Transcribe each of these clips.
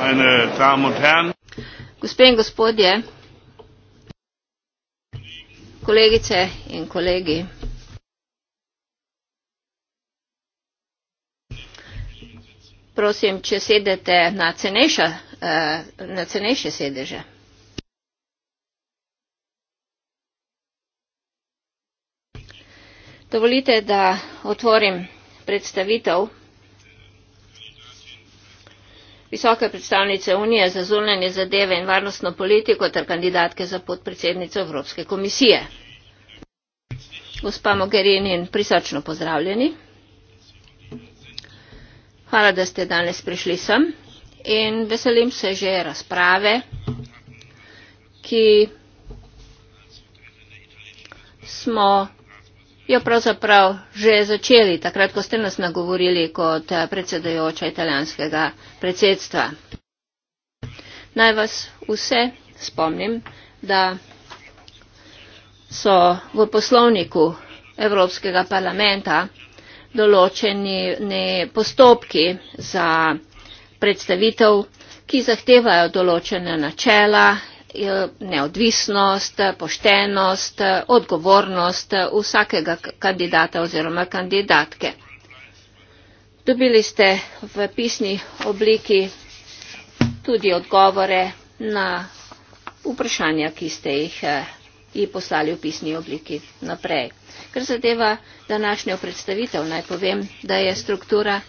Meine Damen und Herren. Gospe in gospodje, kolegice in kolegi. Prosim, če sedete na, cenejša, eh, na cenejše sedeže. Dovolite, da otvorim predstavitev visoka predstavnica unije za zunanje zadeve in varnostno politiko ter kandidatke za podpredsednico Evropske komisije. Gospa Mogherini, prisrčno pozdravljeni. Hvala, da ste danes prišli sem in veselim se že razprave, ki smo Jo pravzaprav že začeli, takrat, ko ste nas nagovorili kot eh, predsedajoča italijanskega predsedstva. Naj vas vse spomnim, da so v poslovniku Evropskega parlamenta določeni postopki za predstavitev, ki zahtevajo določene načela neodvisnost, poštenost, odgovornost vsakega kandidata oziroma kandidatke. Dobili ste v pisni obliki tudi odgovore na vprašanja, ki ste jih ji poslali v pisni obliki naprej. Ker zadeva današnjo predstavitev, naj povem, da je struktura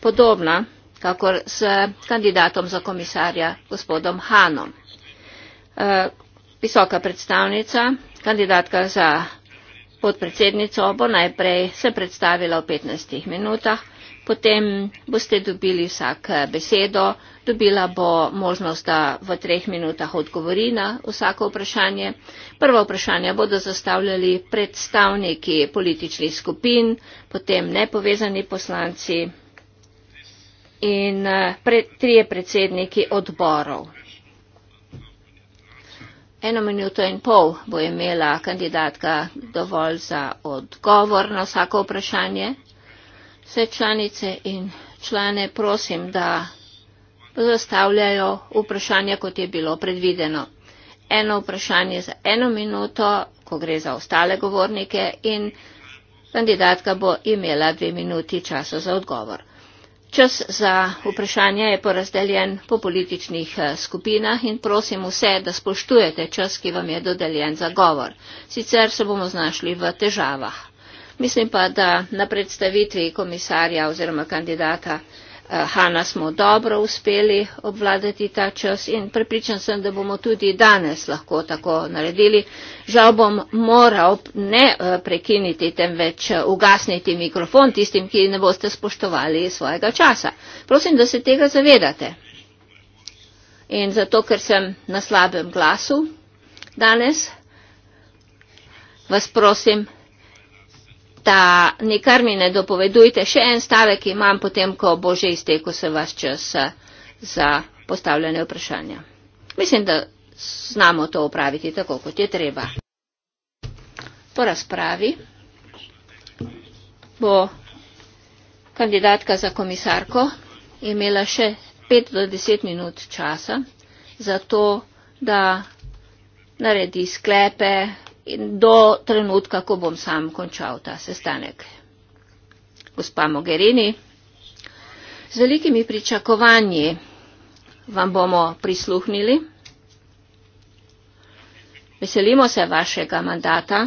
podobna kakor s kandidatom za komisarja gospodom Hanom. Eh, visoka predstavnica, kandidatka za podpredsednico, bo najprej se predstavila v 15 minutah, potem boste dobili vsak eh, besedo, dobila bo možnost, da v treh minutah odgovori na vsako vprašanje. Prvo vprašanje bodo zastavljali predstavniki političnih skupin, potem nepovezani poslanci in eh, pre, trije predsedniki odborov. Eno minuto in pol bo imela kandidatka dovolj za odgovor na vsako vprašanje. Vse članice in člane prosim, da zastavljajo vprašanje, kot je bilo predvideno. Eno vprašanje za eno minuto, ko gre za ostale govornike in kandidatka bo imela dve minuti časa za odgovor. Čas za vprašanje je porazdeljen po političnih eh, skupinah in prosim vse, da spoštujete čas, ki vam je dodeljen za govor. Sicer se bomo znašli v težavah. Mislim pa, da na predstavitvi komisarja oziroma kandidata Eh, Hana smo dobro uspeli obvladati ta čas in prepričan sem, da bomo tudi danes lahko tako naredili. Žal bom moral ne eh, prekiniti, temveč eh, ugasniti mikrofon tistim, ki ne boste spoštovali svojega časa. Prosim, da se tega zavedate. In zato, ker sem na slabem glasu danes, vas prosim, da nikar mi ne dopovedujte še en stavek, ki imam potem, ko bo že iztekel se vaš čas za postavljanje vprašanja. Mislim, da znamo to upraviti tako, kot je treba. Po razpravi bo kandidatka za komisarko imela še 5 do 10 minut časa za to, da naredi sklepe, do trenutka, ko bom sam končal ta sestanek. Gospa Mogherini, z velikimi pričakovanji vam bomo prisluhnili. Veselimo se vašega mandata.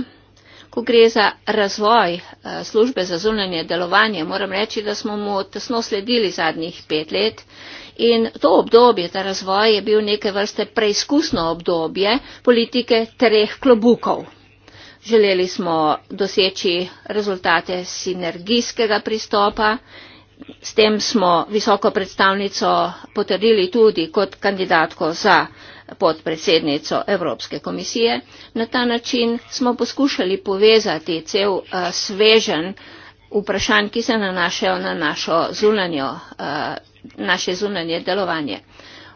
Ko gre za razvoj eh, službe za zunanje delovanje, moram reči, da smo mu tesno sledili zadnjih pet let. In to obdobje, ta razvoj je bil neke vrste preizkusno obdobje politike treh klobukov. Želeli smo doseči rezultate sinergijskega pristopa, s tem smo visoko predstavnico potrdili tudi kot kandidatko za podpredsednico Evropske komisije. Na ta način smo poskušali povezati cel eh, svežen vprašanj, ki se nanašajo na našo zunanjo eh, naše zunanje delovanje.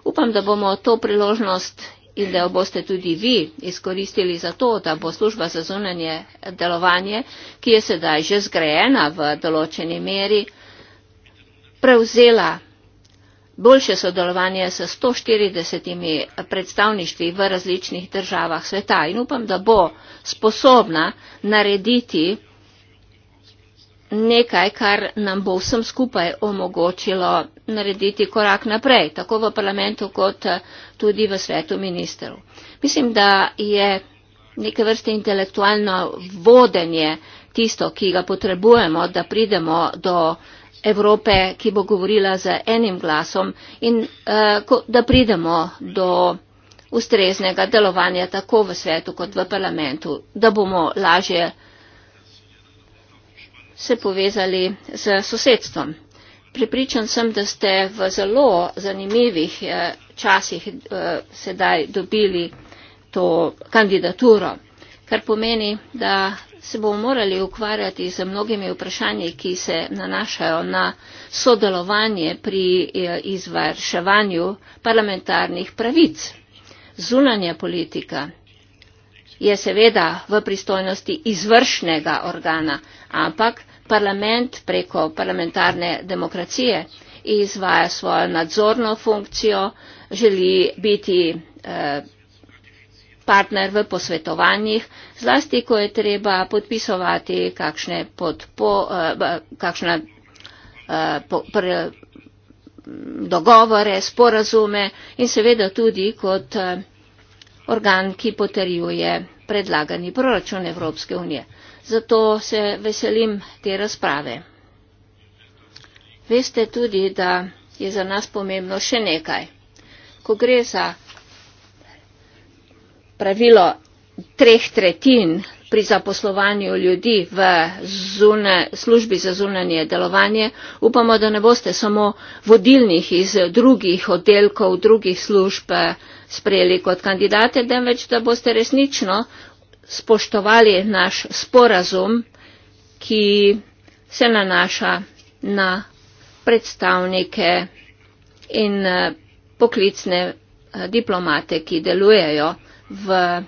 Upam, da bomo to priložnost in da jo boste tudi vi izkoristili za to, da bo služba za zunanje delovanje, ki je sedaj že zgrajena v določeni meri, prevzela boljše sodelovanje s 140 predstavništvi v različnih državah sveta in upam, da bo sposobna narediti nekaj, kar nam bo vsem skupaj omogočilo narediti korak naprej, tako v parlamentu kot eh, tudi v svetu ministrov. Mislim, da je neke vrste intelektualno vodenje tisto, ki ga potrebujemo, da pridemo do Evrope, ki bo govorila z enim glasom in eh, da pridemo do ustreznega delovanja tako v svetu kot v parlamentu, da bomo lažje se povezali z sosedstvom. Pripričan sem, da ste v zelo zanimivih eh, časih eh, sedaj dobili to kandidaturo, kar pomeni, da se bomo morali ukvarjati z mnogimi vprašanji, ki se nanašajo na sodelovanje pri eh, izvrševanju parlamentarnih pravic, zunanja politika je seveda v pristojnosti izvršnega organa, ampak parlament preko parlamentarne demokracije izvaja svojo nadzorno funkcijo, želi biti eh, partner v posvetovanjih, zlasti, ko je treba podpisovati kakšne podpo, eh, kakšna eh, po, pre, dogovore, sporazume in seveda tudi kot organ, ki potrjuje predlagani proračun Evropske unije. Zato se veselim te razprave. Veste tudi, da je za nas pomembno še nekaj. Ko gre za pravilo treh tretjin pri zaposlovanju ljudi v zune, službi za zunanje delovanje. Upamo, da ne boste samo vodilnih iz drugih oddelkov, drugih služb eh, sprejeli kot kandidate, temveč da boste resnično spoštovali naš sporazum, ki se nanaša na predstavnike in eh, poklicne eh, diplomate, ki delujejo v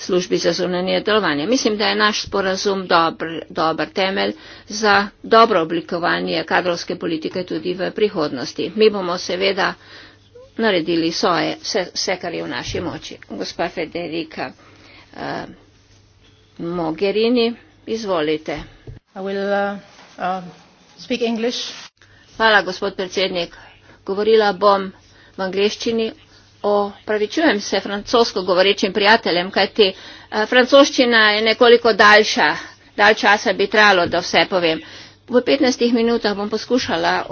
službi za zunanje delovanje. Mislim, da je naš sporazum dobr, dober temelj za dobro oblikovanje kadrovske politike tudi v prihodnosti. Mi bomo seveda naredili svoje, vse, vse kar je v naši moči. Gospa Federika uh, eh, Mogherini, izvolite. Will, uh, uh, Hvala, gospod predsednik. Govorila bom v angleščini opravičujem se francosko govorečim prijateljem, kajti eh, francoščina je nekoliko daljša, dalj časa bi trebalo, da vse povem. V 15 minutah bom poskušala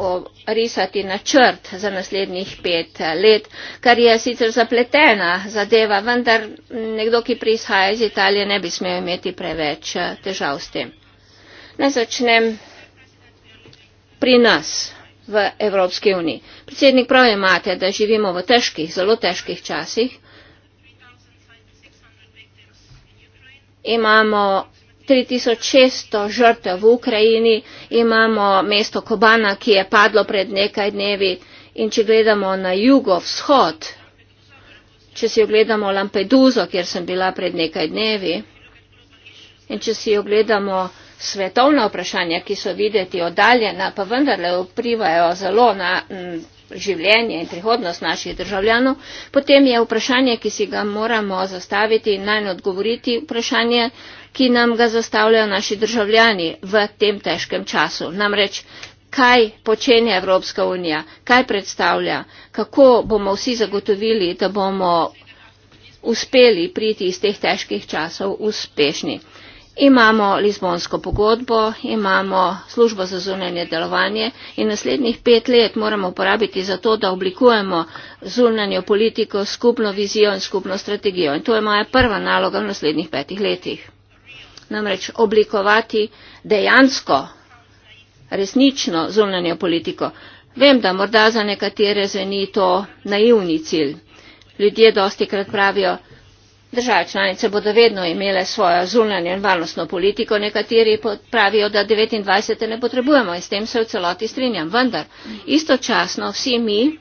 risati načrt za naslednjih pet eh, let, kar je sicer zapletena zadeva, vendar nekdo, ki prihaja iz Italije, ne bi smel imeti preveč eh, težav s tem. Naj začnem pri nas v Evropski uniji. Predsednik, prav imate, da živimo v težkih, zelo težkih časih. Imamo 3600 žrtev v Ukrajini, imamo mesto Kobana, ki je padlo pred nekaj dnevi in če gledamo na jugovzhod, če si ogledamo Lampeduzo, kjer sem bila pred nekaj dnevi, in če si ogledamo svetovna vprašanja, ki so videti oddaljena, pa vendarle vplivajo zelo na mm, življenje in prihodnost naših državljanov, potem je vprašanje, ki si ga moramo zastaviti in naj odgovoriti vprašanje, ki nam ga zastavljajo naši državljani v tem težkem času. Namreč, kaj počenja Evropska unija, kaj predstavlja, kako bomo vsi zagotovili, da bomo uspeli priti iz teh težkih časov uspešni imamo Lizbonsko pogodbo, imamo službo za zunanje delovanje in naslednjih pet let moramo uporabiti za to, da oblikujemo zunanjo politiko, skupno vizijo in skupno strategijo. In to je moja prva naloga v naslednjih petih letih. Namreč oblikovati dejansko, resnično zunanjo politiko. Vem, da morda za nekatere zveni to naivni cilj. Ljudje dosti krat pravijo, države članice bodo vedno imele svojo zunanjo in varnostno politiko nekateri pravijo da devetindvajset ne potrebujemo in s tem se v celoti strinjam vendar istočasno vsi mi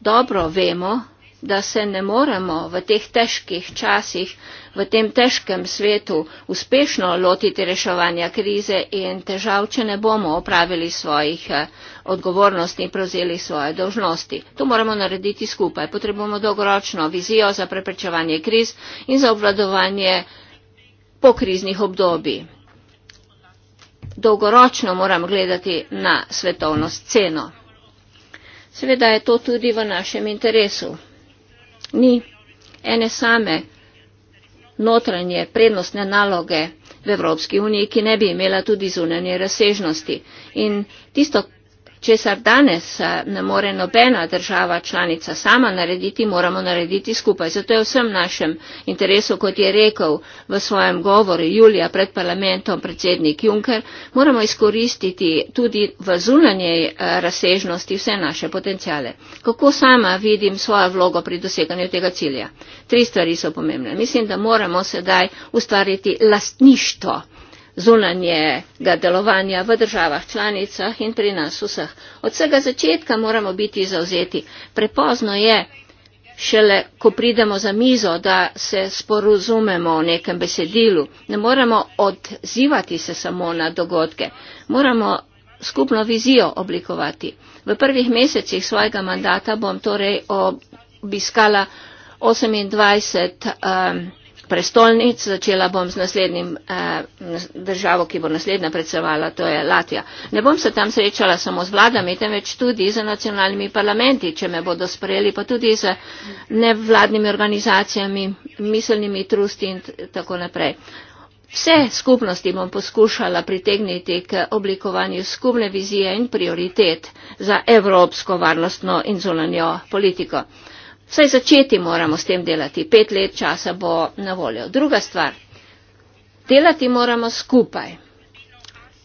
dobro vemo da se ne moremo v teh težkih časih, v tem težkem svetu uspešno lotiti reševanja krize in težav, če ne bomo opravili svojih eh, odgovornosti in prevzeli svoje dožnosti. To moramo narediti skupaj. Potrebujemo dolgoročno vizijo za preprečevanje kriz in za obvladovanje pokriznih obdobij. Dolgoročno moram gledati na svetovno sceno. Seveda je to tudi v našem interesu ni ene same notranje prednostne naloge v Evropski uniji, ki ne bi imela tudi zunanje razsežnosti. In tisto, česar danes eh, ne more nobena država članica sama narediti, moramo narediti skupaj. Zato je vsem našem interesu, kot je rekel v svojem govoru Julija pred parlamentom predsednik Juncker, moramo izkoristiti tudi v zunanjej eh, razsežnosti vse naše potencijale. Kako sama vidim svojo vlogo pri doseganju tega cilja? Tri stvari so pomembne. Mislim, da moramo sedaj ustvariti lastništvo zunanjega delovanja v državah članicah in pri nas vseh. Od vsega začetka moramo biti zauzeti. Prepozno je, šele ko pridemo za mizo, da se sporozumemo o nekem besedilu. Ne moramo odzivati se samo na dogodke. Moramo skupno vizijo oblikovati. V prvih mesecih svojega mandata bom torej obiskala 28 um, prestolnic. Začela bom z naslednjim eh, državo, ki bo naslednja predsedovala, to je Latvija. Ne bom se tam srečala samo z vladami, temveč tudi z nacionalnimi parlamenti, če me bodo sprejeli, pa tudi z nevladnimi organizacijami, miselnimi trusti in tako naprej. Vse skupnosti bom poskušala pritegniti k oblikovanju skupne vizije in prioritet za evropsko varnostno in zunanjo politiko. Saj začeti moramo s tem delati. Pet let časa bo na voljo. Druga stvar. Delati moramo skupaj.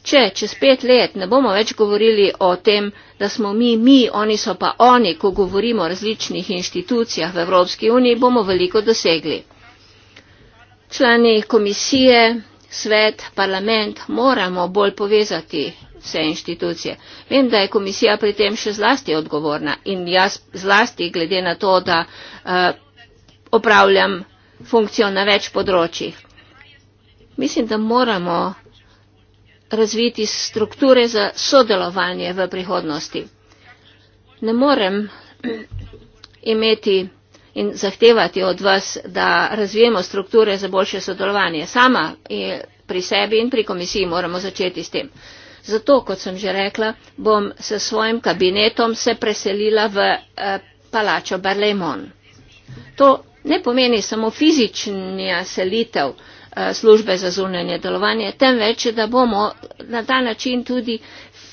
Če čez pet let ne bomo več govorili o tem, da smo mi, mi, oni so pa oni, ko govorimo o različnih inštitucijah v Evropski uniji, bomo veliko dosegli. Člani komisije, svet, parlament moramo bolj povezati vse inštitucije. Vem, da je komisija pri tem še zlasti odgovorna in jaz zlasti glede na to, da uh, opravljam funkcijo na več področjih. Mislim, da moramo razviti strukture za sodelovanje v prihodnosti. Ne morem imeti in zahtevati od vas, da razvijemo strukture za boljše sodelovanje. Sama eh, pri sebi in pri komisiji moramo začeti s tem. Zato, kot sem že rekla, bom se svojim kabinetom se preselila v eh, palačo Barlejmon. To ne pomeni samo fizičnja selitev eh, službe za zunanje delovanje, temveč, da bomo na ta način tudi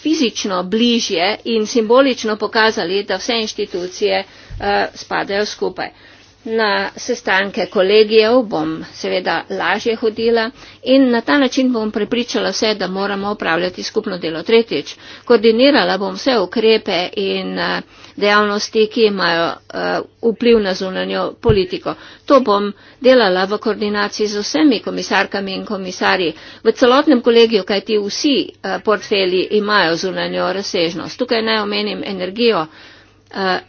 fizično bližje in simbolično pokazali, da vse inštitucije eh, spadajo skupaj na sestanke kolegijev bom seveda lažje hodila in na ta način bom prepričala vse, da moramo upravljati skupno delo tretjič. Koordinirala bom vse ukrepe in eh, dejavnosti, ki imajo eh, vpliv na zunanjo politiko. To bom delala v koordinaciji z vsemi komisarkami in komisarji v celotnem kolegiju, kaj ti vsi eh, portfelji imajo zunanjo razsežnost. Tukaj naj omenim energijo,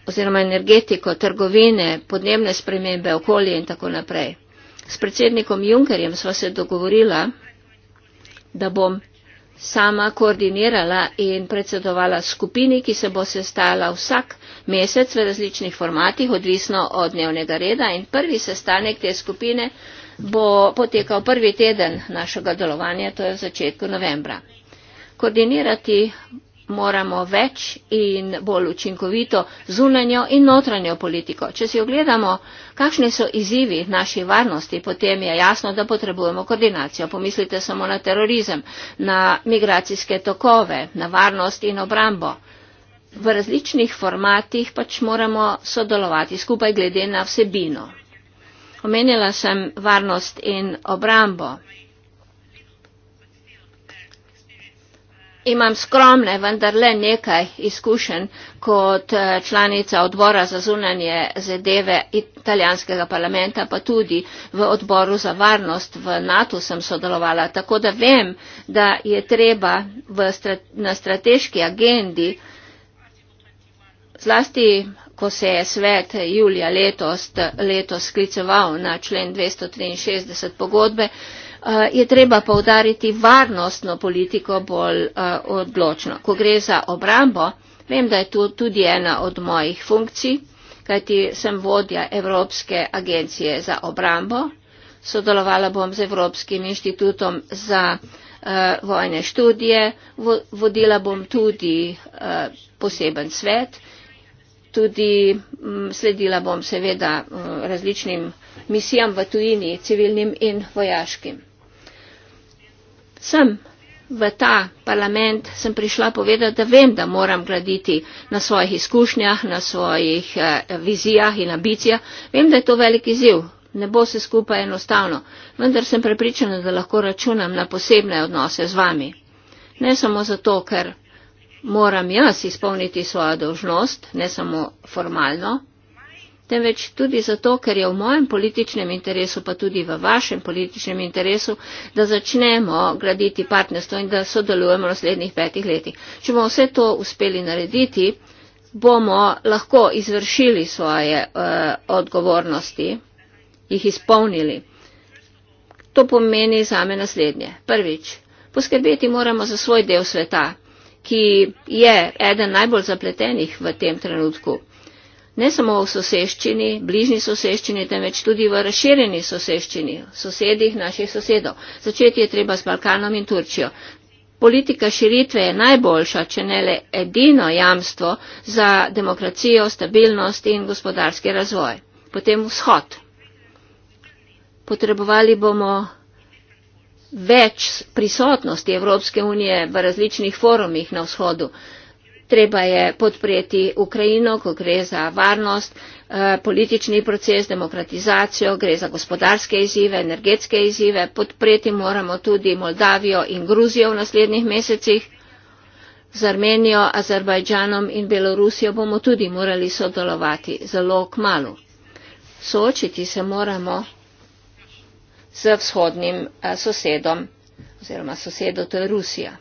oziroma energetiko, trgovine, podnebne spremembe, okolje in tako naprej. S predsednikom Junkerjem sva se dogovorila, da bom sama koordinirala in predsedovala skupini, ki se bo sestala vsak mesec v različnih formatih, odvisno od dnevnega reda. In prvi sestanek te skupine bo potekal prvi teden našega delovanja, to je v začetku novembra. Koordinirati moramo več in bolj učinkovito zunanjo in notranjo politiko. Če si ogledamo, kakšni so izzivi naših varnosti, potem je jasno, da potrebujemo koordinacijo. Pomislite samo na terorizem, na migracijske tokove, na varnost in obrambo. V različnih formatih pač moramo sodelovati skupaj glede na vsebino. Omenila sem varnost in obrambo. imam skromne, vendar le nekaj izkušenj kot eh, članica odbora za zunanje zadeve italijanskega parlamenta, pa tudi v odboru za varnost v NATO sem sodelovala. Tako da vem, da je treba strate, na strateški agendi, zlasti ko se je svet julija letos, letos skliceval na člen 263 pogodbe, Eh, je treba povdariti varnostno politiko bolj eh, odločno. Ko gre za obrambo, vem, da je to tudi ena od mojih funkcij, kajti sem vodja Evropske agencije za obrambo, sodelovala bom z Evropskim inštitutom za eh, vojne študije, vodila bom tudi poseben svet, tudi mm, sledila bom seveda mm, različnim misijam v tujini, civilnim in vojaškim sem v ta parlament, sem prišla povedati, da vem, da moram graditi na svojih izkušnjah, na svojih eh, vizijah in ambicijah. Vem, da je to velik izziv. Ne bo se skupaj enostavno. Vendar sem prepričana, da lahko računam na posebne odnose z vami. Ne samo zato, ker moram jaz izpolniti svojo dožnost, ne samo formalno, temveč tudi zato, ker je v mojem političnem interesu, pa tudi v vašem političnem interesu, da začnemo graditi partnerstvo in da sodelujemo v naslednjih petih letih. Če bomo vse to uspeli narediti, bomo lahko izvršili svoje uh, odgovornosti, jih izpolnili. To pomeni za me naslednje. Prvič, poskrbeti moramo za svoj del sveta, ki je eden najbolj zapletenih v tem trenutku ne samo v soseščini, bližnji soseščini, temveč tudi v razširjeni soseščini, sosedih naših sosedov. Začeti je treba s Balkanom in Turčijo. Politika širitve je najboljša, če ne le edino jamstvo za demokracijo, stabilnost in gospodarski razvoj. Potem vzhod. Potrebovali bomo več prisotnosti Evropske unije v različnih forumih na vzhodu treba je podpreti Ukrajino, ko gre za varnost, eh, politični proces, demokratizacijo, gre za gospodarske izzive, energetske izzive, podpreti moramo tudi Moldavijo in Gruzijo v naslednjih mesecih. Z Armenijo, Azerbajdžanom in Belorusijo bomo tudi morali sodelovati zelo kmalo. Soočiti se moramo z vzhodnim eh, sosedom oziroma sosedo, to je Rusija.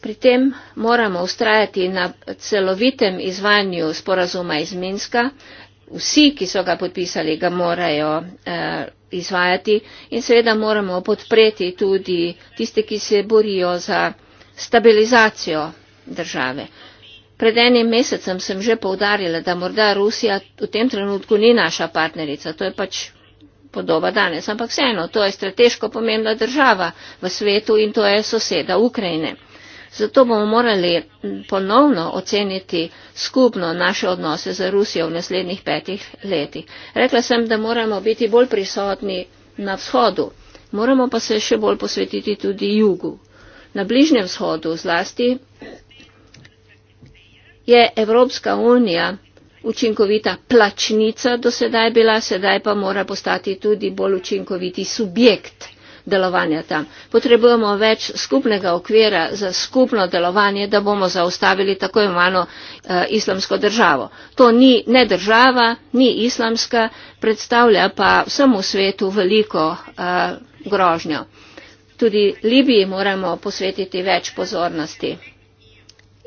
Pri tem moramo ustrajati na celovitem izvanju sporazuma iz Minska. Vsi, ki so ga podpisali, ga morajo eh, izvajati in seveda moramo podpreti tudi tiste, ki se borijo za stabilizacijo države. Pred enim mesecem sem že povdarjala, da morda Rusija v tem trenutku ni naša partnerica, to je pač podoba danes, ampak vseeno, to je strateško pomembna država v svetu in to je soseda Ukrajine. Zato bomo morali ponovno oceniti skupno naše odnose za Rusijo v naslednjih petih letih. Rekla sem, da moramo biti bolj prisotni na vzhodu, moramo pa se še bolj posvetiti tudi jugu. Na bližnjem vzhodu zlasti je Evropska unija učinkovita plačnica do sedaj bila, sedaj pa mora postati tudi bolj učinkoviti subjekt delovanja tam. Potrebujemo več skupnega okvira za skupno delovanje, da bomo zaustavili tako imano eh, islamsko državo. To ni ne država, ni islamska, predstavlja pa vsemu svetu veliko eh, grožnjo. Tudi Libiji moramo posvetiti več pozornosti.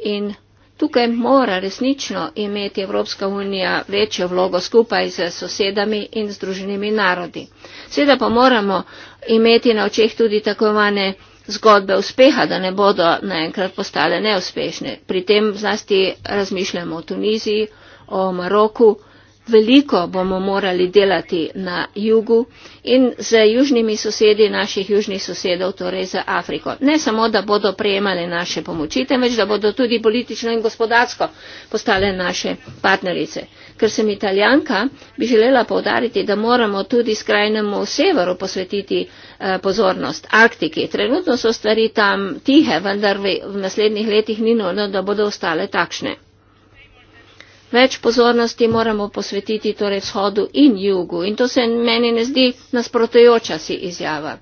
In Tukaj mora resnično imeti Evropska unija večjo vlogo skupaj z sosedami in združenimi narodi. Seveda pa moramo imeti na očeh tudi tako imane zgodbe uspeha, da ne bodo naenkrat postale neuspešne. Pri tem zlasti razmišljamo o Tuniziji, o Maroku. Veliko bomo morali delati na jugu in z južnimi sosedi naših južnih sosedov, torej z Afriko. Ne samo, da bodo prejemali naše pomoči, temveč, da bodo tudi politično in gospodarsko postale naše partnerice. Ker sem italijanka, bi želela povdariti, da moramo tudi skrajnemu severu posvetiti eh, pozornost, Arktiki. Trenutno so stvari tam tihe, vendar v naslednjih letih ni nujno, da bodo ostale takšne. Več pozornosti moramo posvetiti torej vzhodu in jugu in to se meni ne zdi nasprotujoča si izjava.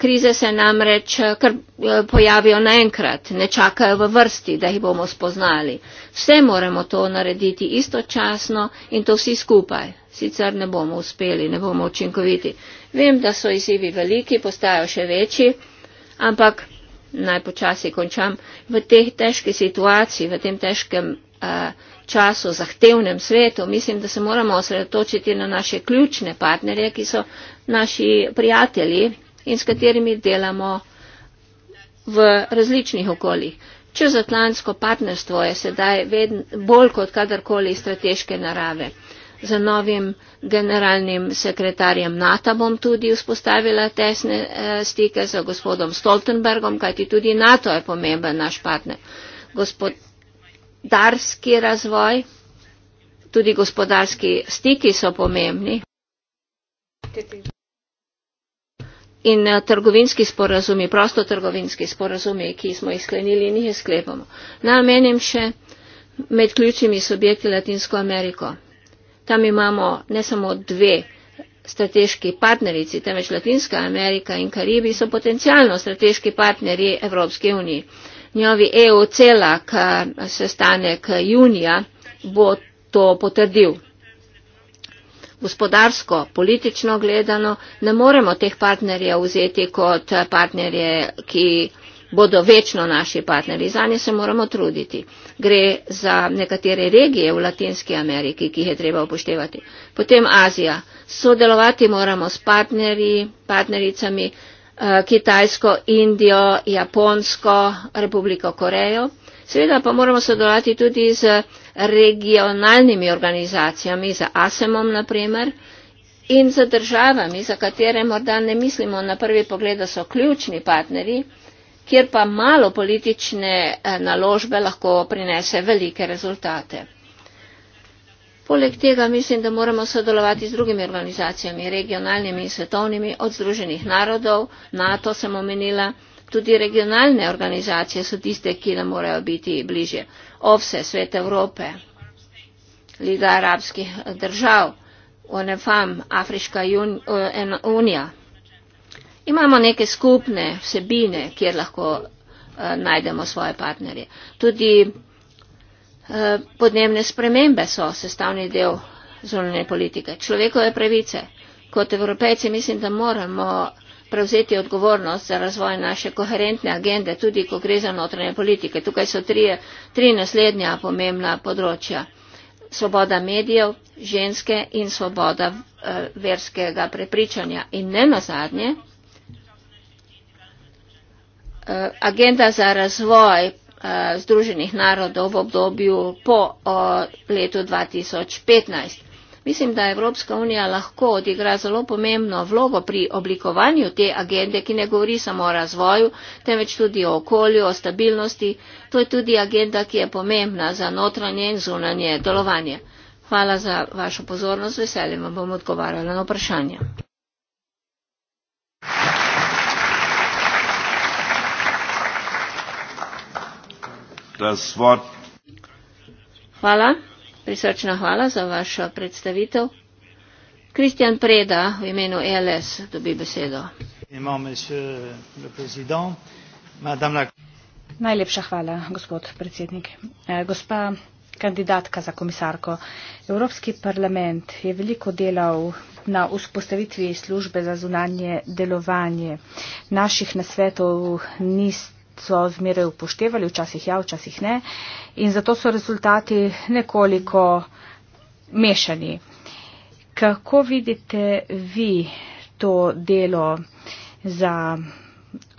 Krize se namreč eh, kar eh, pojavijo naenkrat, ne čakajo v vrsti, da jih bomo spoznali. Vse moramo to narediti istočasno in to vsi skupaj. Sicer ne bomo uspeli, ne bomo učinkoviti. Vem, da so izzivi veliki, postajajo še večji, ampak naj počasi končam. V teh težkih situacijah, v tem težkem. Uh, času, zahtevnem svetu, mislim, da se moramo osredotočiti na naše ključne partnerje, ki so naši prijatelji in s katerimi delamo v različnih okoljih. Čezatlantsko partnerstvo je sedaj vedn, bolj kot kadarkoli strateške narave. Z novim generalnim sekretarjem NATO bom tudi vzpostavila tesne eh, stike z gospodom Stoltenbergom, kajti tudi NATO je pomemben naš partner. Gospod gospodarski razvoj, tudi gospodarski stiki so pomembni. In eh, trgovinski sporazumi, prostotrgovinski sporazumi, ki smo jih sklenili in jih sklepamo. Namenim še med ključnimi subjekti Latinsko Ameriko. Tam imamo ne samo dve strateški partnerici, temveč Latinska Amerika in Karibi so potencialno strateški partnerji Evropske unije njovi EU celak eh, sestanek eh, junija bo to potrdil. Gospodarsko, politično gledano, ne moremo teh partnerjev vzeti kot eh, partnerje, ki bodo večno naši partnerji. Za nje se moramo truditi. Gre za nekatere regije v Latinski Ameriki, ki jih je treba upoštevati. Potem Azija. Sodelovati moramo s partnerji, partnericami, Eh, Kitajsko, Indijo, Japonsko, Republiko Korejo. Seveda pa moramo sodelovati tudi z regionalnimi organizacijami, z ASEM-om naprimer in z državami, za katere morda ne mislimo na prvi pogled, da so ključni partnerji, kjer pa malo politične eh, naložbe lahko prinese velike rezultate. Poleg tega mislim, da moramo sodelovati z drugimi organizacijami, regionalnimi in svetovnimi, od Združenih narodov, NATO sem omenila, tudi regionalne organizacije so tiste, ki nam morajo biti bliže. OVSE, Svet Evrope, Liga arabskih držav, UNFAM, Afriška eh, unija. Imamo neke skupne vsebine, kjer lahko uh, najdemo svoje partnerje. Tudi Eh, podnebne spremembe so sestavni del zunanje politike. Človekove pravice. Kot evropejci mislim, da moramo prevzeti odgovornost za razvoj naše koherentne agende, tudi ko gre za notranje politike. Tukaj so tri, tri naslednja pomembna področja. Svoboda medijev, ženske in svoboda eh, verskega prepričanja. In ne nazadnje, eh, agenda za razvoj Eh, Združenih narodov v obdobju po o, letu 2015. Mislim, da Evropska unija lahko odigra zelo pomembno vlogo pri oblikovanju te agende, ki ne govori samo o razvoju, temveč tudi o okolju, o stabilnosti. To je tudi agenda, ki je pomembna za notranje in zunanje delovanje. Hvala za vašo pozornost, veseljem vam bom odgovarjala na vprašanje. das Wort. Hvala, prisrčna hvala za vašo predstavitev. Kristjan Preda v imenu ELS dobi besedo. Najlepša hvala, gospod predsednik. E, gospa kandidatka za komisarko, Evropski parlament je veliko delal na vzpostavitvi službe za zunanje delovanje. Naših nasvetov niste so zmeraj upoštevali, včasih ja, včasih ne. In zato so rezultati nekoliko mešani. Kako vidite vi to delo za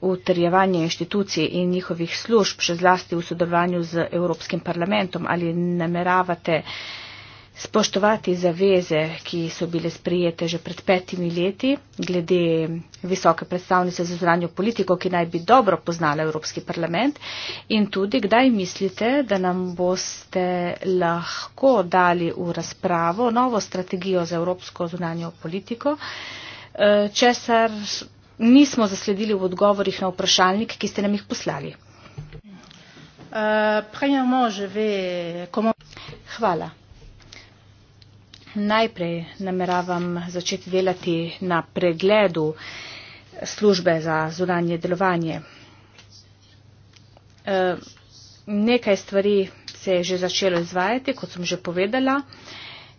utrjevanje inštitucij in njihovih služb, še zlasti v sodelovanju z Evropskim parlamentom, ali nameravate spoštovati zaveze, ki so bile sprijete že pred petimi leti, glede visoke predstavnice za zranjo politiko, ki naj bi dobro poznala Evropski parlament in tudi kdaj mislite, da nam boste lahko dali v razpravo novo strategijo za Evropsko zranjo politiko, eh, česar nismo zasledili v odgovorih na vprašalnik, ki ste nam jih poslali. Eh, Hvala najprej nameravam začeti delati na pregledu službe za zunanje delovanje. E, nekaj stvari se je že začelo izvajati, kot sem že povedala.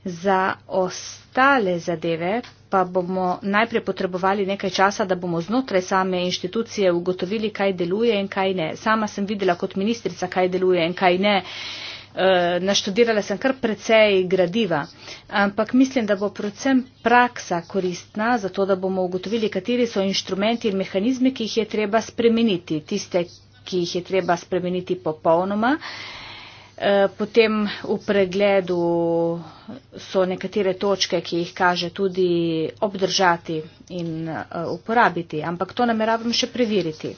Za ostale zadeve pa bomo najprej potrebovali nekaj časa, da bomo znotraj same inštitucije ugotovili, kaj deluje in kaj ne. Sama sem videla kot ministrica, kaj deluje in kaj ne. Uh, Eh, naštudirala sem kar precej gradiva, ampak mislim, da bo predvsem praksa koristna, zato da bomo ugotovili, kateri so inštrumenti in mehanizmi, ki jih je treba spremeniti, tiste, ki jih je treba spremeniti popolnoma. Eh, potem v pregledu so nekatere točke, ki jih kaže tudi obdržati in eh, uporabiti, ampak to nameravam še preveriti.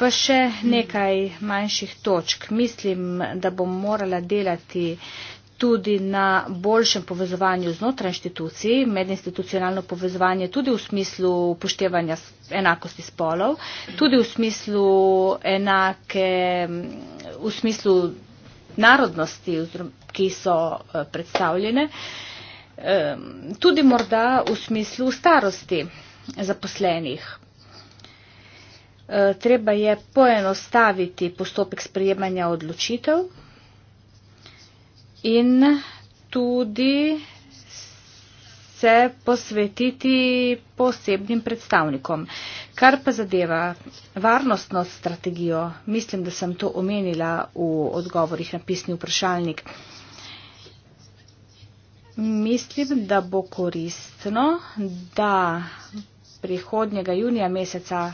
Pa še nekaj manjših točk. Mislim, da bom morala delati tudi na boljšem povezovanju znotraj inštitucij, medinstitucionalno povezovanje, tudi v smislu upoštevanja enakosti spolov, tudi v smislu enake, v smislu narodnosti, ki so eh, predstavljene, eh, tudi morda v smislu starosti zaposlenih. Eh, treba je poenostaviti postopek sprejemanja odločitev in tudi se posvetiti posebnim predstavnikom. Kar pa zadeva varnostno strategijo, mislim, da sem to omenila v odgovorih na pisni vprašalnik, mislim, da bo koristno, da prihodnjega junija meseca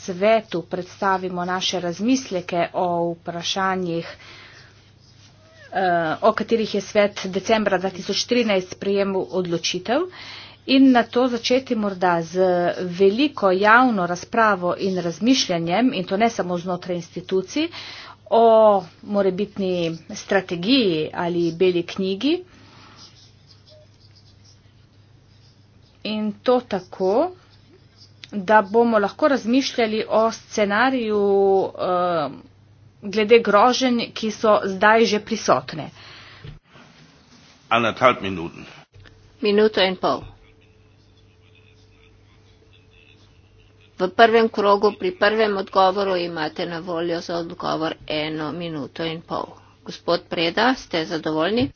svetu predstavimo naše razmisleke o vprašanjih, eh, o katerih je svet decembra 2013 sprejemil odločitev in na to začeti morda z veliko javno razpravo in razmišljanjem, in to ne samo znotraj institucij, o morebitni strategiji ali beli knjigi. In to tako, da bomo lahko razmišljali o scenariju eh, glede groženj, ki so zdaj že prisotne. Minuto in pol. V prvem krogu pri prvem odgovoru imate na voljo za odgovor eno minuto in pol. Gospod Preda, ste zadovoljni?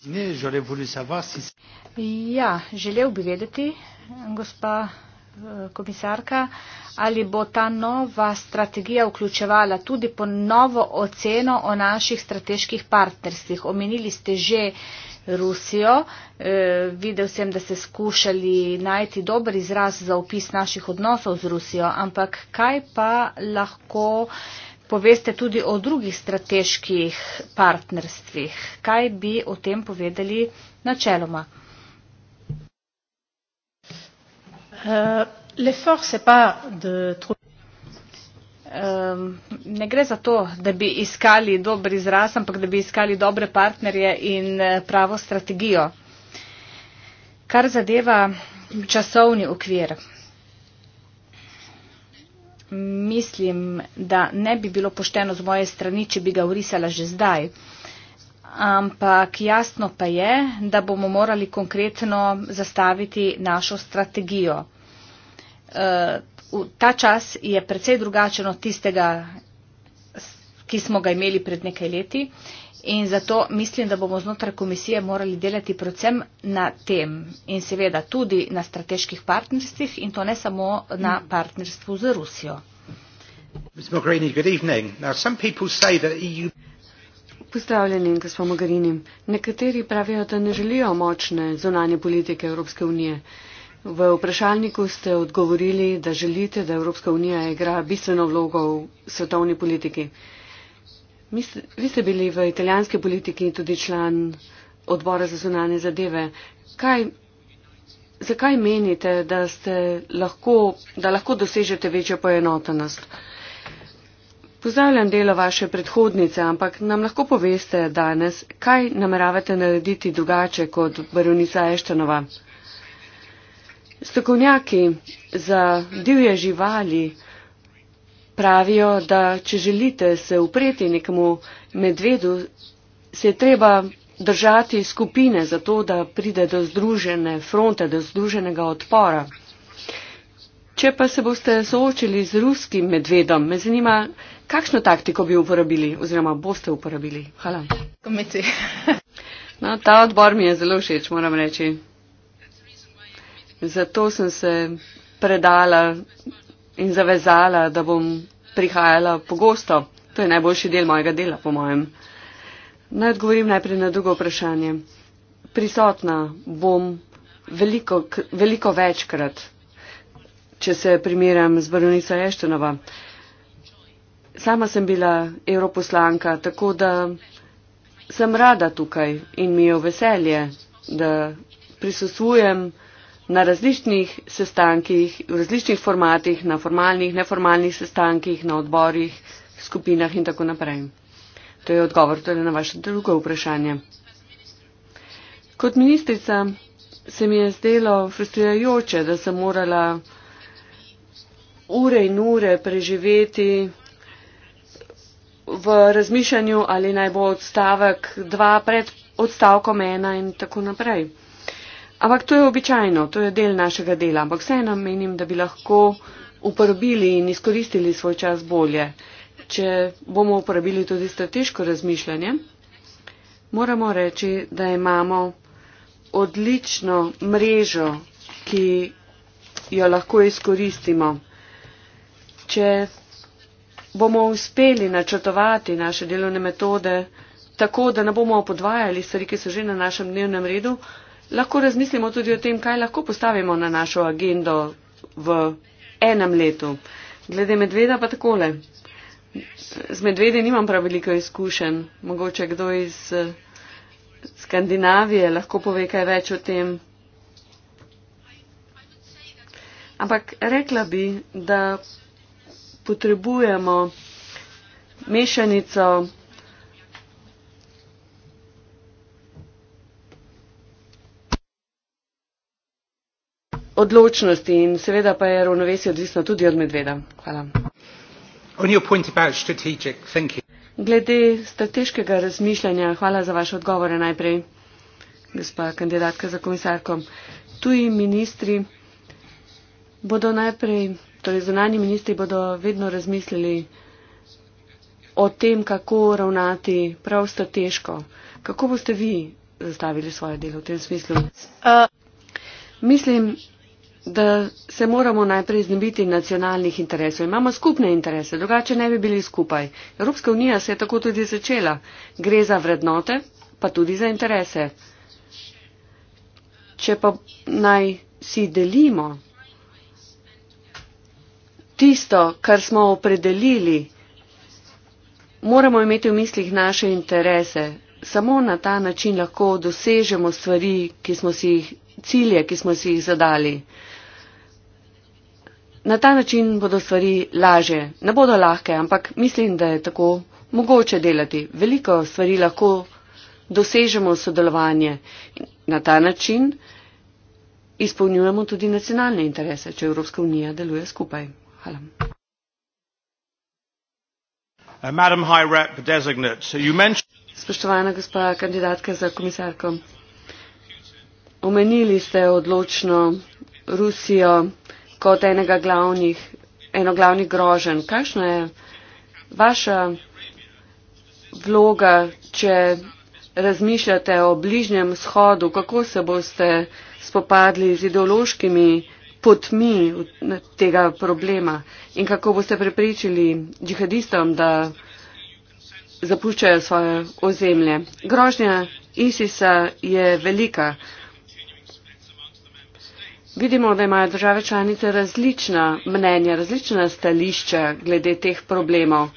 Ja, želel bi vedeti, gospa. Eh, komisarka, ali bo ta nova strategija vključevala tudi ponovo oceno o naših strateških partnerstvih. Omenili ste že Rusijo, e, videl sem, da ste skušali najti dober izraz za opis naših odnosov z Rusijo, ampak kaj pa lahko poveste tudi o drugih strateških partnerstvih? Kaj bi o tem povedali načeloma? Eh, l'effort, ce n'est pas de trouver. Euh, ne gre za to, da bi iskali dober izraz, ampak da bi iskali dobre partnerje in eh, pravo strategijo. Kar zadeva časovni okvir. Mislim, da ne bi bilo pošteno z moje strani, če bi ga urisala že zdaj ampak jasno pa je, da bomo morali konkretno zastaviti našo strategijo. Eh, ta čas je precej drugačen od tistega, ki smo ga imeli pred nekaj leti in zato mislim, da bomo znotraj komisije morali delati predvsem na tem in seveda tudi na strateških partnerstvih in to ne samo na partnerstvu z Rusijo. Ms. Mogherini, good evening. Now, some people say that EU... Pozdravljeni, gospod Mogarini. Nekateri pravijo, da ne želijo močne zunanje politike Evropske unije. V vprašalniku ste odgovorili, da želite, da Evropska unija igra bistveno vlogo v svetovni politiki. Vi ste bili v italijanski politiki tudi član odbora za zunanje zadeve. Kaj, zakaj menite, da, lahko, da lahko dosežete večjo poenotenost? Pozdravljam delo vaše predhodnice, ampak nam lahko poveste danes, kaj nameravate narediti drugače kot baronica Eštanova. Stokovnjaki za divje živali pravijo, da če želite se upreti nekomu medvedu, se je treba držati skupine za to, da pride do združene fronte, do združenega odpora. Če pa se boste soočili z ruskim medvedom, me zanima, kakšno taktiko bi uporabili oziroma boste uporabili. Hvala. No, ta odbor mi je zelo všeč, moram reči. Zato sem se predala in zavezala, da bom prihajala pogosto. To je najboljši del mojega dela, po mojem. Naj odgovorim najprej na drugo vprašanje. Prisotna bom veliko, veliko večkrat če se primerjam z baronica Eštenova. Sama sem bila europoslanka, tako da sem rada tukaj in mi je veselje, da prisustujem na različnih sestankih, v različnih formatih, na formalnih, neformalnih sestankih, na odborih, skupinah in tako naprej. To je odgovor torej na vaše drugo vprašanje. Kot ministrica se mi je zdelo frustrirajoče, da sem morala ure in ure preživeti v razmišljanju, ali naj bo odstavek dva pred odstavkom ena in tako naprej. Ampak to je običajno, to je del našega dela, ampak vseeno menim, da bi lahko uporabili in izkoristili svoj čas bolje. Če bomo uporabili tudi strateško razmišljanje, moramo reči, da imamo odlično mrežo, ki jo lahko izkoristimo če bomo uspeli načrtovati naše delovne metode tako, da ne bomo podvajali stvari, ki so že na našem dnevnem redu, lahko razmislimo tudi o tem, kaj lahko postavimo na našo agendo v enem letu. Glede medveda pa takole. Z medvedi nimam prav veliko izkušenj. Mogoče kdo iz eh, Skandinavije lahko pove kaj več o tem. Ampak rekla bi, da potrebujemo mešanico odločnosti in seveda pa je ravnovesje odvisno tudi od medveda. Hvala. Glede strateškega razmišljanja, hvala za vaše odgovore najprej, gospa kandidatka za komisarko. Tuji ministri bodo najprej Torej, zunani ministri bodo vedno razmislili o tem, kako ravnati prav strateško. Kako boste vi zastavili svoje delo v tem smislu? Uh. Mislim, da se moramo najprej znebiti nacionalnih interesov. Imamo skupne interese, drugače ne bi bili skupaj. Evropska unija se je tako tudi začela. Gre za vrednote, pa tudi za interese. Če pa naj si delimo tisto, kar smo opredelili, moramo imeti v mislih naše interese. Samo na ta način lahko dosežemo stvari, ki smo si jih, cilje, ki smo si jih zadali. Na ta način bodo stvari laže. Ne bodo lahke, ampak mislim, da je tako mogoče delati. Veliko stvari lahko dosežemo sodelovanje. Na ta način izpolnjujemo tudi nacionalne interese, če Evropska unija deluje skupaj. Hvala. Uh, Spoštovana gospa kandidatka za komisarko, omenili ste odločno Rusijo kot enega glavnih, eno glavnih grožen. Kakšna je vaša vloga, če razmišljate o bližnjem shodu, kako se boste spopadli z ideološkimi potmi tega problema in kako boste prepričali džihadistom, da zapuščajo svoje ozemlje. Grožnja ISIS-a je velika. Vidimo, da imajo države članice različna mnenja, različna stališča glede teh problemov.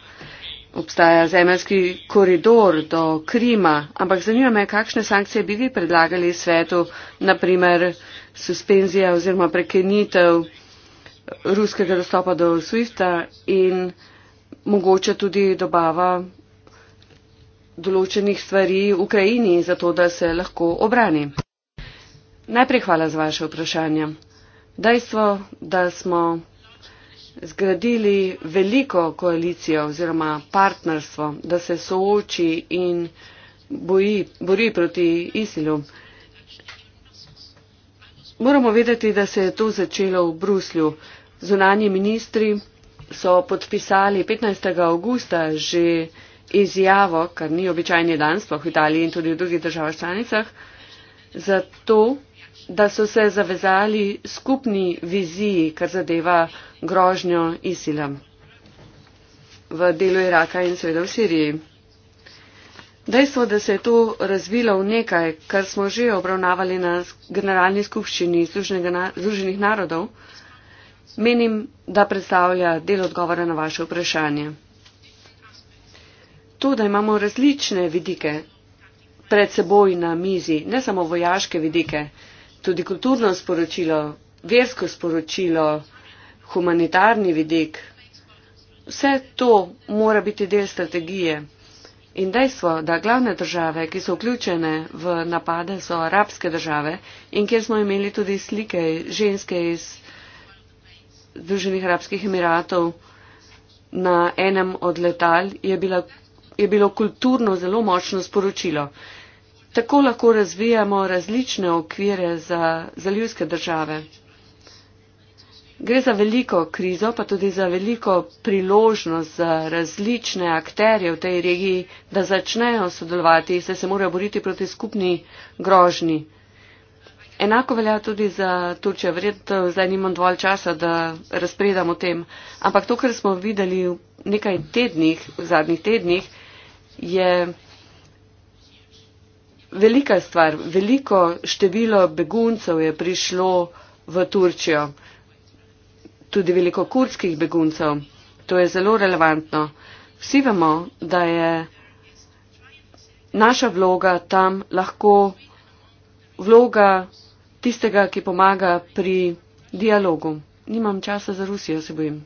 Obstaja zemeljski koridor do Krima, ampak zanima me, kakšne sankcije bi vi predlagali svetu, naprimer, suspenzija oziroma prekenitev ruskega dostopa do SWIFT-a in mogoče tudi dobava določenih stvari v Ukrajini, zato da se lahko obrani. Najprej hvala za vaše vprašanje. Dejstvo, da smo zgradili veliko koalicijo oziroma partnerstvo, da se sooči in boji, bori proti ISIL-u. Moramo vedeti, da se je to začelo v Bruslju. Zunanji ministri so podpisali 15. augusta že izjavo, kar ni običajni dan, sploh v Italiji in tudi v drugih državah članicah, zato, da so se zavezali skupni viziji, kar zadeva grožnjo Isilam v delu Iraka in seveda v Siriji. Dejstvo, da se je to razvilo v nekaj, kar smo že obravnavali na Generalni skupščini Združenih narodov, menim, da predstavlja del odgovora na vaše vprašanje. To, da imamo različne vidike pred seboj na mizi, ne samo vojaške vidike, tudi kulturno sporočilo, versko sporočilo, humanitarni vidik, vse to mora biti del strategije. In dejstvo, da glavne države, ki so vključene v napade, so arabske države in kjer smo imeli tudi slike ženske iz Združenih arabskih emiratov na enem od letal, je, bila, je bilo kulturno zelo močno sporočilo. Tako lahko razvijamo različne okvire za zaljivske države. Gre za veliko krizo, pa tudi za veliko priložnost za različne akterje v tej regiji, da začnejo sodelovati, saj se morajo boriti proti skupni grožni. Enako velja tudi za Turčijo. Verjetno zdaj nimam dovolj časa, da razpredam o tem. Ampak to, kar smo videli v nekaj tednih, v zadnjih tednih, je velika stvar. Veliko število beguncev je prišlo v Turčijo tudi veliko kurdskih beguncev. To je zelo relevantno. Vsi vemo, da je naša vloga tam lahko vloga tistega, ki pomaga pri dialogu. Nimam časa za Rusijo, se bojim.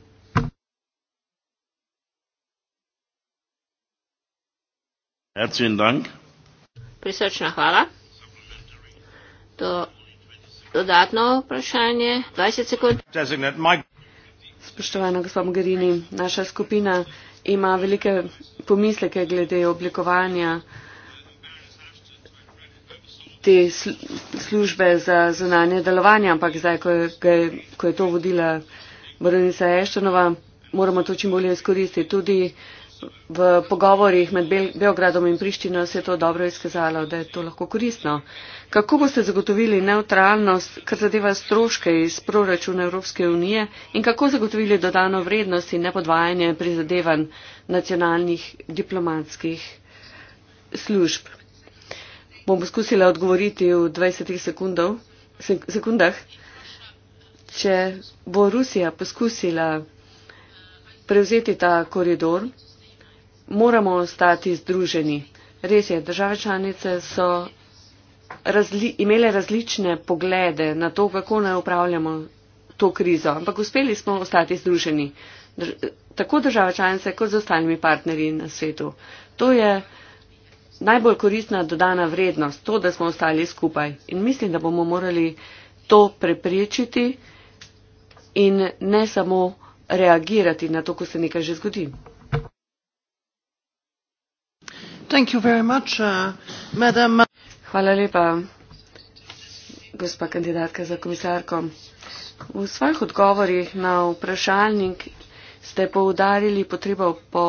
Prisrčna hvala. Do, dodatno vprašanje. 20 sekund spoštovana gospa Mogherini, naša skupina ima velike pomisleke glede oblikovanja te službe za zunanje delovanje, ampak zdaj, ko je, ko je to vodila Borenica Eštonova, moramo to čim bolje izkoristiti. Tudi v pogovorjih med Bel Beogradom in Prištino se je to dobro izkazalo, da je to lahko koristno. Kako boste zagotovili neutralnost, kar zadeva stroške iz proračuna Evropske unije in kako zagotovili dodano vrednost in nepodvajanje prizadevan nacionalnih diplomatskih služb? Bom poskusila odgovoriti v 20 sekundov, sek sekundah. Če bo Rusija poskusila prevzeti ta koridor, moramo ostati združeni. Res je, države članice so razli, imele različne poglede na to, kako naj upravljamo to krizo, ampak uspeli smo ostati združeni. Drž, tako države članice kot z ostalimi partnerji na svetu. To je najbolj koristna dodana vrednost, to, da smo ostali skupaj. In mislim, da bomo morali to preprečiti in ne samo reagirati na to, ko se nekaj že zgodi. Uh, Hvala lepa, gospa kandidatka za komisarko. V svojih odgovorih na vprašalnik ste poudarili potrebo po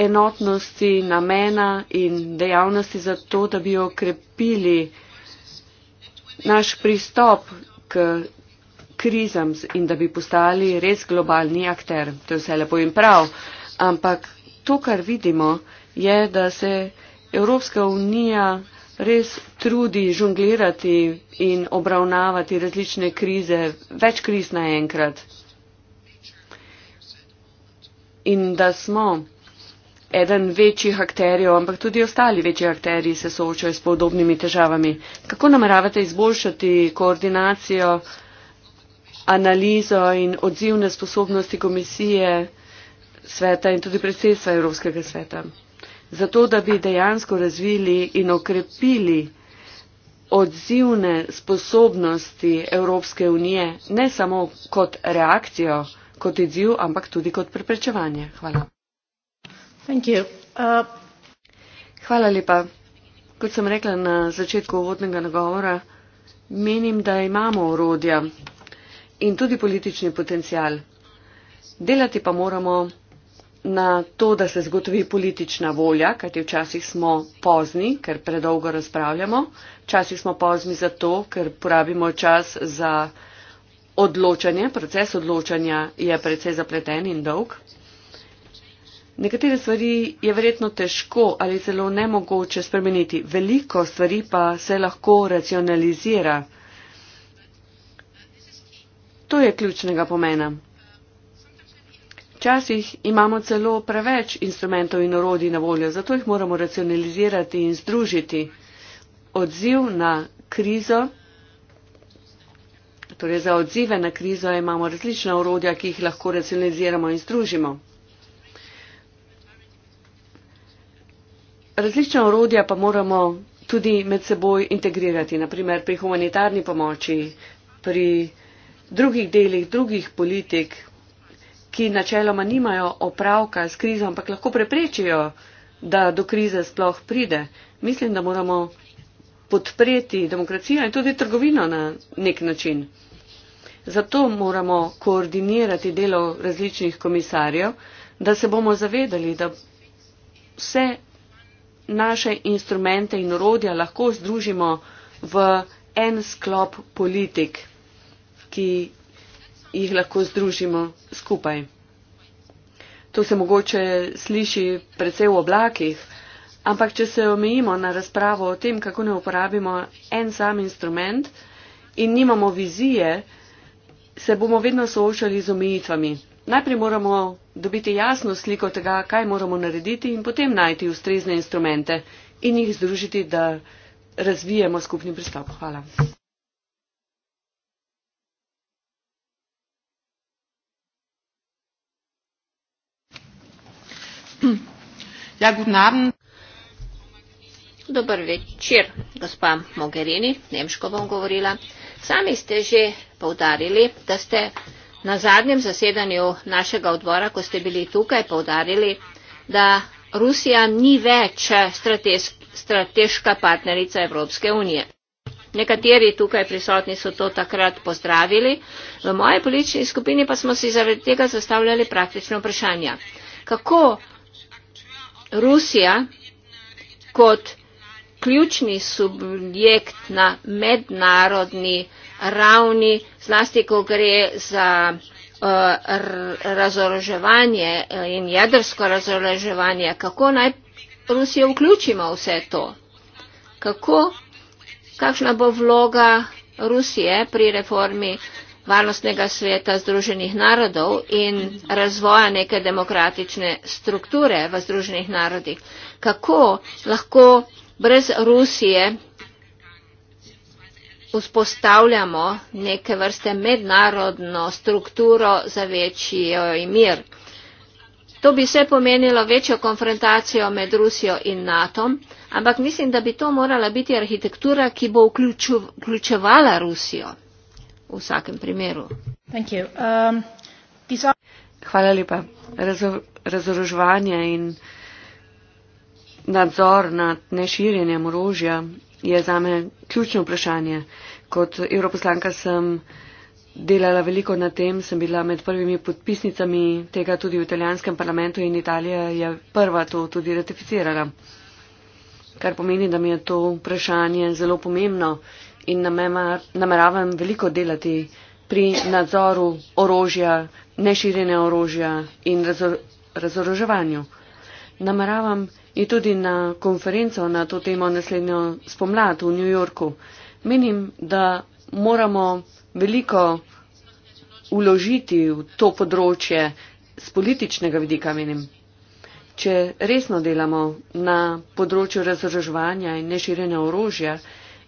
enotnosti namena in dejavnosti za to, da bi okrepili naš pristop k krizam in da bi postali res globalni akter. To je vse lepo in prav, ampak to, kar vidimo, je, da se Evropska unija res trudi žonglirati in obravnavati različne krize, več kriz naenkrat. In da smo eden večjih akterjev, ampak tudi ostali večji akterji se soočajo s podobnimi težavami. Kako nameravate izboljšati koordinacijo, analizo in odzivne sposobnosti komisije? sveta in tudi predsedstva Evropskega sveta. Zato, da bi dejansko razvili in okrepili odzivne sposobnosti Evropske unije, ne samo kot reakcijo, kot odziv, ampak tudi kot preprečevanje. Hvala. Uh, Hvala lepa. Kot sem rekla na začetku uvodnega nagovora, menim, da imamo orodja in tudi politični potencial. Delati pa moramo na to, da se zgotovi politična volja, kajti včasih smo pozni, ker predolgo razpravljamo, včasih smo pozni zato, ker porabimo čas za odločanje, proces odločanja je precej zapleten in dolg. Nekatere stvari je verjetno težko ali celo nemogoče spremeniti, veliko stvari pa se lahko racionalizira. To je ključnega pomena. Včasih imamo celo preveč instrumentov in orodij na voljo, zato jih moramo racionalizirati in združiti. Odziv na krizo, torej za odzive na krizo imamo različna orodja, ki jih lahko racionaliziramo in združimo. Različna orodja pa moramo tudi med seboj integrirati, naprimer pri humanitarni pomoči, pri drugih delih, drugih politik, ki načeloma nimajo opravka s krizo, ampak lahko preprečijo, da do krize sploh pride. Mislim, da moramo podpreti demokracijo in tudi trgovino na nek način. Zato moramo koordinirati delo različnih komisarjev, da se bomo zavedali, da vse naše instrumente in urodja lahko združimo v en sklop politik, ki jih lahko združimo skupaj. To se mogoče sliši predvsej v oblakih, ampak če se omejimo na razpravo o tem, kako ne uporabimo en sam instrument in nimamo vizije, se bomo vedno soočali z omejitvami. Najprej moramo dobiti jasno sliko tega, kaj moramo narediti in potem najti ustrezne instrumente in jih združiti, da razvijemo skupni pristop. Hvala. Ja, Dober večer, gospa Mogherini, nemško bom govorila. Sami ste že povdarili, da ste na zadnjem zasedanju našega odbora, ko ste bili tukaj, povdarili, da Rusija ni več strateš, strateška partnerica Evropske unije. Nekateri tukaj prisotni so to takrat pozdravili, v moje politični skupini pa smo si zaradi tega zastavljali praktično vprašanje. Kako Rusija kot ključni subjekt na mednarodni ravni, zlasti ko gre za eh, razoroževanje eh, in jedrsko razoroževanje, kako naj Rusijo vključimo vse to? Kako, kakšna bo vloga Rusije pri reformi Varnostnega sveta Združenih narodov in razvoja neke demokratične strukture v Združenih narodih. Kako lahko brez Rusije vzpostavljamo neke vrste mednarodno strukturo za večji mir? To bi se pomenilo večjo konfrontacijo med Rusijo in NATO, ampak mislim, da bi to morala biti arhitektura, ki bo vključevala Rusijo v vsakem primeru. Um, Hvala lepa. Razoroževanje in nadzor nad neširjenjem orožja je zame ključno vprašanje. Kot europoslanka sem delala veliko na tem, sem bila med prvimi podpisnicami tega tudi v italijanskem parlamentu in Italija je prva to tudi ratificirala. Kar pomeni, da mi je to vprašanje zelo pomembno in nameravam veliko delati pri nadzoru orožja, neširjene orožja in razoroževanju. Nameravam in tudi na konferenco na to temo naslednjo spomlad v New Yorku. Menim, da moramo veliko uložiti v to področje z političnega vidika, menim. Če resno delamo na področju razoroževanja in neširjene orožja,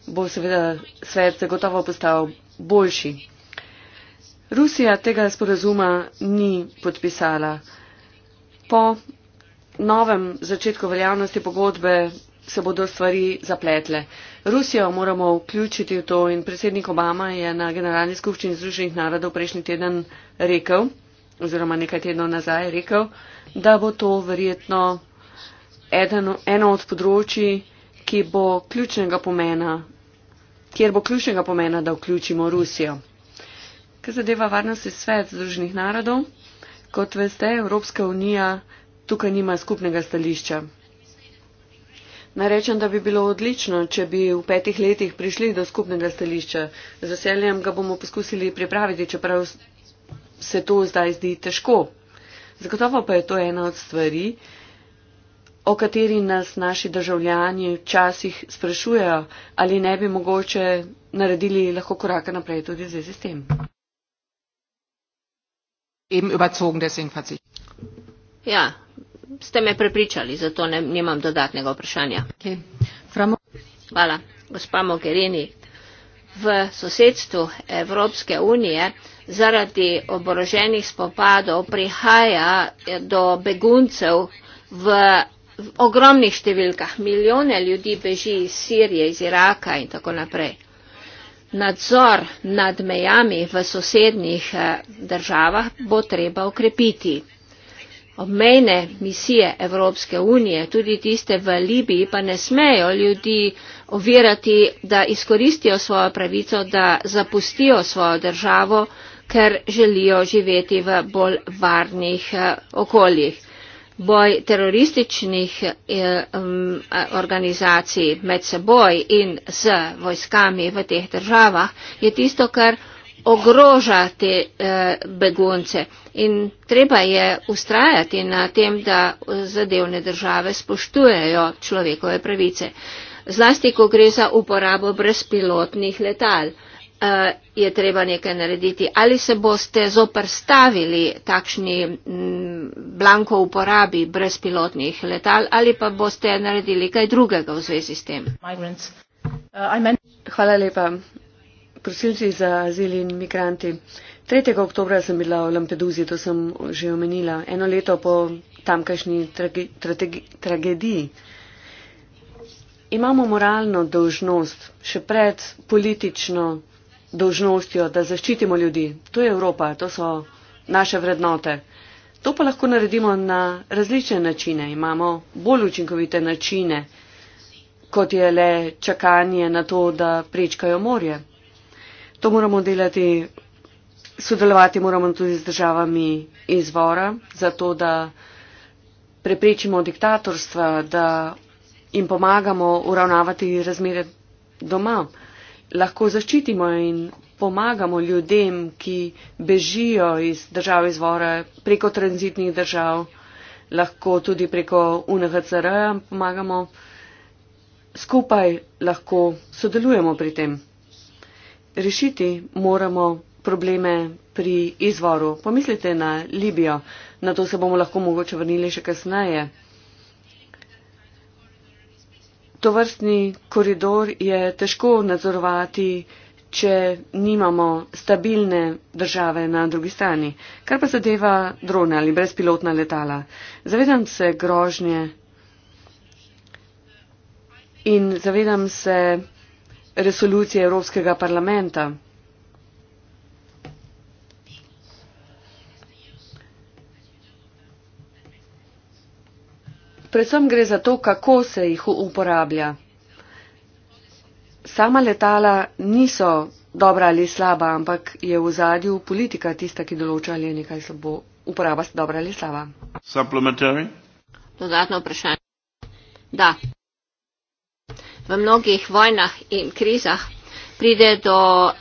bo seveda svet zagotovo postal boljši. Rusija tega sporazuma ni podpisala. Po novem začetku veljavnosti pogodbe se bodo stvari zapletle. Rusijo moramo vključiti v to in predsednik Obama je na Generalni skupščini Združenih narodov prejšnji teden rekel, oziroma nekaj tednov nazaj rekel, da bo to verjetno eden, eno od področji, ki bo ključnega pomena kjer bo ključnega pomena, da vključimo Rusijo. Kar zadeva varnostni svet Združenih narodov, kot veste, Evropska unija tukaj nima skupnega stališča. Narečem, da bi bilo odlično, če bi v petih letih prišli do skupnega stališča. Z veseljem ga bomo poskusili pripraviti, čeprav se to zdaj zdi težko. Zagotovo pa je to ena od stvari, o kateri nas naši državljani včasih sprašujejo, ali ne bi mogoče naredili lahko korake naprej tudi z sistem. Ja, ste me prepričali, zato ne, nimam dodatnega vprašanja. Hvala, gospa Mogherini. V sosedstvu Evropske unije zaradi oboroženih spopadov prihaja do beguncev v v ogromnih številkah, milijone ljudi beži iz Sirije, iz Iraka in tako naprej. Nadzor nad mejami v sosednjih eh, državah bo treba ukrepiti. Obmejne misije Evropske unije, tudi tiste v Libiji, pa ne smejo ljudi ovirati, da izkoristijo svojo pravico, da zapustijo svojo državo, ker želijo živeti v bolj varnih eh, okoljih boj terorističnih eh, organizacij med seboj in z vojskami v teh državah je tisto, kar ogroža te eh, begunce. In treba je ustrajati na tem, da zadevne države spoštujejo človekove pravice. Zlasti, ko gre za uporabo brezpilotnih letal. Eh, je treba nekaj narediti. Ali se boste zoprstavili takšni mm, blanko uporabi brezpilotnih letal ali pa boste naredili kaj drugega v zvezi s tem? Eh, Hvala lepa. Prosilci za azil in migranti. 3. oktobra sem bila v Lampeduzi, to sem že omenila, eno leto po tamkajšnji trage, tragediji. Imamo moralno dožnost, še pred politično dožnostjo, da zaščitimo ljudi. To je Evropa, to so naše vrednote. To pa lahko naredimo na različne načine. Imamo bolj učinkovite načine, kot je le čakanje na to, da prečkajo morje. To moramo delati, sodelovati moramo tudi z državami izvora, zato da preprečimo diktatorstva, da jim pomagamo uravnavati razmere doma lahko zaščitimo in pomagamo ljudem, ki bežijo iz držav izvora preko tranzitnih držav, lahko tudi preko UNHCR-ja pomagamo. Skupaj lahko sodelujemo pri tem. Rešiti moramo probleme pri izvoru. Pomislite na Libijo, na to se bomo lahko mogoče vrnili še kasneje. To vrstni koridor je težko nadzorovati, če nimamo stabilne države na drugi strani. Kar pa zadeva drone ali brezpilotna letala. Zavedam se grožnje in zavedam se resolucije Evropskega parlamenta. predvsem gre za to, kako se jih uporablja. Sama letala niso dobra ali slaba, ampak je v zadju politika tista, ki določa, ali je nekaj slabo. Uporaba se dobra ali slaba. Dodatno vprašanje. Da. V mnogih vojnah in krizah pride do.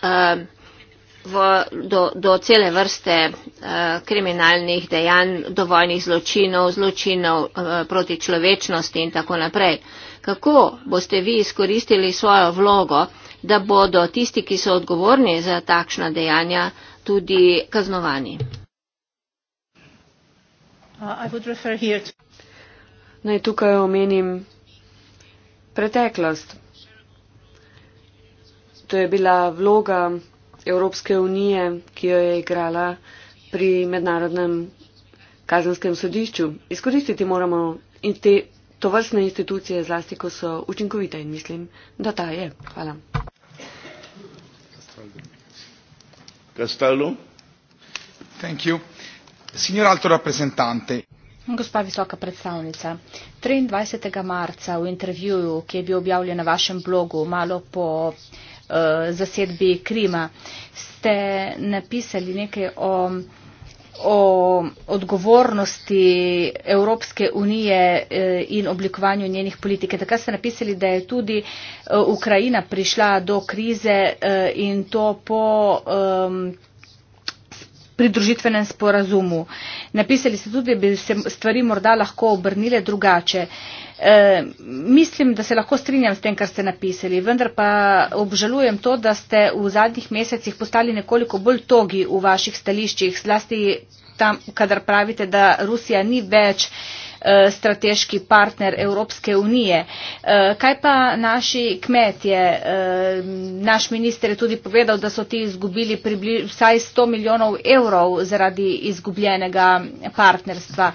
Um, v, do, do cele vrste eh, kriminalnih dejanj, do vojnih zločinov, zločinov eh, proti človečnosti in tako naprej. Kako boste vi izkoristili svojo vlogo, da bodo tisti, ki so odgovorni za takšna dejanja, tudi kaznovani? Uh, Naj tukaj omenim preteklost. To je bila vloga Evropske unije, ki jo je igrala pri mednarodnem kazenskem sodišču. Izkoristiti moramo in te tovrstne institucije, zlasti ko so učinkovite in mislim, da ta je. Hvala. Castello. Thank you. Signor alto rappresentante. Gospa visoka predstavnica, 23. marca v intervjuju, ki je bil objavljen na vašem blogu, malo po Eh, zasedbi Krima. Ste napisali nekaj o, o odgovornosti Evropske unije eh, in oblikovanju njenih politike. Takrat ste napisali, da je tudi eh, Ukrajina prišla do krize in to po. Um, pridružitvenem sporazumu. Napisali ste tudi, da bi se stvari morda lahko obrnile drugače. E, mislim, da se lahko strinjam s tem, kar ste napisali, vendar pa obžalujem to, da ste v zadnjih mesecih postali nekoliko bolj togi v vaših stališčih, zlasti tam, kadar pravite, da Rusija ni več Eh, strateški partner Evropske unije. Eh, kaj pa naši kmetje? Eh, naš minister je tudi povedal, da so ti izgubili približ, vsaj 100 milijonov evrov zaradi izgubljenega partnerstva.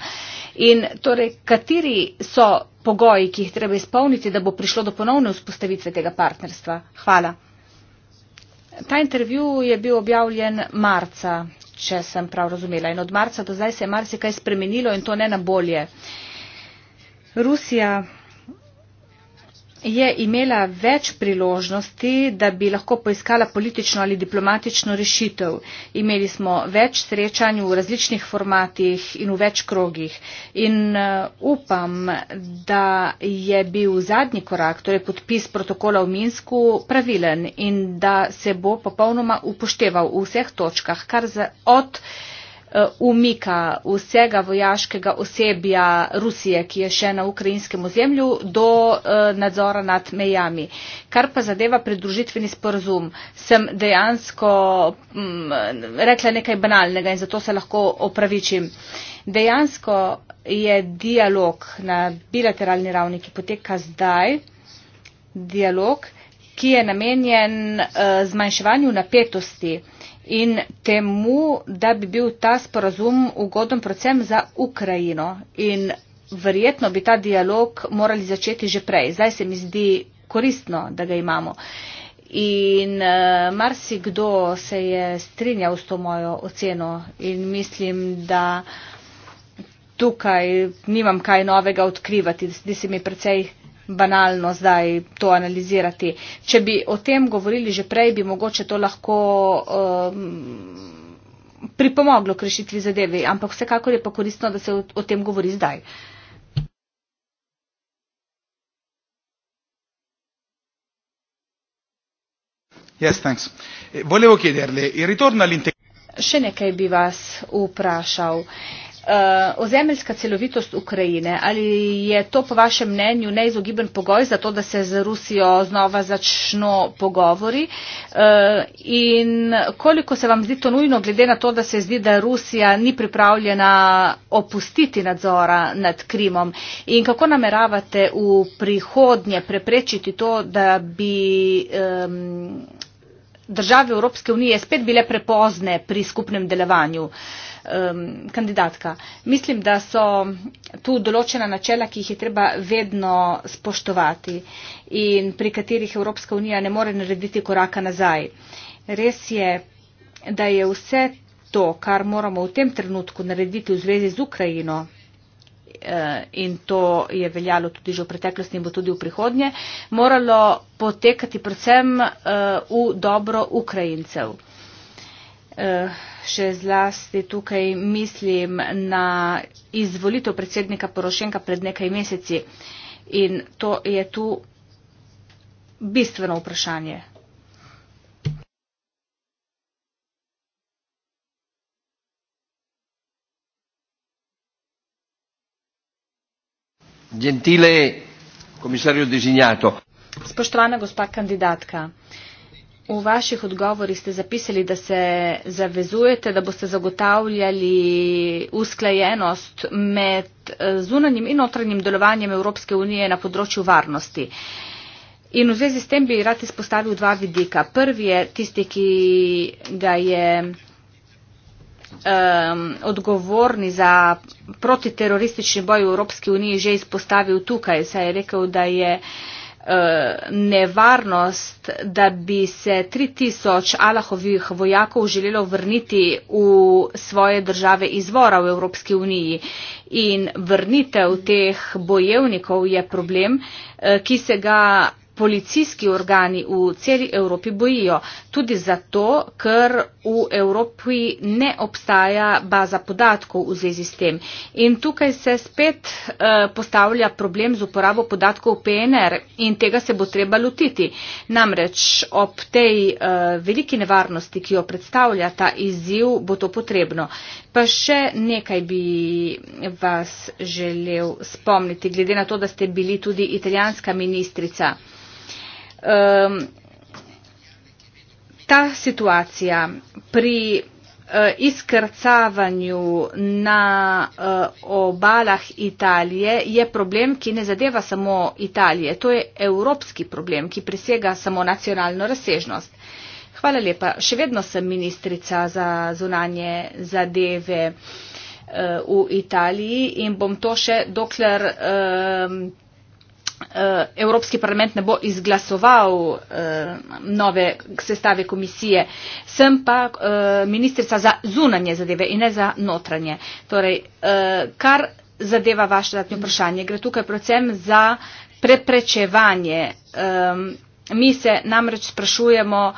In torej, kateri so pogoji, ki jih treba izpolniti, da bo prišlo do ponovne vzpostavitve tega partnerstva? Hvala. Ta intervju je bil objavljen marca če sem prav razumela. In od marca do zdaj se je marsikaj spremenilo in to ne na bolje. Rusija je imela več priložnosti, da bi lahko poiskala politično ali diplomatično rešitev. Imeli smo več srečanj v različnih formatih in v več krogih. In uh, upam, da je bil zadnji korak, torej podpis protokola v Minsku, pravilen in da se bo popolnoma upošteval v vseh točkah, kar za od Eh, umika vsega vojaškega osebja Rusije, ki je še na ukrajinskem ozemlju, do eh, nadzora nad mejami. Kar pa zadeva pridružitveni sporazum, sem dejansko mm, rekla nekaj banalnega in zato se lahko opravičim. Dejansko je dialog na bilateralni ravni, ki poteka zdaj, dialog, ki je namenjen eh, zmanjševanju napetosti in temu, da bi bil ta sporazum ugodan predvsem za Ukrajino. In verjetno bi ta dialog morali začeti že prej. Zdaj se mi zdi koristno, da ga imamo. In uh, marsikdo se je strinjal s to mojo oceno in mislim, da tukaj nimam kaj novega odkrivati. Zdi se mi precej banalno zdaj to analizirati. Če bi o tem govorili že prej, bi mogoče to lahko. Um, pripomoglo k rešitvi zadevi, ampak vsekakor je pa koristno, da se o, o tem govori zdaj. Yes, eh, Volevo, kjer, le, Še nekaj bi vas vprašal. Uh, Eh, ozemeljska celovitost Ukrajine, ali je to po vašem mnenju neizogiben pogoj za to, da se z Rusijo znova začno pogovori eh, in koliko se vam zdi to nujno, glede na to, da se zdi, da Rusija ni pripravljena opustiti nadzora nad Krimom in kako nameravate v prihodnje preprečiti to, da bi države Evropske unije spet bile prepozne pri skupnem delovanju? um, kandidatka. Mislim, da so tu določena načela, ki jih je treba vedno spoštovati in pri katerih Evropska unija ne more narediti koraka nazaj. Res je, da je vse to, kar moramo v tem trenutku narediti v zvezi z Ukrajino, eh, in to je veljalo tudi že v preteklosti in bo tudi v prihodnje, moralo potekati predvsem eh, v dobro Ukrajincev. Eh, še zlasti tukaj mislim na izvolitev predsednika Porošenka pred nekaj meseci. In to je tu bistveno vprašanje. Gentile, komisarju Dežinjato. Spoštovana gospa kandidatka. V vaših odgovorih ste zapisali, da se zavezujete, da boste zagotavljali usklajenost med eh, zunanjim in notranjim delovanjem Evropske unije na področju varnosti. In v zvezi s tem bi rad izpostavil dva vidika. Prvi je tisti, ki ga je um, odgovorni za protiteroristični boj v Evropski uniji že izpostavil tukaj. Saj je rekel, da je. Uh, Eh, nevarnost, da bi se 3000 Alahovih vojakov želelo vrniti v svoje države izvora v Evropski uniji. In vrnitev teh bojevnikov je problem, eh, ki se ga policijski organi v celi Evropi bojijo. Tudi zato, ker v Evropi ne obstaja baza podatkov v zvezi s tem. In tukaj se spet eh, postavlja problem z uporabo podatkov PNR in tega se bo treba lotiti. Namreč ob tej eh, veliki nevarnosti, ki jo predstavlja ta izziv, bo to potrebno. Pa še nekaj bi vas želel spomniti, glede na to, da ste bili tudi italijanska ministrica um, ta situacija pri uh, izkrcavanju na uh, obalah Italije je problem, ki ne zadeva samo Italije. To je evropski problem, ki presega samo nacionalno razsežnost. Hvala lepa. Še vedno sem ministrica za zunanje zadeve uh, v Italiji in bom to še dokler. Uh, Eh, Evropski parlament ne bo izglasoval uh, nove sestave komisije. Sem pa uh, ministrica za zunanje zadeve in ne za notranje. Torej, uh, kar zadeva vaše zadnje vprašanje, gre tukaj predvsem za preprečevanje. Um, mi se namreč sprašujemo,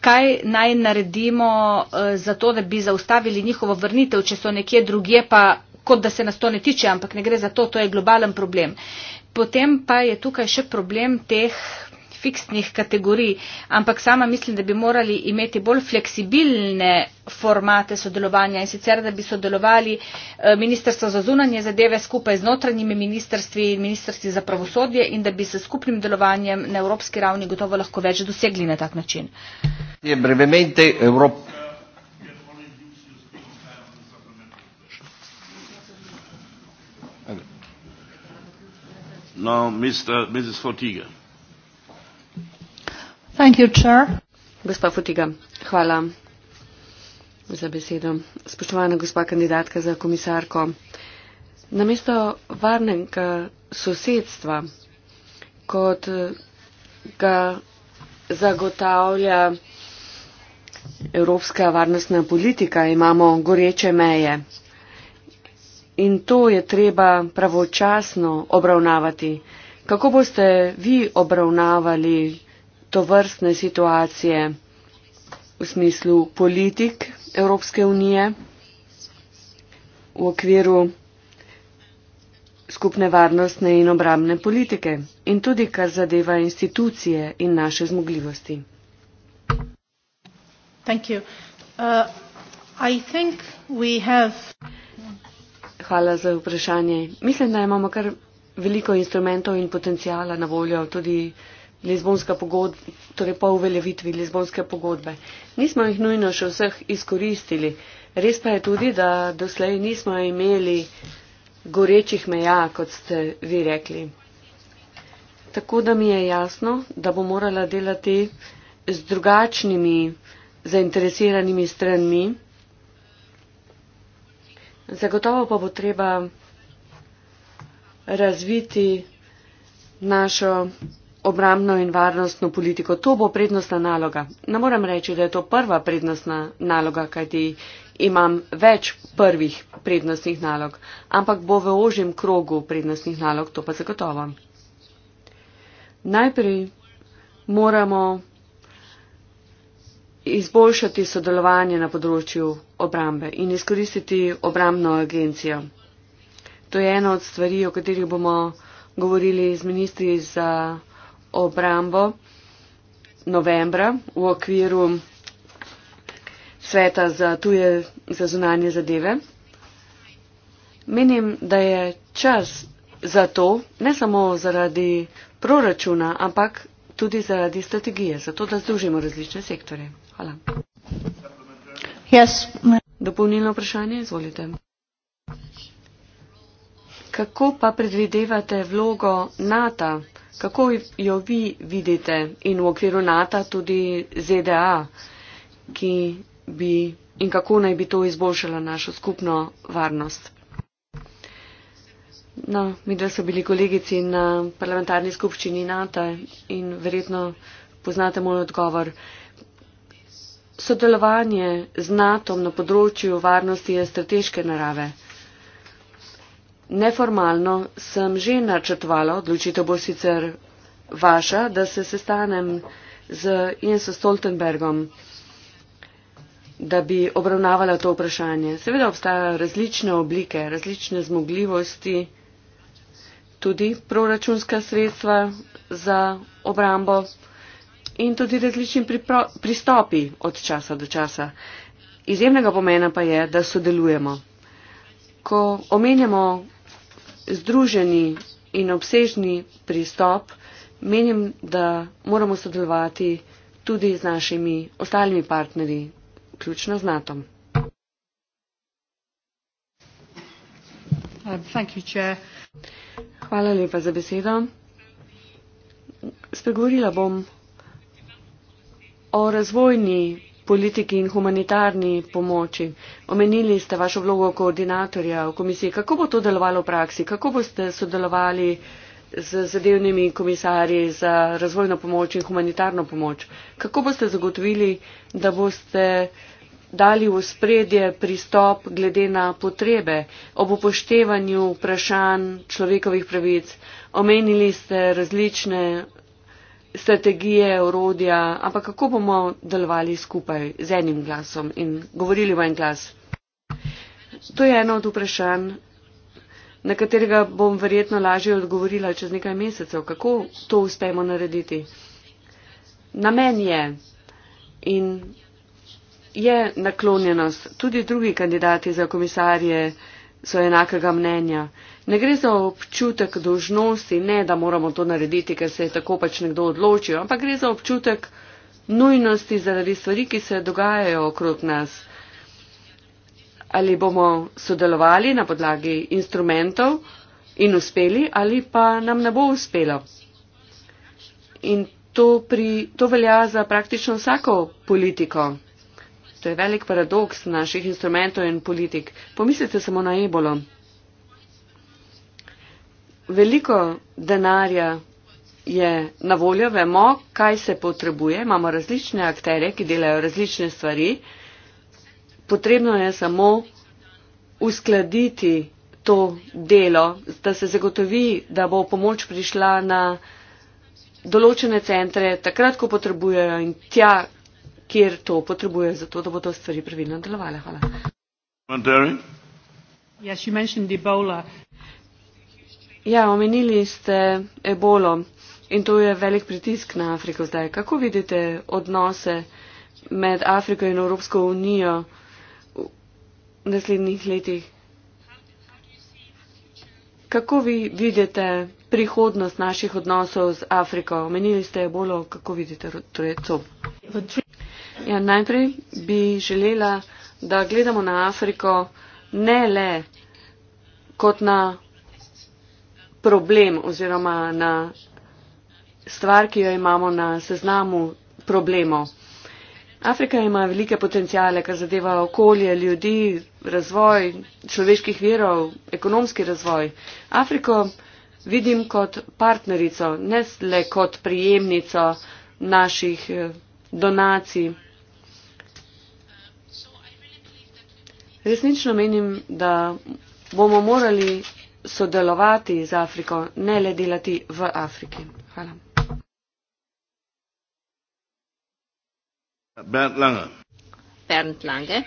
kaj naj naredimo uh, za to, da bi zaustavili njihovo vrnitev, če so nekje drugje pa kot da se nas to ne tiče, ampak ne gre za to, to je globalen problem. Potem pa je tukaj še problem teh fiksnih kategorij, ampak sama mislim, da bi morali imeti bolj fleksibilne formate sodelovanja in sicer, da bi sodelovali eh, Ministrstvo za zunanje zadeve skupaj z notranjimi ministrstvi in Ministrstvi za pravosodje in da bi se skupnim delovanjem na evropski ravni gotovo lahko več dosegli na tak način. Je brevemente Evropa. Now, Mr. Mrs. Fotiga. Thank you, Chair. Gospa Fotiga, hvala za besedo. Spoštovana gospa kandidatka za komisarko, namesto varnega sosedstva, kot ga zagotavlja evropska varnostna politika, imamo goreče meje in to je treba pravočasno obravnavati. Kako boste vi obravnavali to vrstne situacije v smislu politik Evropske unije v okviru skupne varnostne in obramne politike in tudi kar zadeva institucije in naše zmogljivosti? Hvala. Uh, Hvala za vprašanje. Mislim, da imamo kar veliko instrumentov in potencijala na voljo, tudi Lizbonska pogodba, torej po uveljavitvi Lizbonske pogodbe. Nismo jih nujno še vseh izkoristili. Res pa je tudi, da doslej nismo imeli gorečih meja, kot ste vi rekli. Tako da mi je jasno, da bo morala delati z drugačnimi zainteresiranimi stranmi. Zagotovo pa bo treba razviti našo obramno in varnostno politiko. To bo prednostna naloga. Ne moram reči, da je to prva prednostna naloga, kajti imam več prvih prednostnih nalog, ampak bo v ožjem krogu prednostnih nalog, to pa zagotovo. Najprej moramo izboljšati sodelovanje na področju obrambe in izkoristiti obrambno agencijo. To je ena od stvari, o katerih bomo govorili z ministri za obrambo novembra v okviru sveta za tuje za zunanje zadeve. Menim, da je čas za to, ne samo zaradi proračuna, ampak tudi zaradi strategije, zato da združimo različne sektore. Hvala. Yes. Dopolnilno vprašanje, izvolite. Kako pa predvidevate vlogo NATO? Kako jo vi vidite in v okviru NATO tudi ZDA, ki bi in kako naj bi to izboljšalo našo skupno varnost? No, mi dve so bili kolegici na parlamentarni skupščini NATO in verjetno poznate moj odgovor. Sodelovanje z NATO na področju varnosti je strateške narave. Neformalno sem že načrtovala, odločitev bo sicer vaša, da se sestanem z Jensom Stoltenbergom, da bi obravnavala to vprašanje. Seveda obstajajo različne oblike, različne zmogljivosti, tudi proračunska sredstva za obrambo in tudi različni pristopi od časa do časa. Izjemnega pomena pa je, da sodelujemo. Ko omenjamo združeni in obsežni pristop, menim, da moramo sodelovati tudi z našimi ostalimi partnerji, ključno z NATO. Uh, Hvala lepa za besedo. Spregovorila bom o razvojni politiki in humanitarni pomoči. Omenili ste vašo vlogo koordinatorja v komisiji. Kako bo to delovalo v praksi? Kako boste sodelovali z zadevnimi komisarji za razvojno pomoč in humanitarno pomoč? Kako boste zagotovili, da boste dali v spredje pristop glede na potrebe ob upoštevanju vprašanj človekovih pravic? Omenili ste različne strategije, urodja, ampak kako bomo delovali skupaj z enim glasom in govorili v en glas. To je eno od vprašanj, na katerega bom verjetno lažje odgovorila čez nekaj mesecev, kako to uspemo narediti. Namen je in je naklonjenost. Tudi drugi kandidati za komisarje so enakega mnenja. Ne gre za občutek dožnosti, ne da moramo to narediti, ker se je tako pač nekdo odločil, ampak gre za občutek nujnosti zaradi stvari, ki se dogajajo okrog nas. Ali bomo sodelovali na podlagi instrumentov in uspeli, ali pa nam ne bo uspelo. In to, pri, to velja za praktično vsako politiko. To je velik paradoks naših instrumentov in politik. Pomislite samo na ebolo veliko denarja je na voljo, vemo, kaj se potrebuje. Imamo različne akterje, ki delajo različne stvari. Potrebno je samo uskladiti to delo, da se zagotovi, da bo pomoč prišla na določene centre, takrat, ko potrebujejo in tja, kjer to potrebujejo, zato da bo to stvari pravilno delovale. Hvala. Yes, Ja, omenili ste ebolo in to je velik pritisk na Afriko zdaj. Kako vidite odnose med Afriko in Evropsko unijo v naslednjih letih? Kako vi vidite prihodnost naših odnosov z Afriko? Omenili ste ebolo, kako vidite torej to? Ja, najprej bi želela, da gledamo na Afriko ne le kot na problem oziroma na stvar, ki jo imamo na seznamu problemov. Afrika ima velike potencijale, kar zadeva okolje, ljudi, razvoj človeških virov, ekonomski razvoj. Afriko vidim kot partnerico, ne le kot prijemnico naših eh, donacij. Resnično menim, da bomo morali sodelovati z Afriko, ne le delati v Afriki. Hvala. Bernd Lange. Bernd Lange.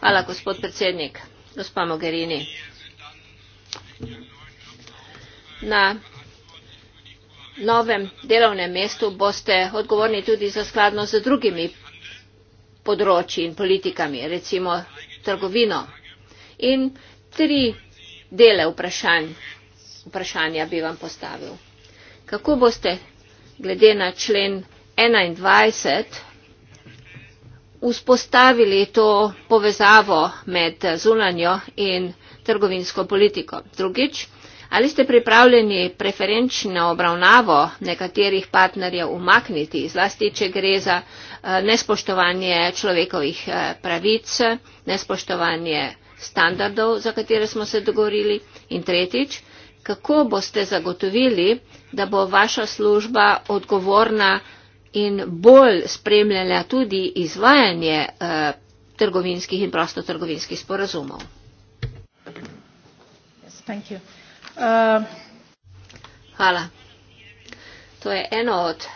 Hvala, gospod predsednik. Gospa Mogherini. Na novem delovnem mestu boste odgovorni tudi za skladno z drugimi področji in politikami, recimo trgovino. In tri dele vprašanj, vprašanja bi vam postavil. Kako boste glede na člen 21 vzpostavili to povezavo med zunanjo in trgovinsko politiko? Drugič, ali ste pripravljeni preferenčno obravnavo nekaterih partnerjev umakniti, zlasti, če gre za eh, nespoštovanje človekovih eh, pravic, nespoštovanje standardov, za katere smo se dogovorili. In tretjič, kako boste zagotovili, da bo vaša služba odgovorna in bolj spremljala tudi izvajanje eh, trgovinskih in prostotrgovinskih sporazumov. Yes, uh... Hvala. To je eno od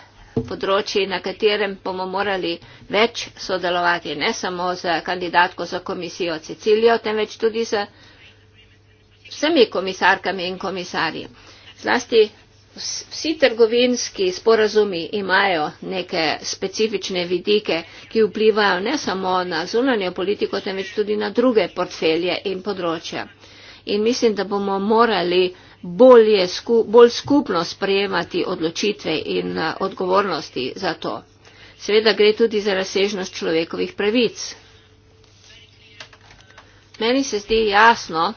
področji, na katerem bomo morali več sodelovati, ne samo z kandidatko za komisijo Cecilijo, temveč tudi z vsemi komisarkami in komisarji. Zlasti vsi trgovinski sporazumi imajo neke specifične vidike, ki vplivajo ne samo na zunanjo politiko, temveč tudi na druge portfelje in področja. In mislim, da bomo morali bolje, sku, bolj skupno sprejemati odločitve in eh, odgovornosti za to. Seveda gre tudi za razsežnost človekovih pravic. Meni se zdi jasno,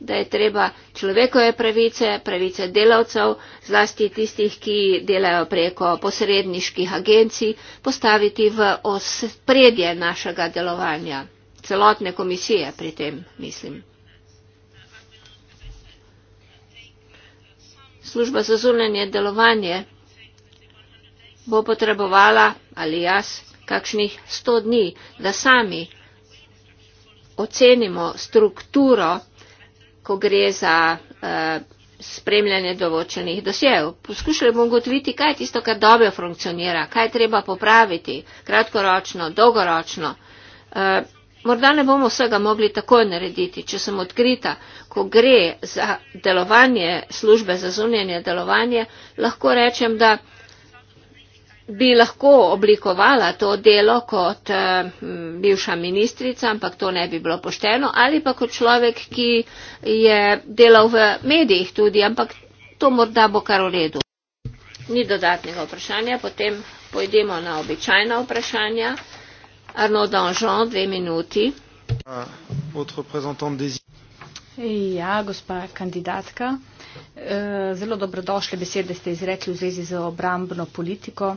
da je treba človekove pravice, pravice delavcev, zlasti tistih, ki delajo preko posredniških agencij, postaviti v ospredje našega delovanja, celotne komisije pri tem, mislim. služba za zunanje delovanje bo potrebovala ali jaz kakšnih sto dni, da sami ocenimo strukturo, ko gre za uh, spremljanje določenih dosjev. Poskušali bomo ugotoviti, kaj je tisto, kar dobro funkcionira, kaj je treba popraviti, kratkoročno, dolgoročno. Uh, Morda ne bomo vsega mogli takoj narediti, če sem odkrita, ko gre za delovanje službe za zunjenje delovanje, lahko rečem, da bi lahko oblikovala to delo kot eh, bivša ministrica, ampak to ne bi bilo pošteno, ali pa kot človek, ki je delal v medijih tudi, ampak to morda bo kar v redu. Ni dodatnega vprašanja, potem pojdemo na običajna vprašanja. Arnaud Dangean, deux minutes. À uh, votre représentante désignée. Ja, gospa kandidatka, uh, zelo dobrodošle besede ste izrekli v zvezi z obrambno politiko,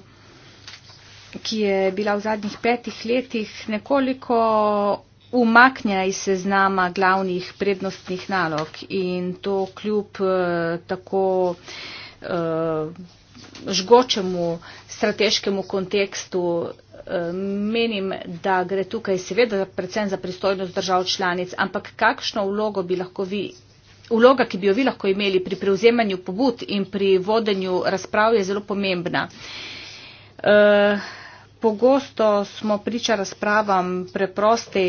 ki je bila v zadnjih petih letih nekoliko umaknjena iz seznama glavnih prednostnih nalog in to kljub uh, tako žgočemu strateškemu kontekstu Eh, menim, da gre tukaj seveda predvsem za pristojnost držav članic, ampak kakšno vlogo bi lahko vi, vloga, ki bi jo vi lahko imeli pri prevzemanju pobud in pri vodenju razprav je zelo pomembna. Uh, Pogosto smo priča razpravam preproste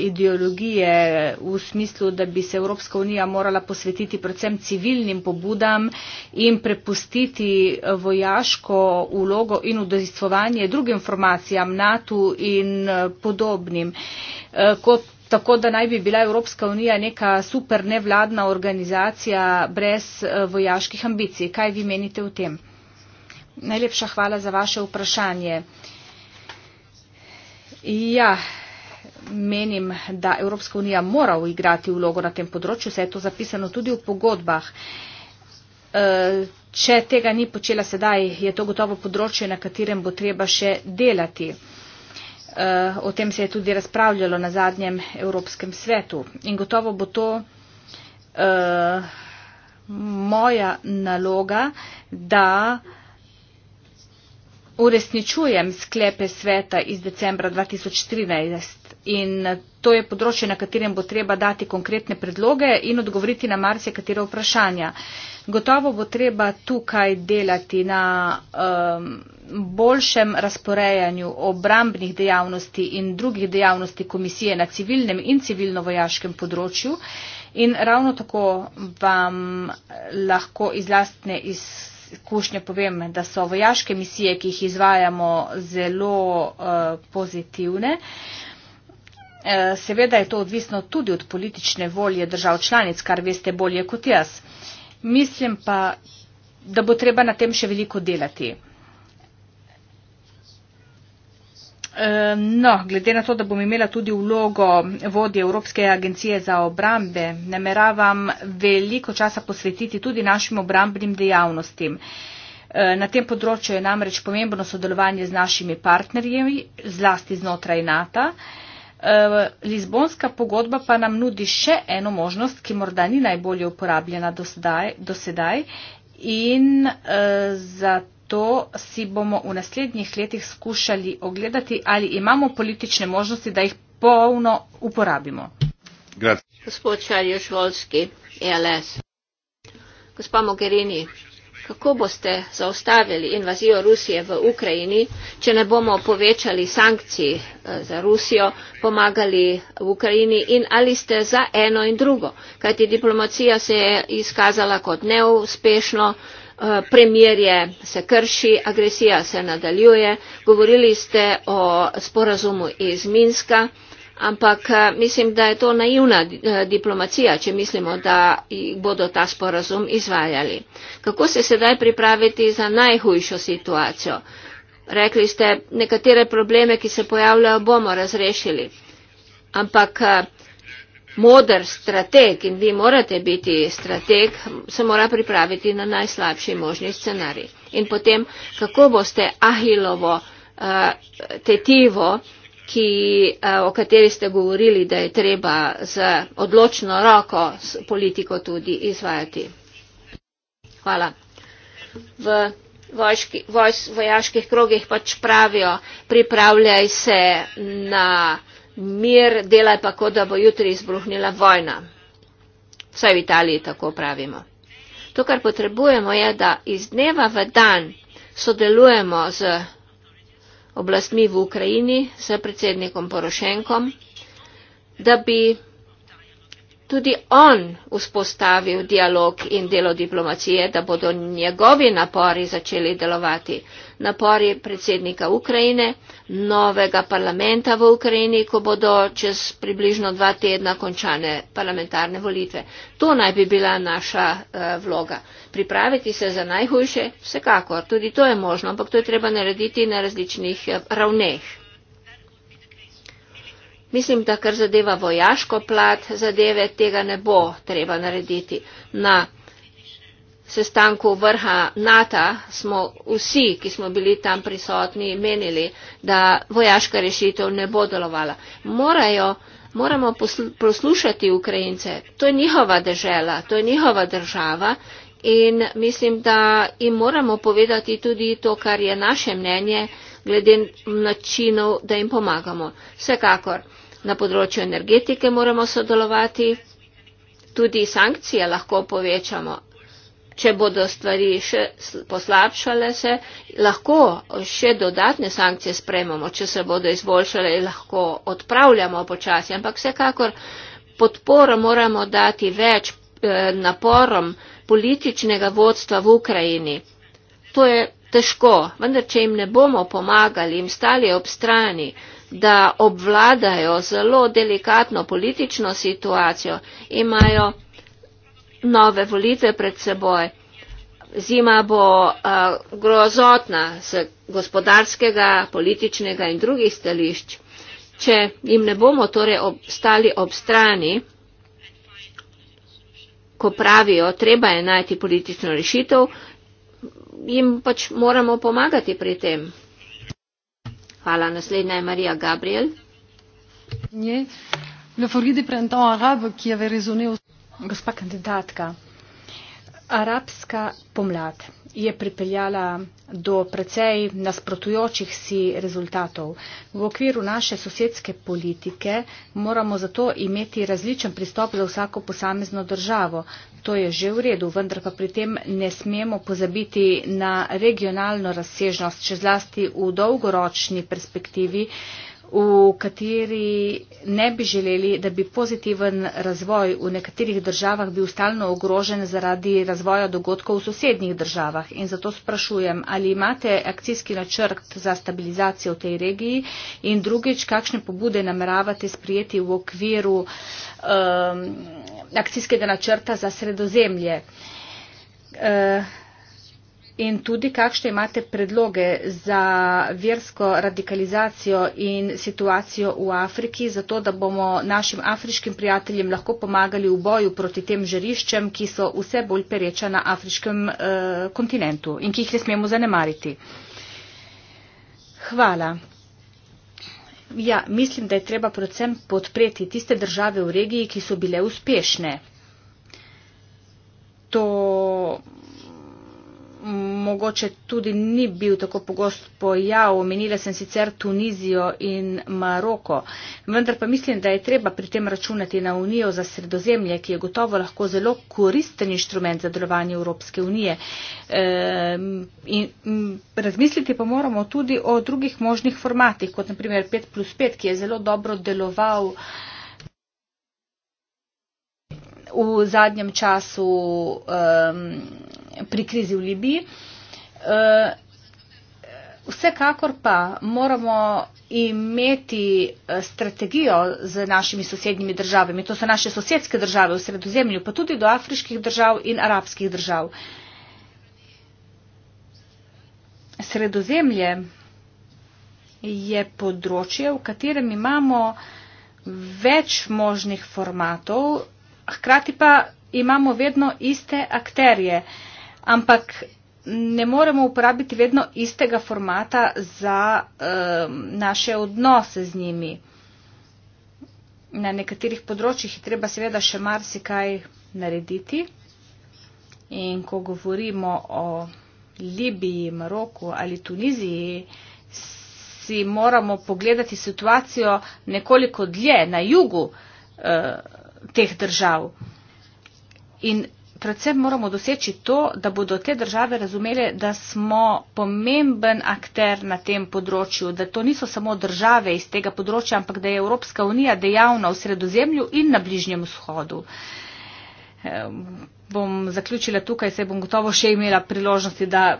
ideologije v smislu, da bi se Evropska unija morala posvetiti predvsem civilnim pobudam in prepustiti vojaško ulogo in udejstvovanje drugim formacijam, NATO in eh, podobnim. Eh, Kot tako da naj bi bila Evropska unija neka super nevladna organizacija brez eh, vojaških ambicij. Kaj vi menite o tem? Najlepša hvala za vaše vprašanje. Uh, Ja, menim, da Evropska unija mora uigrati vlogo na tem področju, saj je to zapisano tudi v pogodbah. E, če tega ni počela sedaj, je to gotovo področje, na katerem bo treba še delati. E, o tem se je tudi razpravljalo na zadnjem Evropskem svetu. In gotovo bo to uh, moja naloga, da uh, uresničujem sklepe sveta iz decembra 2013 in to je področje, na katerem bo treba dati konkretne predloge in odgovoriti na marce katero vprašanja. Gotovo bo treba tukaj delati na um, boljšem razporejanju obrambnih dejavnosti in drugih dejavnosti komisije na civilnem in civilno-vojaškem področju. In ravno tako vam lahko iz lastne izkušnje izkušnje povem, da so vojaške misije, ki jih izvajamo, zelo uh, pozitivne. Eh, seveda je to odvisno tudi od politične volje držav članic, kar veste bolje kot jaz. Mislim pa, da bo treba na tem še veliko delati. No, glede na to, da bom imela tudi vlogo vodje Evropske agencije za obrambe, nameravam veliko časa posvetiti tudi našim obrambnim dejavnostim. Na tem področju je namreč pomembno sodelovanje z našimi partnerji, zlasti znotraj NATO. Lizbonska pogodba pa nam nudi še eno možnost, ki morda ni najbolje uporabljena do sedaj, in eh, zato to si bomo v naslednjih letih skušali ogledati, ali imamo politične možnosti, da jih polno uporabimo. Grazie. Gospod Šarjoš Volski, ELS. Gospa Mogherini, kako boste zaustavili invazijo Rusije v Ukrajini, če ne bomo povečali sankcij eh, za Rusijo, pomagali v Ukrajini in ali ste za eno in drugo? Kajti diplomacija se je izkazala kot neuspešno. Eh, premirje se krši, agresija se nadaljuje. Govorili ste o sporazumu iz Minska, ampak eh, mislim, da je to naivna eh, diplomacija, če mislimo, da bodo ta sporazum izvajali. Kako se sedaj pripraviti za najhujšo situacijo? Rekli ste, nekatere probleme, ki se pojavljajo, bomo razrešili. Ampak moder strateg in vi morate biti strateg, se mora pripraviti na najslabši možni scenarij. In potem, kako boste ahilovo uh, tetivo, ki, uh, o kateri ste govorili, da je treba z odločno roko s politiko tudi izvajati. Hvala. V vojški, voj, vojaških krogih pač pravijo, pripravljaj se na mir, delaj pa, kot da bo jutri izbruhnila vojna. Vse v Italiji tako pravimo. To, kar potrebujemo, je, da iz dneva v dan sodelujemo z oblastmi v Ukrajini, s predsednikom Porošenkom, da bi tudi on vzpostavil dialog in delo diplomacije, da bodo njegovi napori začeli delovati napori predsednika Ukrajine, novega parlamenta v Ukrajini, ko bodo čez približno dva tedna končane parlamentarne volitve. To naj bi bila naša uh, vloga. Pripraviti se za najhujše, vsekakor, tudi to je možno, ampak to je treba narediti na različnih eh, ravneh. Mislim, da kar zadeva vojaško plat, zadeve tega ne bo treba narediti. Na sestanku vrha NATO smo vsi, ki smo bili tam prisotni, menili, da vojaška rešitev ne bo delovala. Morajo, moramo poslušati Ukrajince. To je njihova država, to je njihova država in mislim, da jim moramo povedati tudi to, kar je naše mnenje glede načinov, da jim pomagamo. Vsekakor na področju energetike moramo sodelovati. Tudi sankcije lahko povečamo, če bodo stvari še poslabšale se, lahko še dodatne sankcije sprememo, če se bodo izboljšale, lahko odpravljamo počasi, ampak vsekakor podporo moramo dati več eh, naporom političnega vodstva v Ukrajini. To je težko, vendar če jim ne bomo pomagali, jim stali ob strani, da obvladajo zelo delikatno politično situacijo, imajo nove volitve pred seboj. Zima bo a, eh, grozotna z gospodarskega, političnega in drugih stališč. Če jim ne bomo torej obstali ob strani, ko pravijo, treba je najti politično rešitev, jim pač moramo pomagati pri tem. Hvala. Naslednja je Marija Gabriel. Nje. Le Foride prendant arabe qui avait résonné au gospa kandidatka, arabska pomlad je pripeljala do precej nasprotujočih si rezultatov. V okviru naše sosedske politike moramo zato imeti različen pristop za vsako posamezno državo. To je že v redu, vendar pa pri tem ne smemo pozabiti na regionalno razsežnost, če zlasti v dolgoročni perspektivi. Eh, v kateri ne bi želeli, da bi pozitiven razvoj v nekaterih državah bil stalno ogrožen zaradi razvoja dogodkov v sosednjih državah. In zato sprašujem, ali imate akcijski načrt za stabilizacijo v tej regiji in drugič, kakšne pobude nameravate sprijeti v okviru um, akcijskega načrta za sredozemlje. Uh, in tudi kakšne imate predloge za versko radikalizacijo in situacijo v Afriki, zato da bomo našim afriškim prijateljem lahko pomagali v boju proti tem žariščem, ki so vse bolj pereča na afriškem eh, kontinentu in ki jih ne smemo zanemariti. Hvala. Ja, mislim, da je treba predvsem podpreti tiste države v regiji, ki so bile uspešne. To mogoče tudi ni bil tako pogost pojav. Omenila sem sicer Tunizijo in Maroko. Vendar pa mislim, da je treba pri tem računati na Unijo za sredozemlje, ki je gotovo lahko zelo koristen inštrument za delovanje Evropske unije. E, in, m, razmisliti pa moramo tudi o drugih možnih formatih, kot naprimer 5 plus 5, ki je zelo dobro deloval. V zadnjem času um, pri krizi v Libiji. E, vsekakor pa moramo imeti e, strategijo z našimi sosednjimi državami. To so naše sosedske države v sredozemlju, pa tudi do afriških držav in arabskih držav. Sredozemlje je področje, v katerem imamo več možnih formatov, hkrati pa imamo vedno iste akterje. Uh, ampak ne moremo uporabiti vedno istega formata za uh, naše odnose z njimi. Na nekaterih področjih je treba seveda še marsikaj narediti in ko govorimo o Libiji, Maroku ali Tuniziji, si moramo pogledati situacijo nekoliko dlje na jugu uh, teh držav. In predvsem moramo doseči to, da bodo te države razumele, da smo pomemben akter na tem področju, da to niso samo države iz tega področja, ampak da je Evropska unija dejavna v sredozemlju in na Bližnjem vzhodu. Bom zaključila tukaj, se bom gotovo še imela priložnosti, da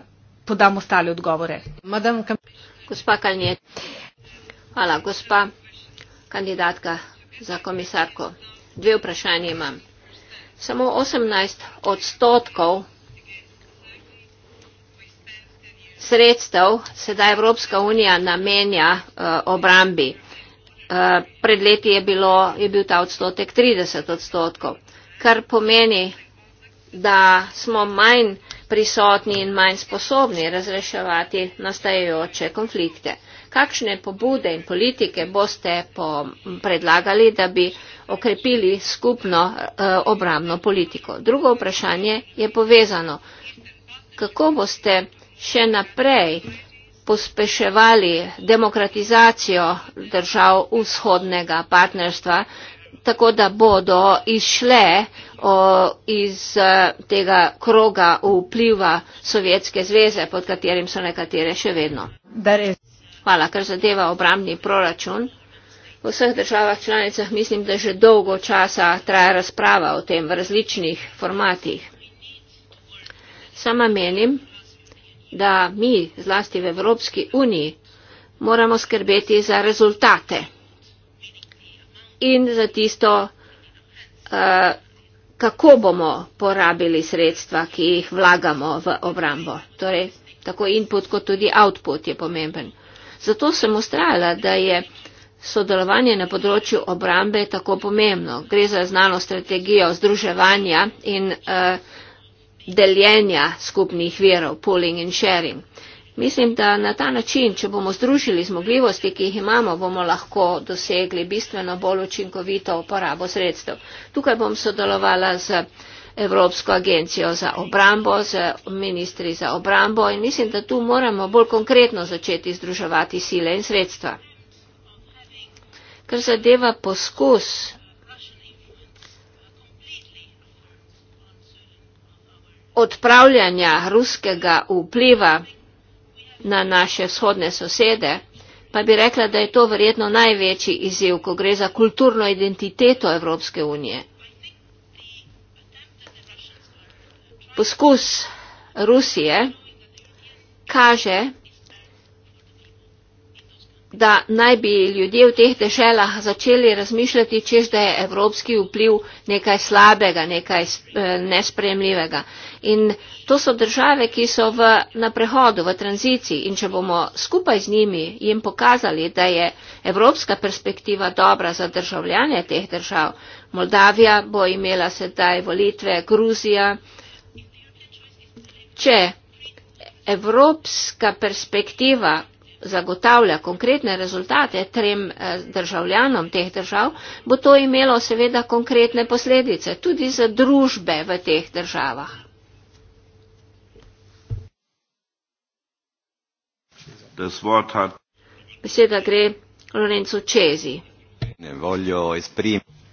podam ostale odgovore. Madam, kam... Gospa Kalnje. Hvala, gospa kandidatka za komisarko. Dve vprašanje imam samo 18 odstotkov sredstev sedaj Evropska unija namenja uh, obrambi. Uh, pred leti je, bilo, je bil ta odstotek 30 odstotkov, kar pomeni, da smo manj prisotni in manj sposobni razreševati nastajajoče konflikte. Kakšne pobude in politike boste po predlagali, da bi uh, okrepili skupno eh, obramno politiko. Drugo vprašanje je povezano, kako boste še naprej pospeševali demokratizacijo držav vzhodnega partnerstva, tako da bodo išle iz eh, tega kroga vpliva Sovjetske zveze, pod katerim so nekatere še vedno. Hvala, kar zadeva obramni proračun v vseh državah članicah mislim, da že dolgo časa traja razprava o tem v različnih formatih. Sama menim, da mi, zlasti v Evropski uniji, moramo skrbeti za rezultate in za tisto, eh, kako bomo porabili sredstva, ki jih vlagamo v obrambo. Torej, tako input kot tudi output je pomemben. Zato sem ustrajala, da je sodelovanje na področju obrambe tako pomembno. Gre za znano strategijo združevanja in uh, deljenja skupnih verov, pooling in sharing. Mislim, da na ta način, če bomo združili zmogljivosti, ki jih imamo, bomo lahko dosegli bistveno bolj učinkovito uporabo sredstev. Tukaj bom sodelovala z Evropsko agencijo za obrambo, z ministri za obrambo in mislim, da tu moramo bolj konkretno začeti združevati sile in sredstva kar zadeva poskus. Odpravljanja ruskega vpliva na naše vzhodne sosede, pa bi rekla, da je to verjetno največji izziv, ko gre za kulturno identiteto Evropske unije. Poskus Rusije kaže, da naj bi ljudje v teh deželah začeli razmišljati, čež da je evropski vpliv nekaj slabega, nekaj eh, nespremljivega. In to so države, ki so v, na prehodu, v tranziciji in če bomo skupaj z njimi jim pokazali, da je evropska perspektiva dobra za državljanje teh držav, Moldavija bo imela sedaj volitve, Gruzija, če evropska perspektiva zagotavlja konkretne rezultate trem eh, državljanom teh držav, bo to imelo seveda konkretne posledice tudi za družbe v teh državah. Beseda gre Lorenzo Čezi.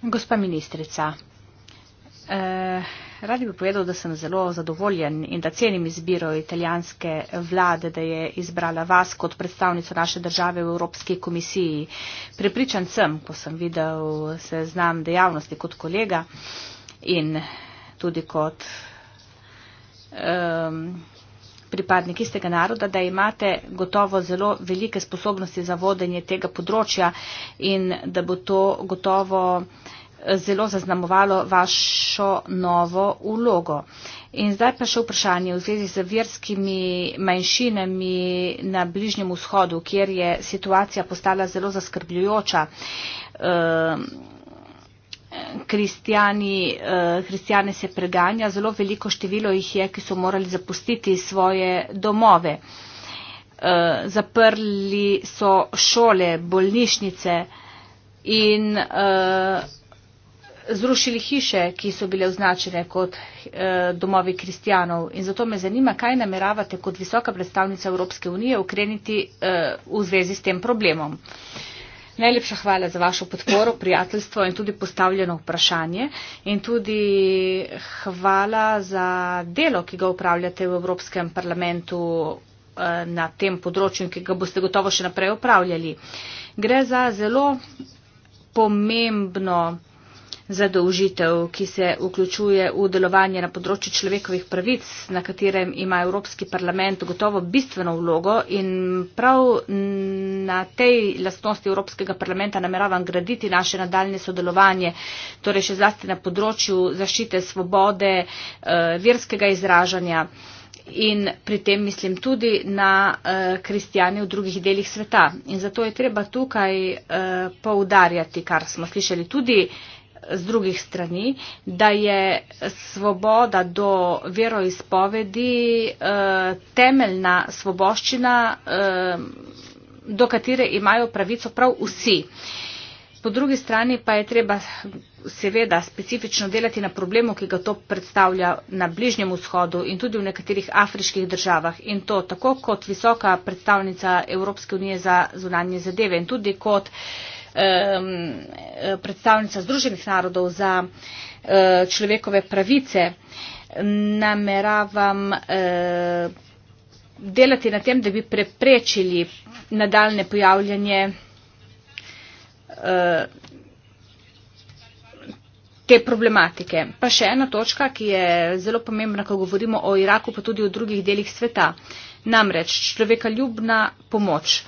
Gospa ministrica, eh, Radi bi povedal, da sem zelo zadovoljen in da cenim izbiro italijanske vlade, da je izbrala vas kot predstavnico naše države v Evropski komisiji. Prepričan sem, ko sem videl se znam dejavnosti kot kolega in tudi kot um, pripadnik istega naroda, da imate gotovo zelo velike sposobnosti za vodenje tega področja in da bo to gotovo. Uh, zelo zaznamovalo vašo novo ulogo. In zdaj pa še vprašanje v zvezi z verskimi manjšinami na Bližnjem vzhodu, kjer je situacija postala zelo zaskrbljujoča. Ehm, eh, kristjane se preganja, zelo veliko število jih je, ki so morali zapustiti svoje domove. Eh, zaprli so šole, bolnišnice in eh, zrušili hiše, ki so bile označene kot eh, domovi kristijanov. In zato me zanima, kaj nameravate kot visoka predstavnica Evropske unije ukreniti eh, v zvezi s tem problemom. Najlepša hvala za vašo podporo, prijateljstvo in tudi postavljeno vprašanje. In tudi hvala za delo, ki ga upravljate v Evropskem parlamentu eh, na tem področju, ki ga boste gotovo še naprej upravljali. Gre za zelo pomembno zadolžitev, ki se vključuje v delovanje na področju človekovih pravic, na katerem ima Evropski parlament gotovo bistveno vlogo in prav na tej lastnosti Evropskega parlamenta nameravam graditi naše nadaljne sodelovanje, torej še zlasti na področju zaščite svobode, eh, verskega izražanja. In pri tem mislim tudi na uh, eh, kristijane v drugih delih sveta. In zato je treba tukaj uh, poudarjati, kar smo slišali tudi uh, s drugih strani, da je svoboda do veroizpovedi eh, temeljna svoboščina, eh, do katere imajo pravico prav vsi. Po drugi strani pa je treba seveda specifično delati na problemu, ki ga to predstavlja na Bližnjem vzhodu in tudi v nekaterih afriških državah. In to tako kot visoka predstavnica Evropske unije za zunanje zadeve in tudi kot eh, predstavnica Združenih narodov za e, človekove pravice, nameravam e, delati na tem, da bi preprečili nadaljne pojavljanje e, te problematike. Pa še ena točka, ki je zelo pomembna, ko govorimo o Iraku, pa tudi o drugih delih sveta. Namreč človekoljubna pomoč.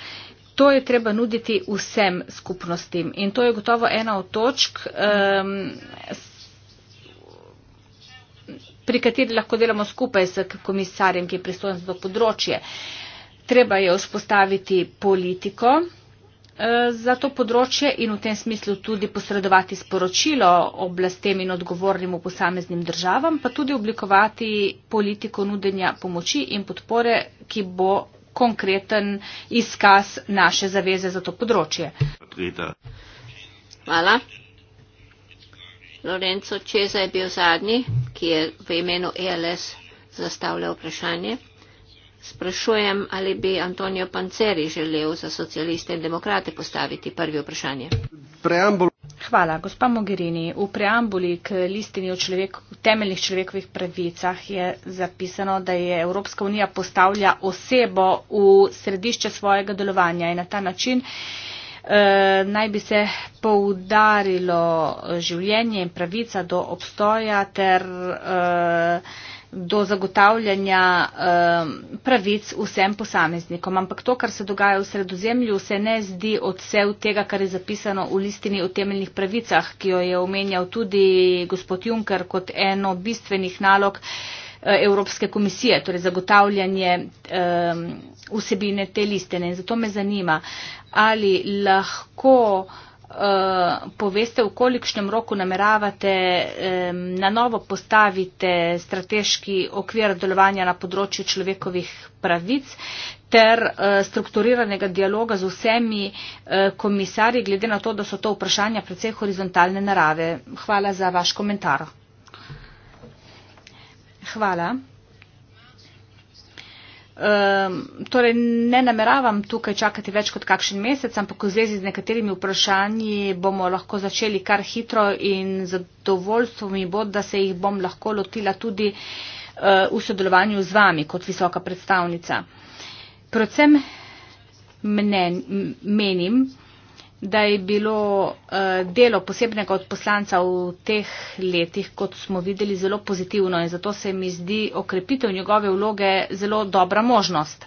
To je treba nuditi vsem skupnostim in to je gotovo ena od točk, um, pri kateri lahko delamo skupaj s komisarjem, ki je pristojen za to področje. Treba je vzpostaviti politiko eh, za to področje in v tem smislu tudi posredovati sporočilo oblastem in odgovornim v posameznim državam, pa tudi oblikovati politiko nudenja pomoči in podpore, ki bo konkreten izkaz naše zaveze za to področje. Hvala. Lorenzo Čeza je bil zadnji, ki je v imenu ELS zastavljal vprašanje. Sprašujem, ali bi Antonio Panceri želel za socialiste in demokrate postaviti prvi vprašanje. Preambul. Hvala. Gospa Mogherini, v preambuli k listini o človek, temeljnih človekovih pravicah je zapisano, da je Evropska unija postavlja osebo v središče svojega delovanja in na ta način eh, naj bi se poudarilo življenje in pravica do obstoja ter eh, do zagotavljanja eh, pravic vsem posameznikom. Ampak to, kar se dogaja v sredozemlju, se ne zdi odsev tega, kar je zapisano v listini o temeljnih pravicah, ki jo je omenjal tudi gospod Juncker kot eno bistvenih nalog eh, Evropske komisije, torej zagotavljanje eh, vsebine te listine. In zato me zanima, ali lahko Eh, poveste, v kolikšnem roku nameravate na novo postaviti strateški okvir delovanja na področju človekovih pravic ter eh, strukturiranega dialoga z vsemi eh, komisarji, glede na to, da so to vprašanja precej horizontalne narave. Hvala za vaš komentar. Hvala. Ehm, torej ne nameravam tukaj čakati več kot kakšen mesec, ampak v zvezi z nekaterimi vprašanji bomo lahko začeli kar hitro in zadovoljstvo mi bo, da se jih bom lahko lotila tudi eh, v sodelovanju z vami kot visoka predstavnica. Predvsem mnen, menim, da je bilo eh, delo posebnega odposlanca v teh letih, kot smo videli, zelo pozitivno in zato se mi zdi okrepitev njegove vloge zelo dobra možnost.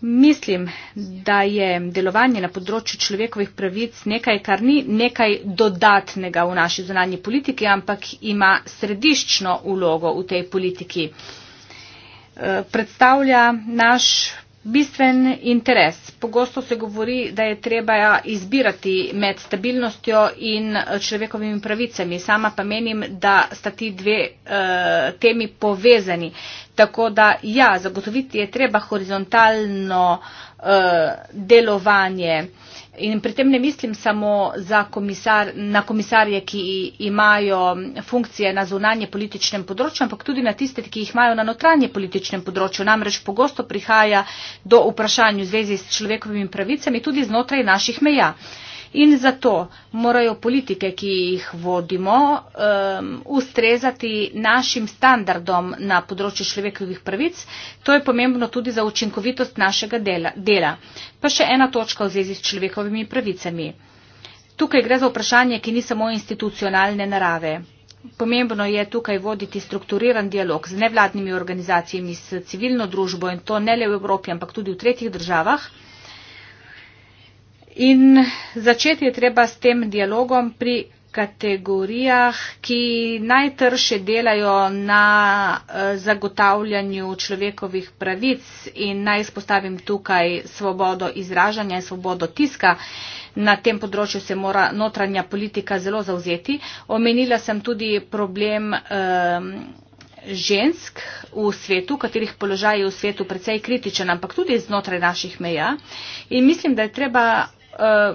Mislim, da je delovanje na področju človekovih pravic nekaj, kar ni nekaj dodatnega v naši zunanji politiki, ampak ima središčno vlogo v tej politiki. Eh, predstavlja naš bistven interes. Pogosto se govori, da je treba izbirati med stabilnostjo in človekovimi pravicami. Sama pa menim, da sta ti dve uh, temi povezani. Tako da ja, zagotoviti je treba horizontalno uh, delovanje uh, In pri tem ne mislim samo komisar, na komisarje, ki imajo funkcije na zunanje političnem področju, ampak tudi na tiste, ki jih imajo na notranje političnem področju. Namreč pogosto prihaja do vprašanj v zvezi s človekovimi pravicami tudi znotraj naših meja. Uh, In zato morajo politike, ki jih vodimo, um, ustrezati našim standardom na področju človekovih pravic. To je pomembno tudi za učinkovitost našega dela. dela. Pa še ena točka v zvezi s človekovimi pravicami. Tukaj gre za vprašanje, ki ni samo institucionalne narave. Pomembno je tukaj voditi strukturiran dialog z nevladnimi organizacijami, s civilno družbo in to ne le v Evropi, ampak tudi v tretjih državah. In začeti je treba s tem dialogom pri kategorijah, ki najtrše delajo na eh, zagotavljanju človekovih pravic in naj izpostavim tukaj svobodo izražanja in svobodo tiska. Na tem področju se mora notranja politika zelo zauzeti. Omenila sem tudi problem um, žensk v svetu, katerih položaj je v svetu precej kritičen, ampak tudi znotraj naših meja. In mislim, da je treba Eh,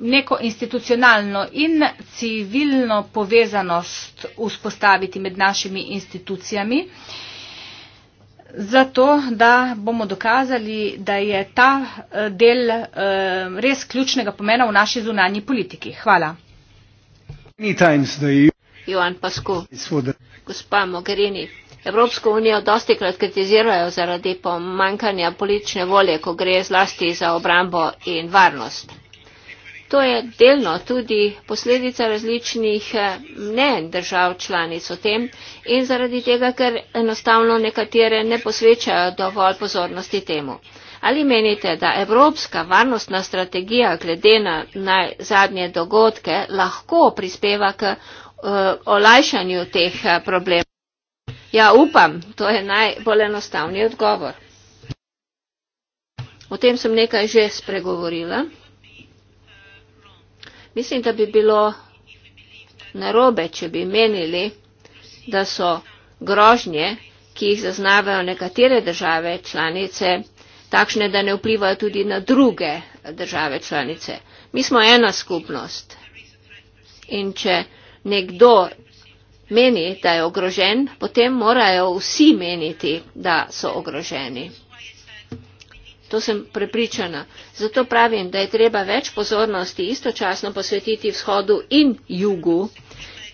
neko institucionalno in civilno povezanost vzpostaviti med našimi institucijami, zato da bomo dokazali, da je ta eh, del eh, res ključnega pomena v naši zunanji politiki. Hvala. Joan Pasko. Gospa Mogherini. Evropsko unijo dosti krat kritizirajo zaradi pomankanja politične volje, ko gre zlasti za obrambo in varnost. To je delno tudi posledica različnih eh, mnen držav članic o tem in zaradi tega, ker enostavno nekatere ne posvečajo dovolj pozornosti temu. Ali menite, da evropska varnostna strategija glede na najzadnje dogodke lahko prispeva k uh, olajšanju teh eh, problemov? Ja, upam, to je najbolj enostavni odgovor. O tem sem nekaj že spregovorila. Mislim, da bi bilo narobe, če bi menili, da so grožnje, ki jih zaznavajo nekatere države članice, takšne, da ne vplivajo tudi na druge države članice. Mi smo ena skupnost. In če nekdo meni, da je ogrožen, potem morajo vsi meniti, da so ogroženi. To sem prepričana. Zato pravim, da je treba več pozornosti istočasno posvetiti vzhodu in jugu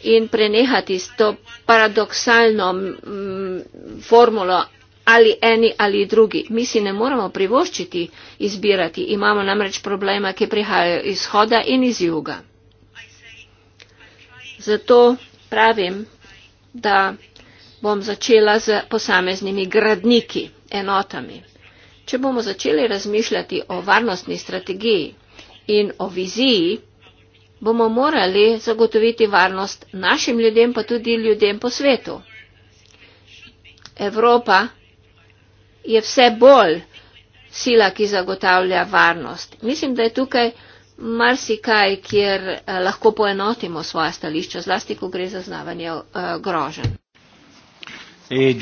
in prenehati s to paradoksalno mm, formulo ali eni ali drugi. Mi si ne moramo privoščiti izbirati. Imamo namreč problema, ki prihajajo iz vzhoda in iz juga. Zato pravim, da bom začela z posameznimi gradniki, enotami. Če bomo začeli razmišljati o varnostni strategiji in o viziji, bomo morali zagotoviti varnost našim ljudem, pa tudi ljudem po svetu. Evropa je vse bolj sila, ki zagotavlja varnost. Mislim, da je tukaj marsikaj, kjer eh, lahko poenotimo svoja stališča, zlasti, ko gre za znavanje eh, grožen. E,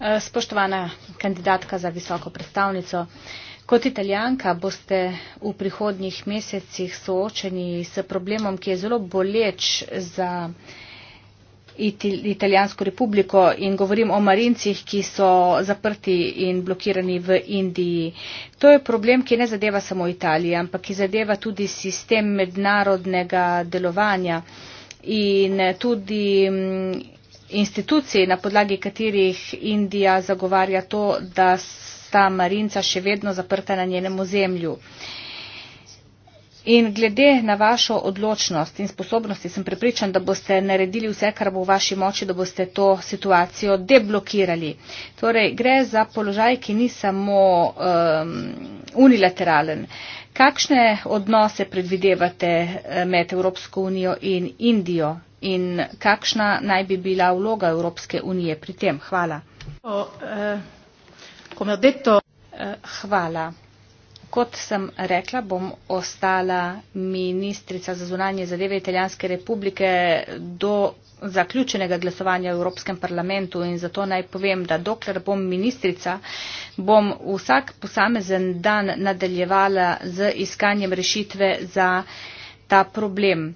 eh, spoštovana kandidatka za visoko predstavnico, kot italijanka boste v prihodnjih mesecih soočeni s problemom, ki je zelo boleč za italijansko republiko in govorim o marincih, ki so zaprti in blokirani v Indiji. To je problem, ki ne zadeva samo Italije, ampak ki zadeva tudi sistem mednarodnega delovanja in tudi mm, institucije, na podlagi katerih Indija zagovarja to, da sta marinca še vedno zaprta na njenem ozemlju. Uh, In glede na vašo odločnost in sposobnosti sem prepričan, da boste naredili vse, kar bo v vaši moči, da boste to situacijo deblokirali. Torej, gre za položaj, ki ni samo um, unilateralen. Kakšne odnose predvidevate eh, med Evropsko unijo in Indijo in kakšna naj bi bila vloga Evropske unije pri tem? Hvala. Eh, eh, hvala kot sem rekla, bom ostala ministrica za zunanje zadeve Italijanske republike do zaključenega glasovanja v Evropskem parlamentu in zato naj povem, da dokler bom ministrica, bom vsak posamezen dan nadaljevala z iskanjem rešitve za ta problem.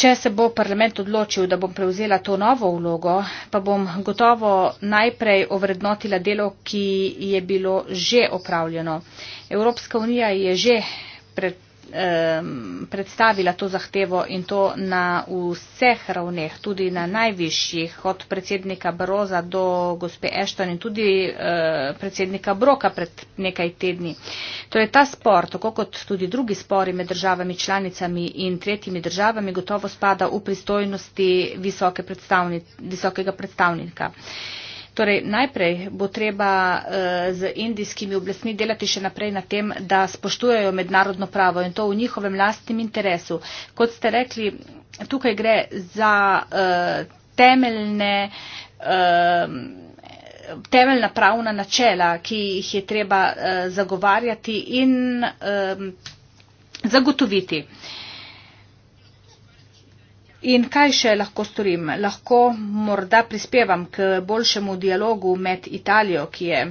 Če se bo parlament odločil, da bom prevzela to novo vlogo, pa bom gotovo najprej ovrednotila delo, ki je bilo že opravljeno. Evropska unija je že pred predstavila to zahtevo in to na vseh ravneh, tudi na najvišjih, od predsednika Baroza do gospe Ešton in tudi eh, predsednika Broka pred nekaj tedni. Torej ta spor, tako kot tudi drugi spori med državami članicami in tretjimi državami, gotovo spada v pristojnosti visoke predstavni, visokega predstavnika. Torej, najprej bo treba eh, z indijskimi oblastmi delati še naprej na tem, da spoštujejo mednarodno pravo in to v njihovem lastnem interesu. Kot ste rekli, tukaj gre za eh, temeljne eh, temeljna pravna načela, ki jih je treba uh, zagovarjati in um, zagotoviti. Uh, In kaj še lahko storim? Lahko morda prispevam k boljšemu dialogu med Italijo, ki je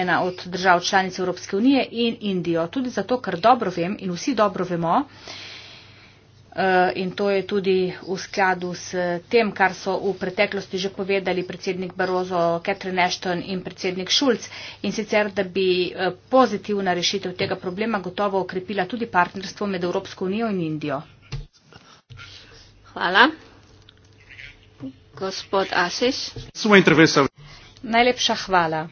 ena od držav članic Evropske unije, in Indijo. Tudi zato, ker dobro vem in vsi dobro vemo, eh, in to je tudi v skladu s tem, kar so v preteklosti že povedali predsednik Barozo, Catherine Ashton in predsednik Schulz, in sicer, da bi eh, pozitivna rešitev tega problema gotovo okrepila tudi partnerstvo med Evropsko unijo in Indijo. Hvala. Gospod Asis. Sva intervesa. Najlepša hvala.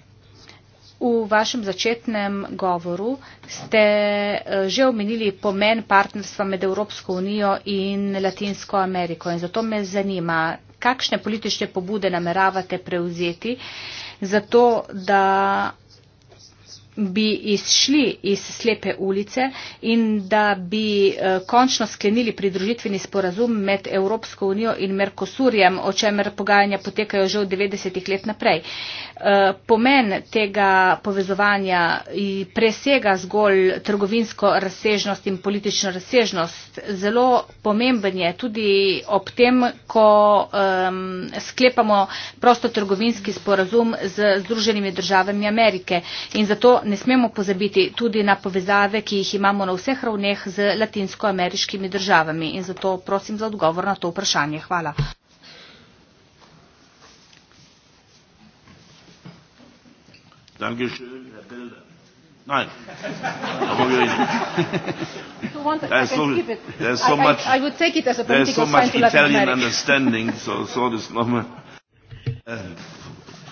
V vašem začetnem govoru ste eh, že omenili pomen partnerstva med Evropsko unijo in Latinsko Ameriko in zato me zanima, kakšne politične pobude nameravate prevzeti, zato da bi izšli iz slepe ulice in da bi eh, končno sklenili pridružitveni sporazum med Evropsko unijo in Merkosurjem, o čemer pogajanja potekajo že od 90-ih let naprej. Eh, pomen tega povezovanja presega zgolj trgovinsko razsežnost in politično razsežnost. Zelo pomemben je tudi ob tem, ko um, sklepamo prostotrgovinski sporazum z Združenimi državami Amerike. In zato ne smemo pozabiti tudi na povezave, ki jih imamo na vseh ravneh z latinskoameriškimi državami. In zato prosim za odgovor na to vprašanje. Hvala.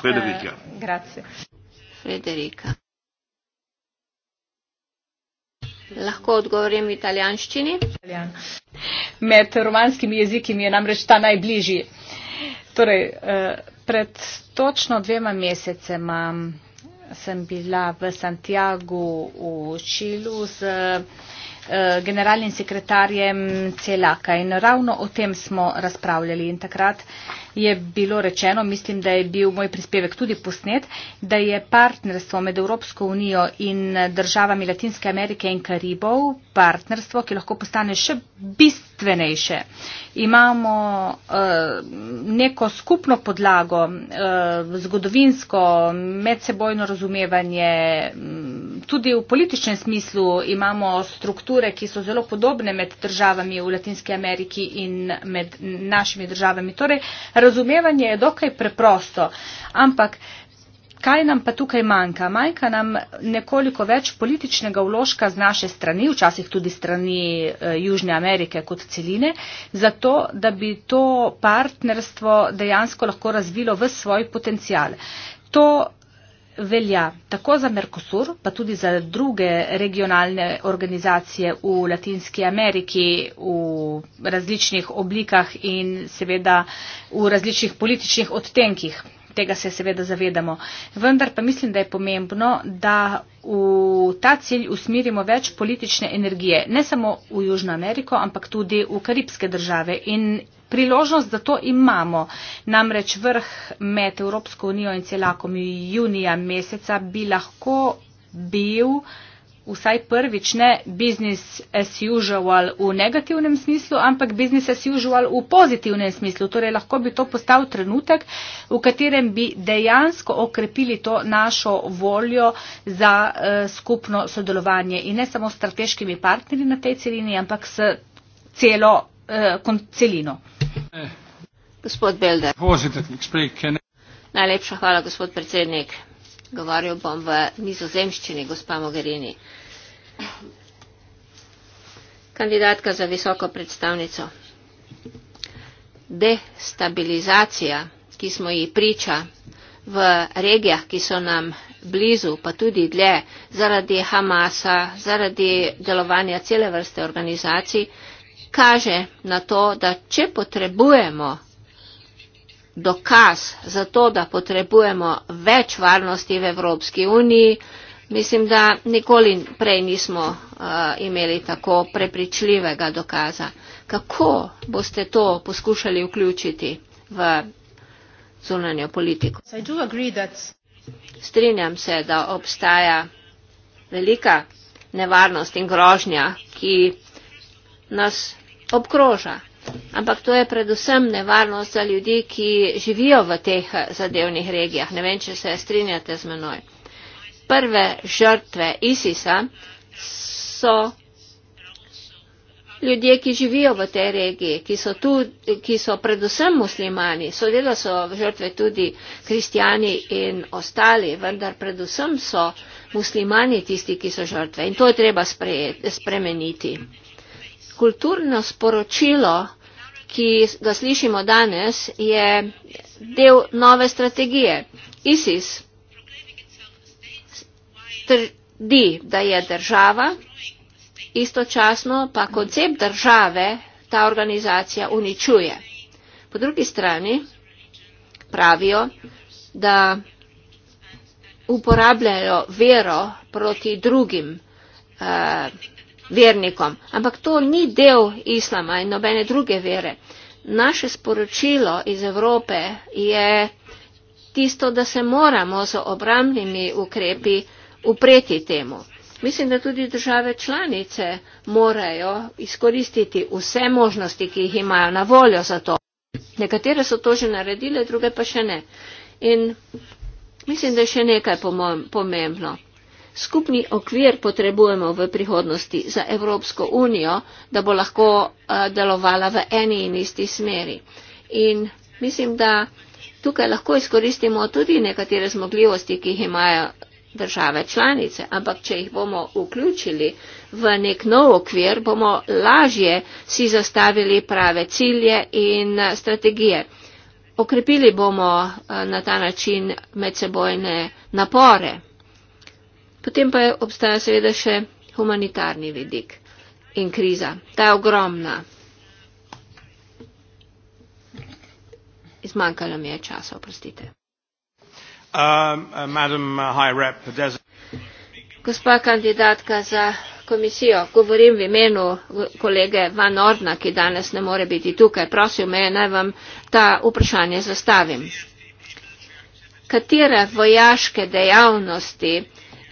Federica. Uh, Federica. Eh, Lahko odgovorim v italijanščini. Italijan. Med romanskimi jeziki mi je namreč ta najbližji. Torej, eh, pred točno dvema mesecema sem bila v Santiago v Čilu z eh, generalnim sekretarjem Celaka in ravno o tem smo razpravljali in takrat je bilo rečeno, mislim, da je bil moj prispevek tudi posnet, da je partnerstvo med Evropsko unijo in državami Latinske Amerike in Karibov partnerstvo, ki lahko postane še bistvenejše. Imamo uh, neko skupno podlago, uh, zgodovinsko, medsebojno razumevanje, mm, tudi v političnem smislu imamo strukture, ki so zelo podobne med državami v Latinske Ameriki in med našimi državami. Torej, Razumevanje je dokaj preprosto, ampak kaj nam pa tukaj manjka? Manjka nam nekoliko več političnega vložka z naše strani, včasih tudi strani eh, Južne Amerike kot celine, zato da bi to partnerstvo dejansko lahko razvilo v svoj potencial. To velja tako za Mercosur, pa tudi za druge regionalne organizacije v Latinski Ameriki v različnih oblikah in seveda v različnih političnih odtenkih. Tega se seveda zavedamo. Vendar pa mislim, da je pomembno, da v ta cilj usmirimo več politične energije, ne samo v Južno Ameriko, ampak tudi v karibske države in priložnost za to imamo. Namreč vrh med Evropsko unijo in celakom junija meseca bi lahko bil vsaj prvič ne business as usual v negativnem smislu, ampak business as usual v pozitivnem smislu. Torej lahko bi to postal trenutek, v katerem bi dejansko okrepili to našo voljo za uh, skupno sodelovanje in ne samo s strateškimi partnerji na tej celini, ampak s celo Eh, celino. Gospod Belder. Najlepša hvala, gospod predsednik. Govoril bom v nizozemščini, gospa Mogherini. Kandidatka za visoko predstavnico. Destabilizacija, ki smo ji priča v regijah, ki so nam blizu, pa tudi dlje, zaradi Hamasa, zaradi delovanja cele vrste organizacij, kaže na to, da če potrebujemo dokaz za to, da potrebujemo več varnosti v Evropski uniji, mislim, da nikoli prej nismo uh, imeli tako prepričljivega dokaza. Kako boste to poskušali vključiti v zunanjo politiko? Strinjam se, da obstaja velika nevarnost in grožnja, ki nas obkroža. Ampak to je predvsem nevarnost za ljudi, ki živijo v teh eh, zadevnih regijah. Ne vem, če se strinjate z menoj. Prve žrtve ISIS-a so ljudje, ki živijo v tej regiji, ki so, tu, ki so predvsem muslimani. Sodelo so žrtve tudi kristijani in ostali, vendar predvsem so muslimani tisti, ki so žrtve. In to je treba spremeniti kulturno sporočilo, ki ga slišimo danes, je del nove strategije. ISIS trdi, da je država, istočasno pa koncept države ta organizacija uničuje. Po drugi strani pravijo, da uporabljajo vero proti drugim. Uh, vernikom. Ampak to ni del islama in nobene druge vere. Naše sporočilo iz Evrope je tisto, da se moramo z obramnimi ukrepi upreti temu. Mislim, da tudi države članice morajo izkoristiti vse možnosti, ki jih imajo na voljo za to. Nekatere so to že naredile, druge pa še ne. In mislim, da je še nekaj pomembno skupni okvir potrebujemo v prihodnosti za Evropsko unijo, da bo lahko eh, delovala v eni in isti smeri. In mislim, da tukaj lahko izkoristimo tudi nekatere zmogljivosti, ki jih imajo države članice, ampak če jih bomo vključili v nek nov okvir, bomo lažje si zastavili prave cilje in eh, strategije. Okrepili bomo eh, na ta način medsebojne napore. Potem pa je obstaja seveda še humanitarni vidik in kriza. Ta je ogromna. Izmanjkalo mi je časa, oprostite. Um, uh, uh, uh, Gospa kandidatka za komisijo, govorim v imenu kolege Van Ordna, ki danes ne more biti tukaj. Prosil me je, naj vam ta vprašanje zastavim. Katere vojaške dejavnosti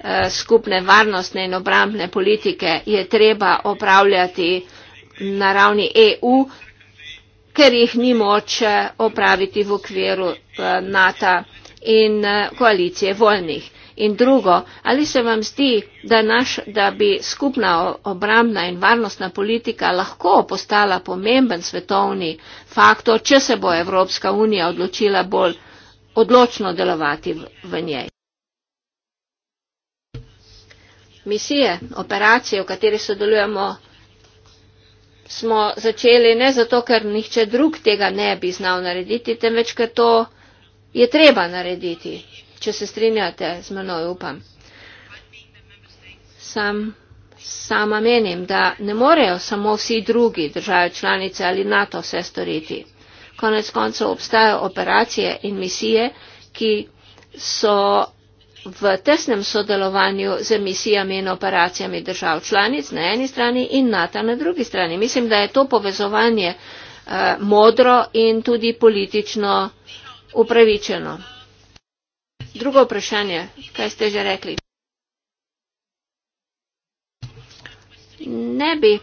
Eh, skupne varnostne in obrambne politike je treba opravljati na ravni EU, ker jih ni moč eh, opraviti v okviru eh, NATO in koalicije voljnih. In drugo, ali se vam zdi, da, naš, da bi skupna obrambna in varnostna politika lahko postala pomemben svetovni faktor, če se bo Evropska unija odločila bolj odločno delovati v njej? misije, operacije, v kateri sodelujemo, smo začeli ne zato, ker nihče drug tega ne bi znal narediti, temveč, ker to je treba narediti, če se strinjate z menoj, upam. Sam, sama menim, da ne morejo samo vsi drugi države članice ali NATO vse storiti. Konec koncev obstajajo operacije in misije, ki so v tesnem sodelovanju z misijami in operacijami držav članic na eni strani in NATO na drugi strani. Mislim, da je to povezovanje eh, modro in tudi politično upravičeno. Drugo vprašanje, kaj ste že rekli? Ne bi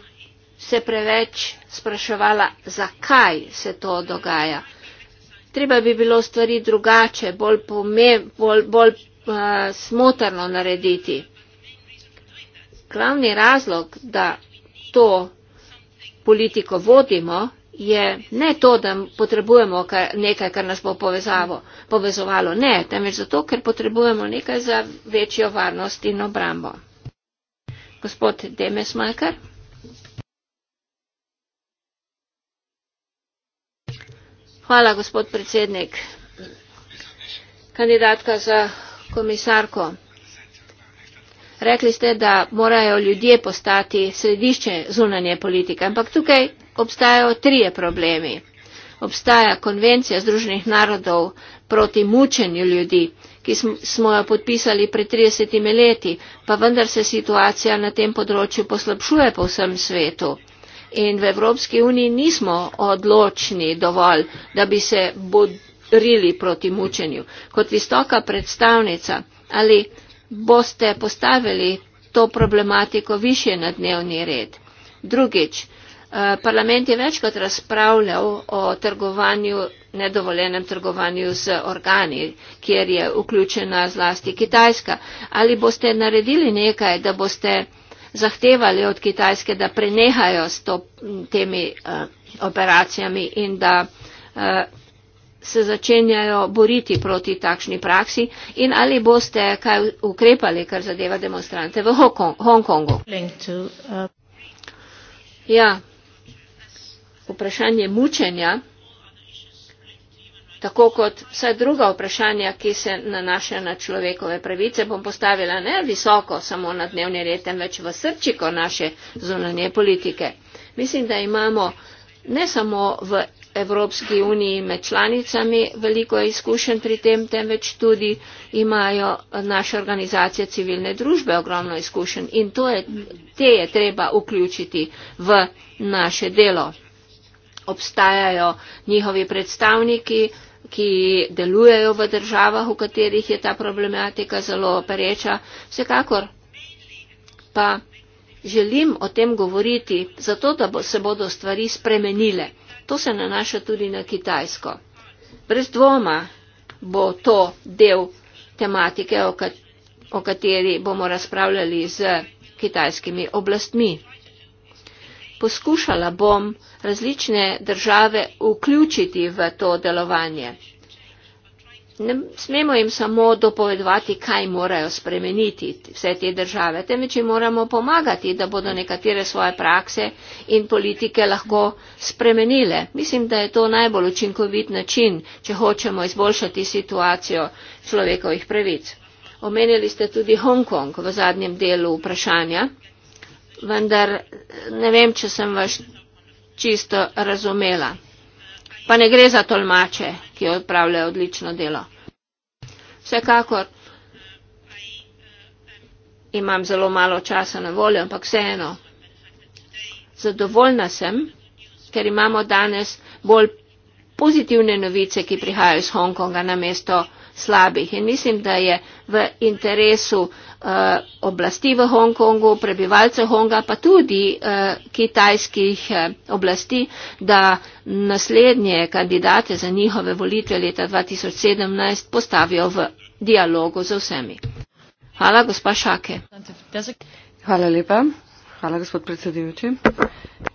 se preveč spraševala, zakaj se to dogaja. Treba bi bilo stvari drugače, bolj, pomem, bolj, bolj Eh, smotrno narediti. Glavni razlog, da to politiko vodimo, je ne to, da potrebujemo nekaj, kar nas bo povezavo, povezovalo, ne, temveč zato, ker potrebujemo nekaj za večjo varnost in obrambo. Gospod Demesmaker. Hvala, gospod predsednik. Kandidatka za komisarko. Rekli ste, da morajo ljudje postati središče zunanje politike, ampak tukaj obstajajo trije problemi. Obstaja konvencija Združenih narodov proti mučenju ljudi, ki smo jo podpisali pred 30 leti, pa vendar se situacija na tem področju poslabšuje po vsem svetu. In v Evropski uniji nismo odločni dovolj, da bi se bodo borili proti mučenju. Kot visoka predstavnica, ali boste postavili to problematiko više na dnevni red? Drugič, eh, parlament je večkrat razpravljal o trgovanju, nedovoljenem trgovanju z organi, kjer je vključena zlasti Kitajska. Ali boste naredili nekaj, da boste zahtevali od Kitajske, da prenehajo s to, temi uh, operacijami in da uh, se začenjajo boriti proti takšni praksi in ali boste kaj ukrepali, kar zadeva demonstrante v Hongkongu. Ja, vprašanje mučenja, tako kot vsa druga vprašanja, ki se nanašajo na človekove pravice, bom postavila ne visoko samo na dnevni red, temveč v srčiko naše zunanje politike. Mislim, da imamo ne samo v Evropski uniji med članicami veliko izkušenj pri tem, temveč tudi imajo naše organizacije civilne družbe ogromno izkušenj in to je, te je treba vključiti v naše delo. Obstajajo njihovi predstavniki, ki delujejo v državah, v katerih je ta problematika zelo pereča. Vsekakor pa želim o tem govoriti, zato da bo, se bodo stvari spremenile. To se nanaša tudi na Kitajsko. Brez dvoma bo to del tematike, o kateri bomo razpravljali z kitajskimi oblastmi. Poskušala bom različne države vključiti v to delovanje ne smemo jim samo dopovedovati, kaj morajo spremeniti vse te države, temveč jim moramo pomagati, da bodo nekatere svoje prakse in politike lahko spremenile. Mislim, da je to najbolj učinkovit način, če hočemo izboljšati situacijo človekovih pravic. Omenili ste tudi Hongkong v zadnjem delu vprašanja, vendar ne vem, če sem vas čisto razumela pa ne gre za tolmače, ki odpravljajo odlično delo. Vsekakor imam zelo malo časa na voljo, ampak vseeno. Zadovoljna sem, ker imamo danes bolj pozitivne novice, ki prihajajo iz Hongkonga na mesto slabih. In mislim, da je v interesu Eh, oblasti v Hongkongu, prebivalce Honga, pa tudi eh, kitajskih eh, oblasti, da naslednje kandidate za njihove volitve leta 2017 postavijo v dialogu z vsemi. Hvala, gospa Šake. Hvala lepa. Hvala, gospod predsedujoči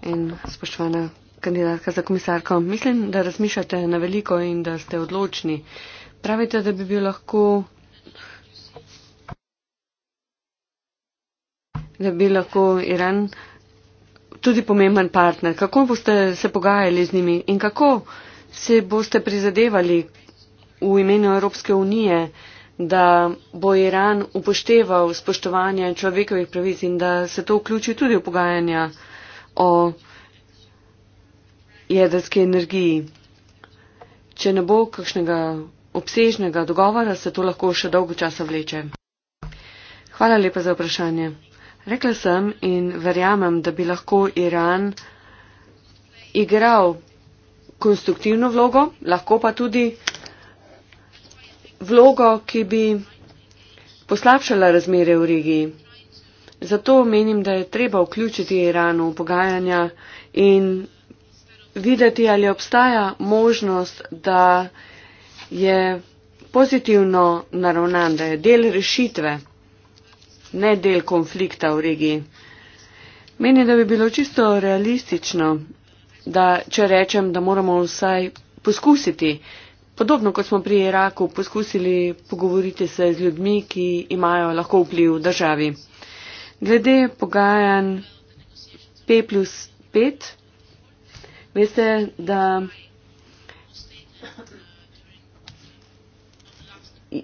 in spoštovana kandidatka za komisarko. Mislim, da razmišljate na veliko in da ste odločni. Pravite, da bi bil lahko da bi lahko Iran tudi pomemben partner. Kako boste se pogajali z njimi in kako se boste prizadevali v imenu Evropske unije, da bo Iran upošteval spoštovanje človekovih pravic in da se to vključi tudi v pogajanja o jedrski energiji. Če ne bo kakšnega obsežnega dogovora, se to lahko še dolgo časa vleče. Hvala lepa za vprašanje. Rekla sem in verjamem, da bi lahko Iran igral konstruktivno vlogo, lahko pa tudi vlogo, ki bi poslabšala razmere v regiji. Zato menim, da je treba vključiti Iran v pogajanja in videti, ali obstaja možnost, da je pozitivno naravnan, da je del rešitve ne del konflikta v regiji. Meni, da bi bilo čisto realistično, da če rečem, da moramo vsaj poskusiti, podobno kot smo pri Iraku poskusili pogovoriti se z ljudmi, ki imajo lahko vpliv v državi. Glede pogajanj P plus 5, veste, da.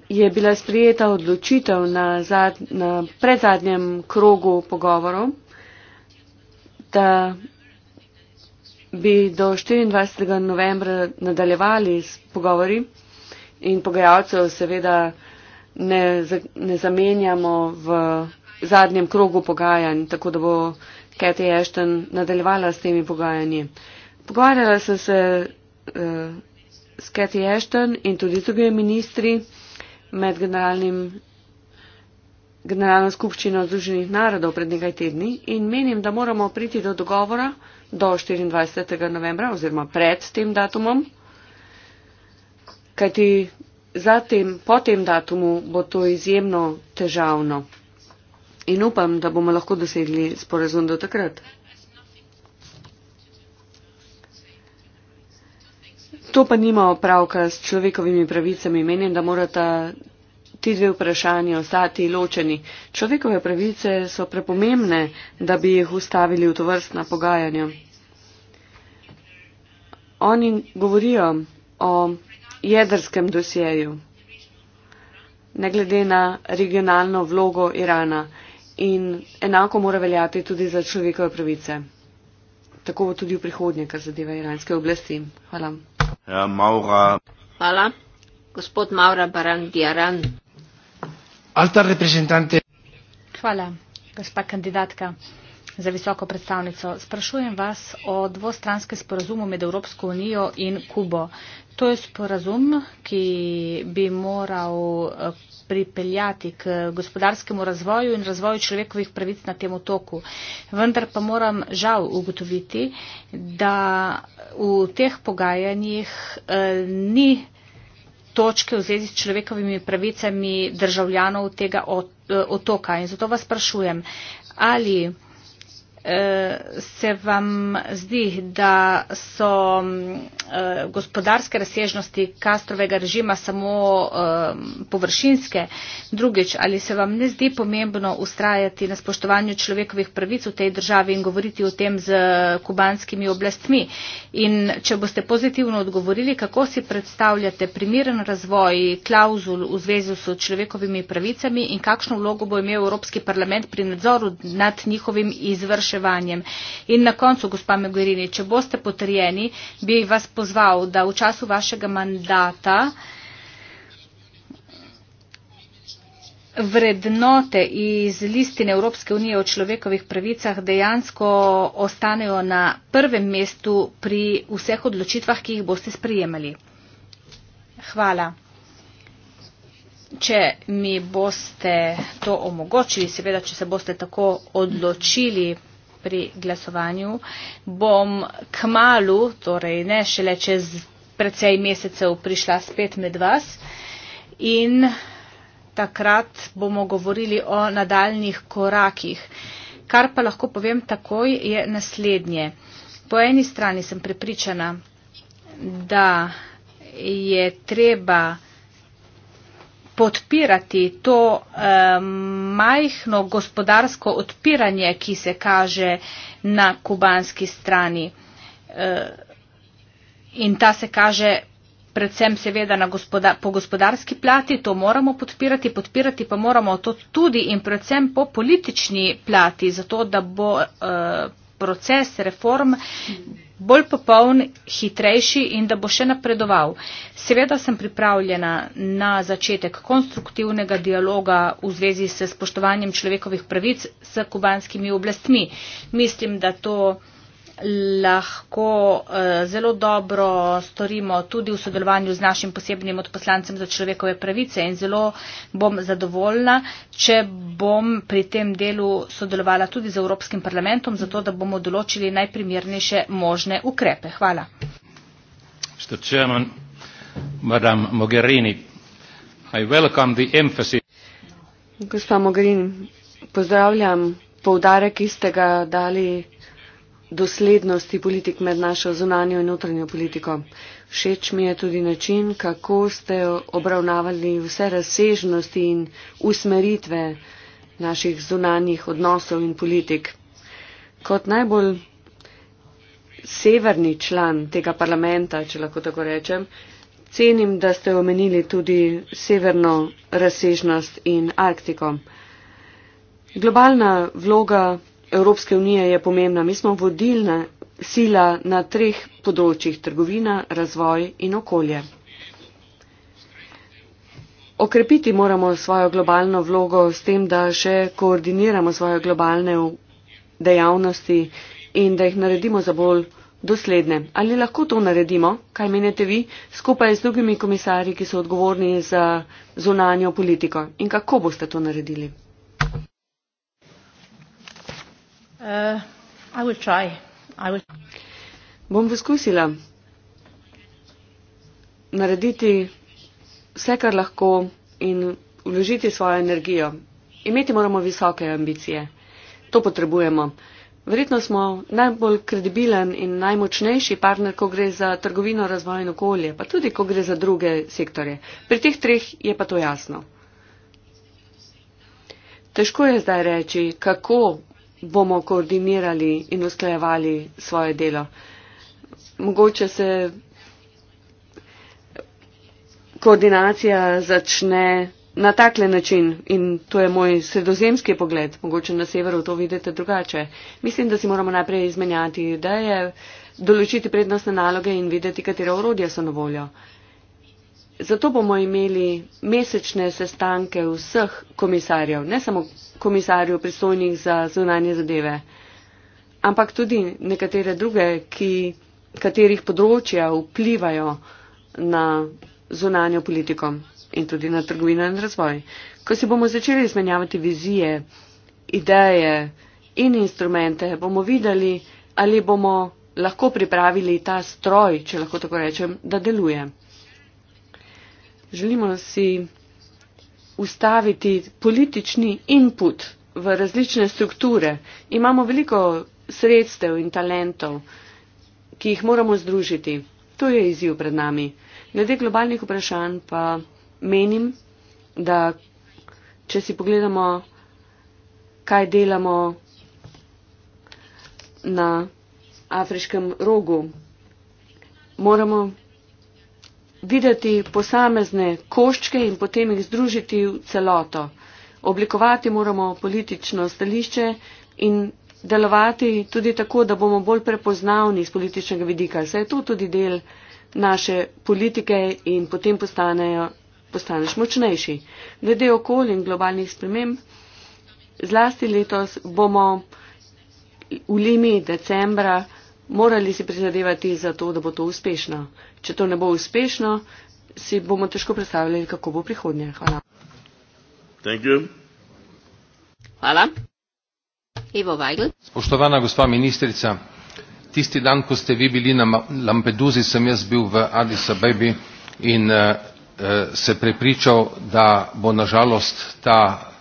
je bila sprejeta odločitev na, zad, na predzadnjem krogu pogovorov, da bi do 24. novembra nadaljevali s pogovori in pogajalcev seveda ne, ne zamenjamo v zadnjem krogu pogajanj, tako da bo Kathy Ashton nadaljevala s temi pogajanji. Pogovarjala sem se uh, s Kathy Ashton in tudi z drugimi ministri med generalnim, generalno skupščino Združenih narodov pred nekaj tedni in menim, da moramo priti do dogovora do 24. novembra oziroma pred tem datumom, kajti zatem, po tem datumu bo to izjemno težavno. In upam, da bomo lahko dosegli sporazum do takrat. To pa nima opravka s človekovimi pravicami. Menim, da morata ti dve vprašanje ostati ločeni. Človekove pravice so prepomembne, da bi jih ustavili v to vrstna pogajanja. Oni govorijo o jedrskem dosjeju, ne glede na regionalno vlogo Irana. In enako mora veljati tudi za človekove pravice. Tako bo tudi v prihodnje, kar zadeva iranske oblasti. Hvala. Ja, Maura. Hvala. Gospod Maura Barandjaran. Alta reprezentante. Hvala, gospa kandidatka za visoko predstavnico. Sprašujem vas o dvostranskem sporazumu med Evropsko unijo in Kubo. To je sporazum, ki bi moral eh, pripeljati k gospodarskemu razvoju in razvoju človekovih pravic na tem otoku. Vendar pa moram žal ugotoviti, da v teh pogajanjih eh, ni točke v zvezi s človekovimi pravicami državljanov tega eh, otoka. In zato vas sprašujem, ali se vam zdi, da so mm, eh, gospodarske razsežnosti Kastrovega režima samo eh, površinske? Drugič, ali se vam ne zdi pomembno ustrajati na spoštovanju človekovih pravic v tej državi in govoriti o tem z kubanskimi oblastmi? In če boste pozitivno odgovorili, kako si predstavljate primiren razvoj klauzul v zvezi s človekovimi pravicami in kakšno vlogo bo imel Evropski parlament pri nadzoru nad njihovim izvršenjem? reševanjem. In na koncu, gospa Megorini, če boste potrjeni, bi vas pozval, da v času vašega mandata vrednote iz listine Evropske unije o človekovih pravicah dejansko ostanejo na prvem mestu pri vseh odločitvah, ki jih boste sprijemali. Hvala. Če mi boste to omogočili, seveda, če se boste tako odločili pri glasovanju. Bom k malu, torej ne šele čez precej mesecev, prišla spet med vas in takrat bomo govorili o nadaljnih korakih. Kar pa lahko povem takoj je naslednje. Po eni strani sem prepričana, da je treba podpirati to um, majhno gospodarsko odpiranje, ki se kaže na kubanski strani. Uh, in ta se kaže predvsem seveda na gospoda, po gospodarski plati, to moramo podpirati, podpirati pa moramo to tudi in predvsem po politični plati, zato da bo uh, proces reform. Mm -hmm bolj popoln, hitrejši in da bo še napredoval. Seveda sem pripravljena na začetek konstruktivnega dialoga v zvezi s spoštovanjem človekovih pravic s kubanskimi oblastmi. Mislim, da to lahko eh, zelo dobro storimo tudi v sodelovanju z našim posebnim odposlancem za človekove pravice in zelo bom zadovoljna, če bom pri tem delu sodelovala tudi z Evropskim parlamentom, zato da bomo določili najprimernejše možne ukrepe. Hvala. Gospa Mogherini, pozdravljam povdarek, ki ste ga dali doslednosti politik med našo zunanjo in notranjo politiko. Všeč mi je tudi način, kako ste obravnavali vse razsežnosti in usmeritve naših zunanjih odnosov in politik. Kot najbolj severni član tega parlamenta, če lahko tako rečem, cenim, da ste omenili tudi severno razsežnost in Arktiko. Globalna vloga Evropske unije je pomembna. Mi smo vodilna sila na treh področjih - trgovina, razvoj in okolje. Okrepiti moramo svojo globalno vlogo s tem, da še koordiniramo svoje globalne dejavnosti in da jih naredimo za bolj dosledne. Ali lahko to naredimo, kaj menite vi, skupaj z drugimi komisarji, ki so odgovorni za zunanjo politiko? In kako boste to naredili? Uh, bom poskusila narediti vse, kar lahko in vložiti svojo energijo. Imeti moramo visoke ambicije. To potrebujemo. Verjetno smo najbolj kredibilen in najmočnejši partner, ko gre za trgovino, razvoj in okolje, pa tudi, ko gre za druge sektore. Pri teh treh je pa to jasno. Težko je zdaj reči, kako bomo koordinirali in usklajevali svoje delo. Mogoče se koordinacija začne na takle način in to je moj sredozemski pogled, mogoče na severu to vidite drugače. Mislim, da si moramo najprej izmenjati ideje, določiti prednostne naloge in videti, katera orodja so na voljo zato bomo imeli mesečne sestanke vseh komisarjev, ne samo komisarjev pristojnih za zunanje zadeve, ampak tudi nekatere druge, ki, katerih področja vplivajo na zunanjo politiko in tudi na trgovino in razvoj. Ko si bomo začeli izmenjavati vizije, ideje in instrumente, bomo videli, ali bomo lahko pripravili ta stroj, če lahko tako rečem, da deluje. Želimo si ustaviti politični input v različne strukture. Imamo veliko sredstev in talentov, ki jih moramo združiti. To je izziv pred nami. Glede globalnih vprašanj pa menim, da če si pogledamo, kaj delamo na afriškem rogu, moramo videti posamezne koščke in potem jih združiti v celoto. Oblikovati moramo politično stališče in delovati tudi tako, da bomo bolj prepoznavni iz političnega vidika. Saj je to tudi del naše politike in potem postanejo, postaneš močnejši. Glede okolja in globalnih sprememb, zlasti letos bomo v limi decembra morali si prizadevati za to, da bo to uspešno. Če to ne bo uspešno, si bomo težko predstavljali, kako bo prihodnje. Hvala. Hvala. Evo Weigl. Spoštovana gospa ministrica, tisti dan, ko ste vi bili na Lampeduzi, sem jaz bil v Addis Abebi in uh, se prepričal, da bo nažalost ta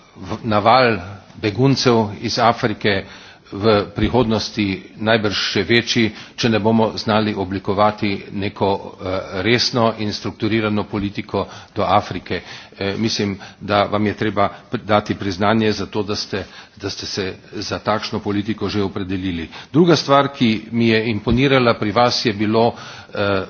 naval beguncev iz Afrike uh, v prihodnosti najbrž še večji če ne bomo znali oblikovati neko eh, resno in strukturirano politiko do afrike. E, mislim, da vam je treba dati priznanje za to, da ste, da ste se za takšno politiko že opredelili. Druga stvar, ki mi je imponirala pri vas, je bilo eh,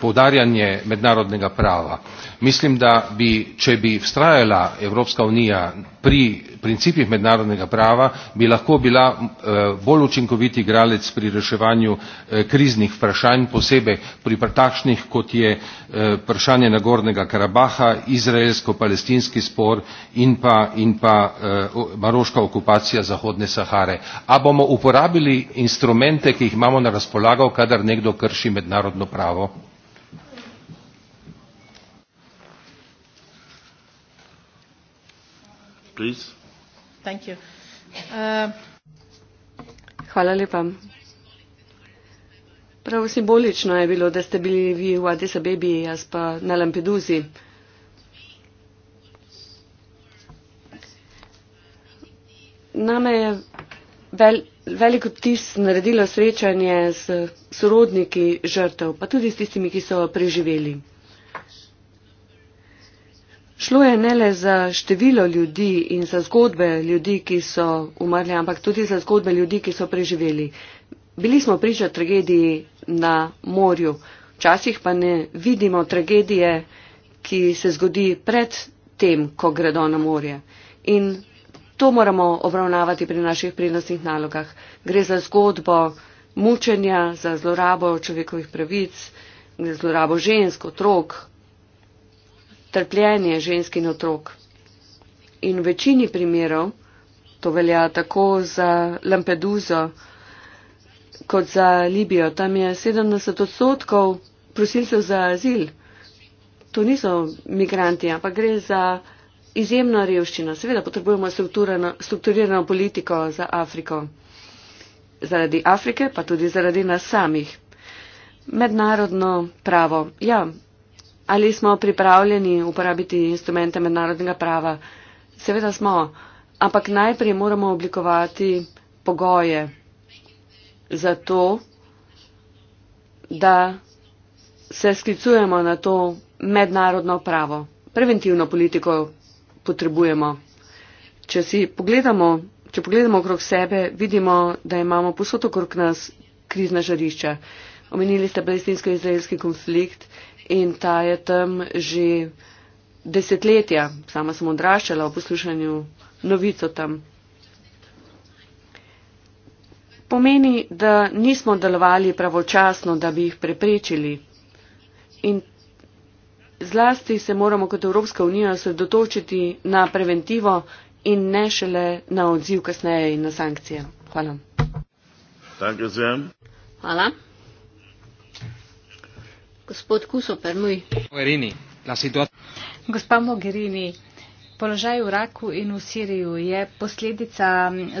poudarjanje mednarodnega prava. Mislim, da bi, če bi vztrajala Evropska unija pri principih mednarodnega prava, bi lahko bila eh, bolj učinkoviti igralec pri reševanju eh, kriznih vprašanj, posebej pri takšnih, kot je eh, vprašanje Nagornega Karabaha, Izrael, izraelsko palestinski spor in pa, in pa eh, maroška okupacija zahodne sahare a bomo uporabili instrumente ki jih imamo na razpolago kadar nekdo krši mednarodno pravo Thank you. Uh, Hvala lepa. Prav simbolično je bilo, da ste bili vi v Adisabebi, jaz pa na Lampeduzi. Uh, name je vel, veliko tis naredilo srečanje s sorodniki žrtev, pa tudi s tistimi, ki so preživeli. Šlo je ne le za število ljudi in za zgodbe ljudi, ki so umrli, ampak tudi za zgodbe ljudi, ki so preživeli. Bili smo priča tragediji na morju, včasih pa ne vidimo tragedije, ki se zgodi pred tem, ko gredo na morje. In To moramo obravnavati pri naših prednostnih nalogah. Gre za zgodbo mučenja, za zlorabo človekovih pravic, za zlorabo žensk, otrok, trpljenje žensk in otrok. In v večini primerov, to velja tako za Lampeduzo kot za Libijo, tam je 70 odstotkov prosilcev za azil. To niso migranti, ampak gre za izjemna revščina. Seveda potrebujemo strukturirano politiko za Afriko. Zaradi Afrike, pa tudi zaradi nas samih. Mednarodno pravo. Ja, ali smo pripravljeni uporabiti instrumente mednarodnega prava? Seveda smo, ampak najprej moramo oblikovati pogoje za to, da se sklicujemo na to mednarodno pravo, preventivno politiko potrebujemo. Če si pogledamo, če pogledamo okrog sebe, vidimo, da imamo posod okrog nas krizna žarišča. Omenili ste palestinsko-izraelski konflikt in ta je tam že desetletja. Sama sem odraščala v poslušanju novico tam. Pomeni, da nismo delovali pravočasno, da bi jih preprečili. In zlasti se moramo kot Evropska unija osredotočiti na preventivo in ne šele na odziv kasneje in na sankcije. Hvala. Hvala. Gospod Kusoper, moj. Gospa Mogherini, Položaj v Iraku in v Siriju je posledica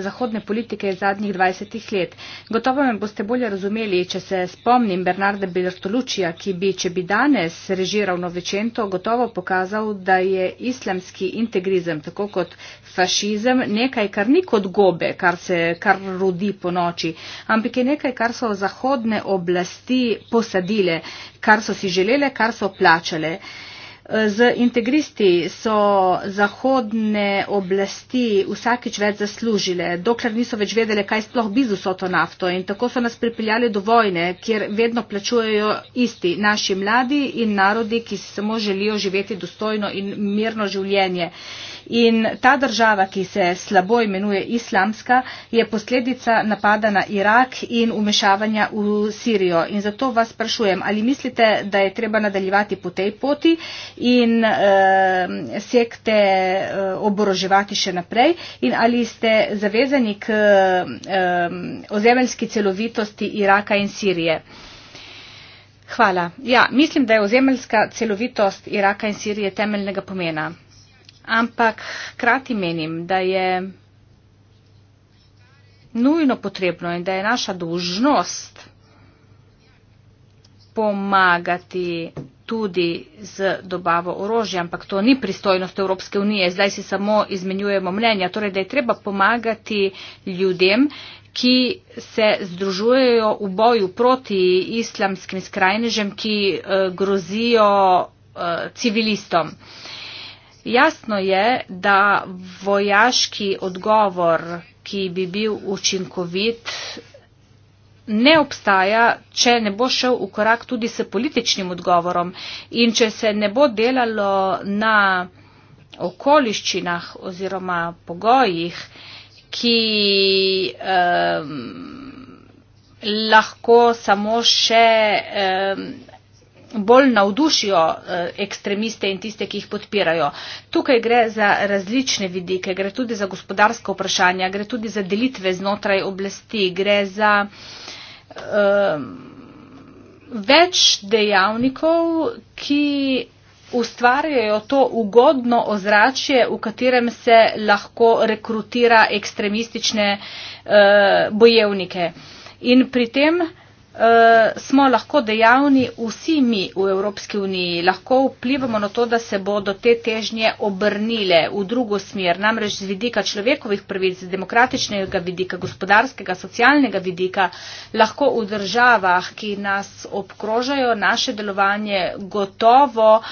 zahodne politike zadnjih 20 let. Gotovo me boste bolje razumeli, če se spomnim Bernarda Bertolučija, ki bi, če bi danes režiral Novečento, gotovo pokazal, da je islamski integrizem, tako kot fašizem, nekaj, kar ni kot gobe, kar se kar rodi po noči, ampak je nekaj, kar so zahodne oblasti posadile, kar so si želele, kar so plačale. Z integristi so zahodne oblasti vsakič več zaslužile, dokler niso več vedele, kaj sploh bi z vso to nafto. In tako so nas pripeljali do vojne, kjer vedno plačujejo isti naši mladi in narodi, ki samo želijo živeti dostojno in mirno življenje. In ta država, ki se slabo imenuje islamska, je posledica napada na Irak in umešavanja v Sirijo. In zato vas sprašujem, ali mislite, da je treba nadaljevati po tej poti in eh, sekte eh, oboroževati še naprej in ali ste zavezani k eh, ozemeljski celovitosti Iraka in Sirije. Hvala. Ja, mislim, da je ozemeljska celovitost Iraka in Sirije temeljnega pomena. Ampak hkrati menim, da je nujno potrebno in da je naša dolžnost pomagati tudi z dobavo orožja, ampak to ni pristojnost Evropske unije. Zdaj si samo izmenjujemo mnenja, torej da je treba pomagati ljudem, ki se združujejo v boju proti islamskim skrajnežem, ki uh, grozijo uh, civilistom. Uh, Jasno je, da vojaški odgovor, ki bi bil učinkovit, ne obstaja, če ne bo šel v korak tudi s političnim odgovorom in če se ne bo delalo na okoliščinah oziroma pogojih, ki um, lahko samo še um, bolj navdušijo eh, ekstremiste in tiste, ki jih podpirajo. Tukaj gre za različne vidike, gre tudi za gospodarska vprašanja, gre tudi za delitve znotraj oblasti, gre za uh, več dejavnikov, ki ustvarjajo to ugodno ozračje, v katerem se lahko rekrutira ekstremistične uh, bojevnike. In pri tem uh, Eh, smo lahko dejavni vsi mi v Evropski uniji. Lahko vplivamo na to, da se bodo te težnje obrnile v drugo smer, namreč z vidika človekovih pravic, z demokratičnega vidika, gospodarskega, socialnega vidika, lahko v državah, ki nas obkrožajo, naše delovanje gotovo uh,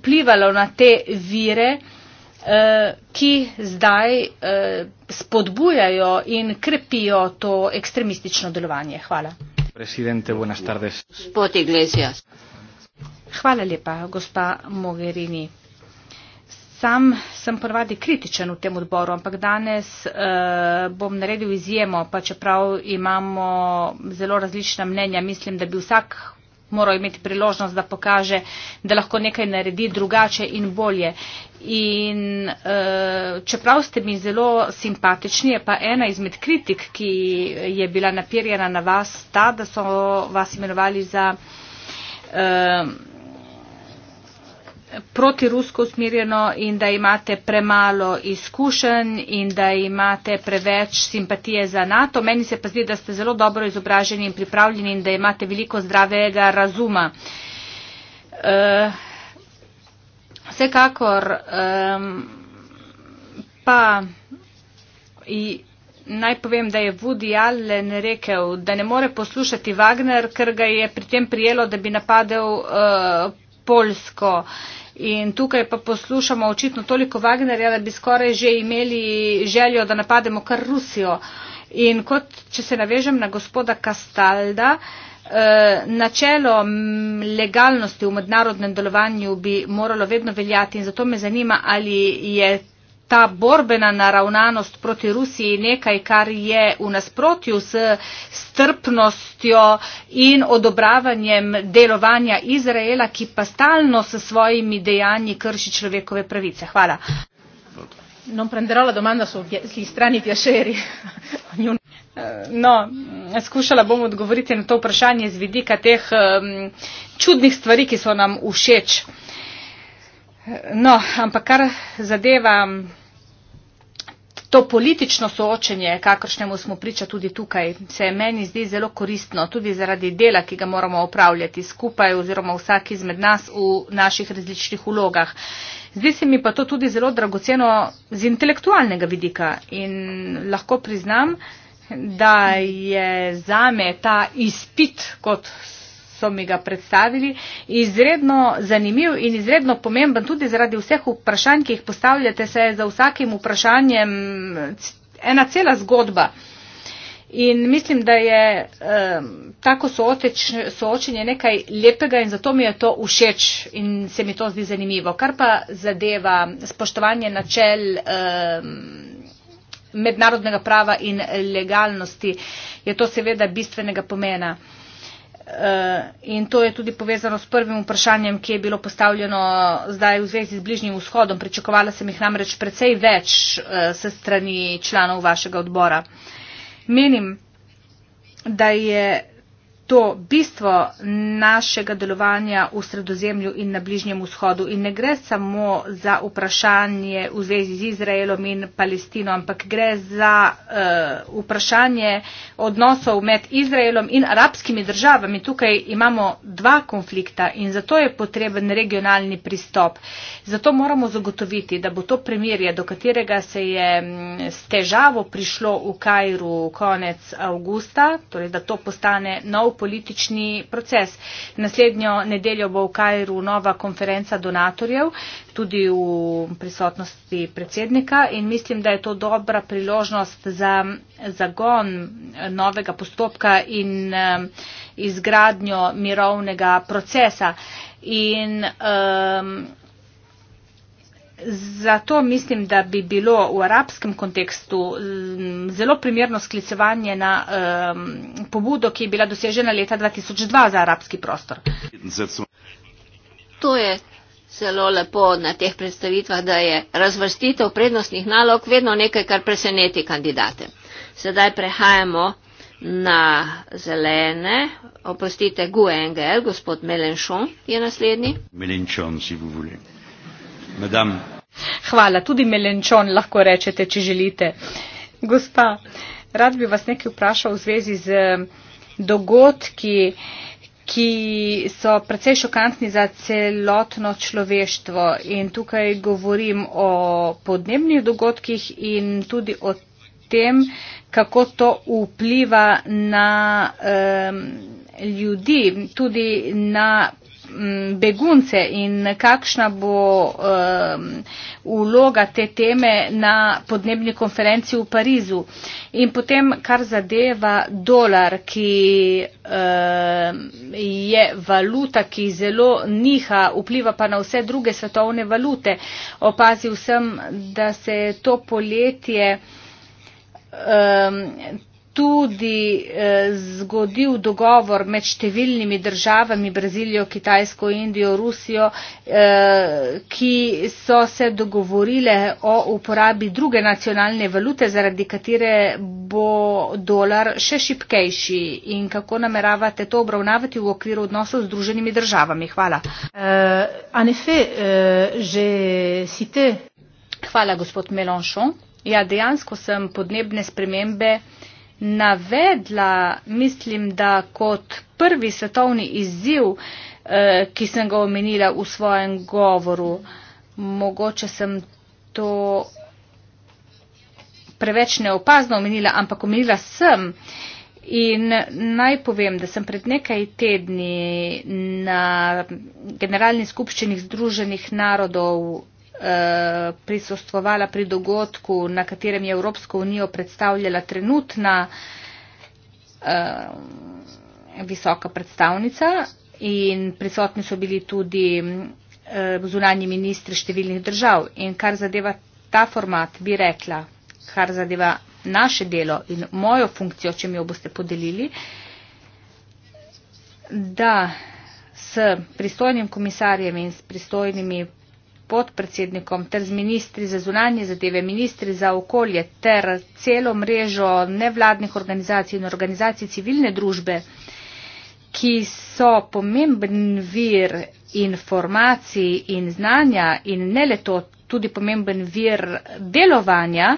vplivalo na te vire, uh, Eh, ki zdaj eh, spodbujajo in krepijo to ekstremistično delovanje. Hvala. Hvala lepa, gospa Mogherini. Sam sem ponovadi kritičen v tem odboru, ampak danes uh, bom naredil izjemo, pa čeprav imamo zelo različna mnenja, mislim, da bi vsak moral imeti priložnost, da pokaže, da lahko nekaj naredi drugače in bolje. In eh, čeprav ste mi zelo simpatični, je pa ena izmed kritik, ki je bila napirjena na vas, ta, da so vas imenovali za. Uh, protirusko usmirjeno in da imate premalo izkušenj in da imate preveč simpatije za NATO. Meni se pa zdi, da ste zelo dobro izobraženi in pripravljeni in da imate veliko zdravega razuma. Uh, vsekakor um, pa i, naj povem, da je Woody Allen rekel, da ne more poslušati Wagner, ker ga je pri tem prijelo, da bi napadel uh, Polsko. In tukaj pa poslušamo očitno toliko Wagnerja, da bi skoraj že imeli željo, da napademo kar Rusijo. In kot, če se navežem na gospoda Kastalda, eh, načelo legalnosti v mednarodnem delovanju bi moralo vedno veljati in zato me zanima, ali je ta borbena naravnanost proti Rusiji nekaj, kar je v nasprotju s strpnostjo in odobravanjem delovanja Izraela, ki pa stalno s svojimi dejanji krši človekove pravice. Hvala. Non prenderò la domanda sugli strani piaceri. No, skušala bom odgovoriti na to vprašanje z vidika teh um, čudnih stvari, ki so nam všeč. No, ampak kar zadeva. Um, To politično soočenje, kakršnemu smo priča tudi tukaj, se meni zdi zelo koristno, tudi zaradi dela, ki ga moramo opravljati skupaj oziroma vsak izmed nas v naših različnih ulogah. Zdi se mi pa to tudi zelo dragoceno z intelektualnega vidika in lahko priznam, da je zame ta izpit kot so mi ga predstavili. Izredno zanimiv in izredno pomemben tudi zaradi vseh vprašanj, ki jih postavljate, se je za vsakim vprašanjem ena cela zgodba. In mislim, da je eh, tako sooteč, soočenje nekaj lepega in zato mi je to všeč in se mi to zdi zanimivo. Kar pa zadeva spoštovanje načel eh, mednarodnega prava in legalnosti, je to seveda bistvenega pomena. Eh, in to je tudi povezano s prvim vprašanjem, ki je bilo postavljeno zdaj v zvezi z bližnjim vzhodom. Pričakovala sem jih namreč precej več eh, se strani članov vašega odbora. Menim, da je to bistvo našega delovanja v sredozemlju in na Bližnjem vzhodu. In ne gre samo za vprašanje v zvezi z Izraelom in Palestino, ampak gre za uh, vprašanje odnosov med Izraelom in arabskimi državami. Tukaj imamo dva konflikta in zato je potreben regionalni pristop. Zato moramo zagotoviti, da bo to premirje, do katerega se je s težavo prišlo v Kajru konec avgusta, torej da to postane nov politični proces. Naslednjo nedeljo bo v Kajru nova konferenca donatorjev, tudi v prisotnosti predsednika in mislim, da je to dobra priložnost za zagon novega postopka in izgradnjo mirovnega procesa. In, um, Zato mislim, da bi bilo v arabskem kontekstu mm, zelo primerno sklicevanje na um, pobudo, ki je bila dosežena leta 2002 za arabski prostor. To je zelo lepo na teh predstavitvah, da je razvrstitev prednostnih nalog vedno nekaj, kar preseneti kandidate. Sedaj prehajamo na zelene. Oprostite, Guengel, gospod Melenchon je naslednji. Melenchon, če vi želite. Madame. Hvala, tudi melenčon lahko rečete, če želite. Gospa, rad bi vas nekaj vprašal v zvezi z eh, dogodki, ki so precej šokantni za celotno človeštvo. In tukaj govorim o podnebnih dogodkih in tudi o tem, kako to vpliva na um, ljudi, tudi na Mm, begunce in kakšna bo uloga te teme na podnebni konferenci v Parizu. In potem, kar zadeva dolar, ki je valuta, ki zelo niha, vpliva pa na vse druge svetovne valute. Opazil sem, da se to poletje tudi eh, zgodil dogovor med številnimi državami, Brazilijo, Kitajsko, Indijo, Rusijo, eh, ki so se dogovorile o uporabi druge nacionalne valute, zaradi katere bo dolar še šipkejši in kako nameravate to obravnavati v okviru odnosov z druženimi državami. Hvala. Eh, Hvala, gospod Melonšon. Ja, dejansko sem podnebne spremembe navedla, mislim, da kot prvi svetovni izziv, eh, ki sem ga omenila v svojem govoru. Mogoče sem to preveč neopazno omenila, ampak omenila sem. In naj povem, da sem pred nekaj tedni na generalni skupščini Združenih narodov Eh, prisostvovala pri dogodku, na katerem je Evropsko unijo predstavljala trenutna eh, visoka predstavnica in prisotni so bili tudi eh, zunanji ministri številnih držav. In kar zadeva ta format, bi rekla, kar zadeva naše delo in mojo funkcijo, če mi jo boste podelili, da s pristojnim komisarjem in s pristojnimi podpredsednikom ter z ministri za zunanje zadeve, ministri za okolje ter celo mrežo nevladnih organizacij in organizacij civilne družbe, ki so pomemben vir informacij in znanja in ne le to, tudi pomemben vir delovanja.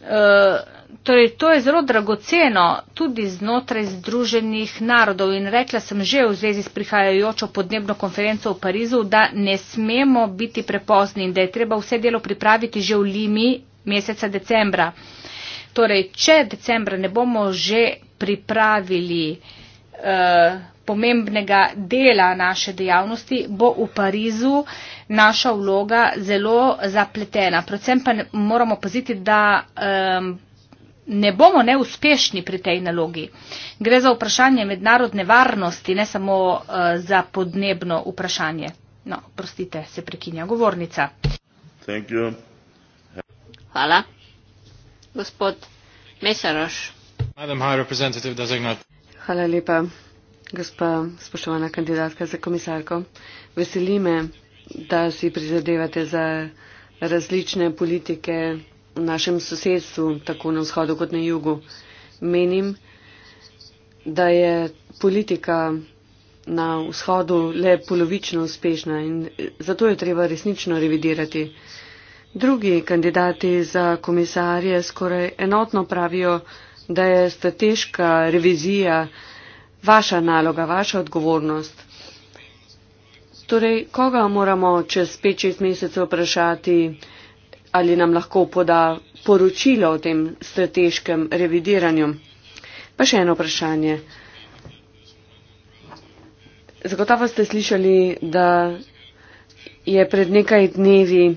Uh, Torej, to je zelo dragoceno tudi znotraj Združenih narodov in rekla sem že v zvezi s prihajajočo podnebno konferenco v Parizu, da ne smemo biti prepozni in da je treba vse delo pripraviti že v Limi meseca decembra. Torej, če decembra ne bomo že pripravili uh, pomembnega dela naše dejavnosti, bo v Parizu naša vloga zelo zapletena. Predvsem pa moramo paziti, da. Um, ne bomo neuspešni pri tej nalogi. Gre za vprašanje mednarodne varnosti, ne samo uh, za podnebno vprašanje. No, prostite, se prekinja govornica. Hvala. Gospod Mesaroš. Hvala lepa, gospa spoštovana kandidatka za komisarko. Veseli me, da si prizadevate za različne politike v našem sosedstvu, tako na vzhodu kot na jugu. Menim, da je politika na vzhodu le polovično uspešna in zato je treba resnično revidirati. Drugi kandidati za komisarje skoraj enotno pravijo, da je strateška revizija vaša naloga, vaša odgovornost. Torej, koga moramo čez 5-6 mesecev vprašati, ali nam lahko poda poročilo o tem strateškem revidiranju. Pa še eno vprašanje. Zagotovo ste slišali, da je pred nekaj dnevi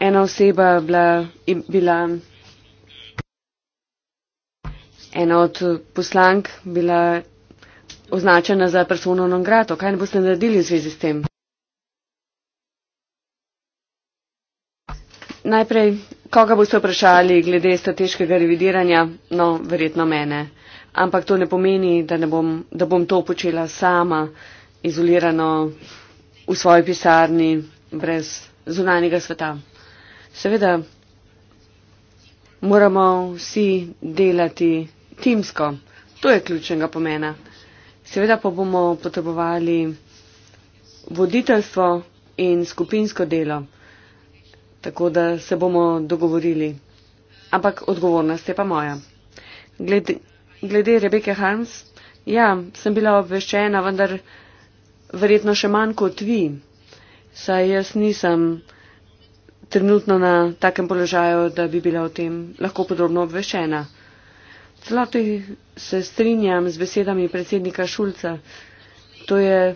ena oseba bila, bila ena od poslank, bila označena za personalno grato. Kaj ne boste naredili v zvezi s tem? najprej, koga boste vprašali glede strateškega revidiranja, no, verjetno mene. Ampak to ne pomeni, da, ne bom, da bom to počela sama, izolirano v svoji pisarni, brez zunanjega sveta. Seveda moramo vsi delati timsko, to je ključnega pomena. Seveda pa bomo potrebovali voditeljstvo in skupinsko delo tako da se bomo dogovorili. Ampak odgovornost je pa moja. Glede, glede Rebeke Harms, ja, sem bila obveščena, vendar verjetno še manj kot vi, saj jaz nisem trenutno na takem položaju, da bi bila o tem lahko podrobno obveščena. Celoti se strinjam z besedami predsednika Šulca. To je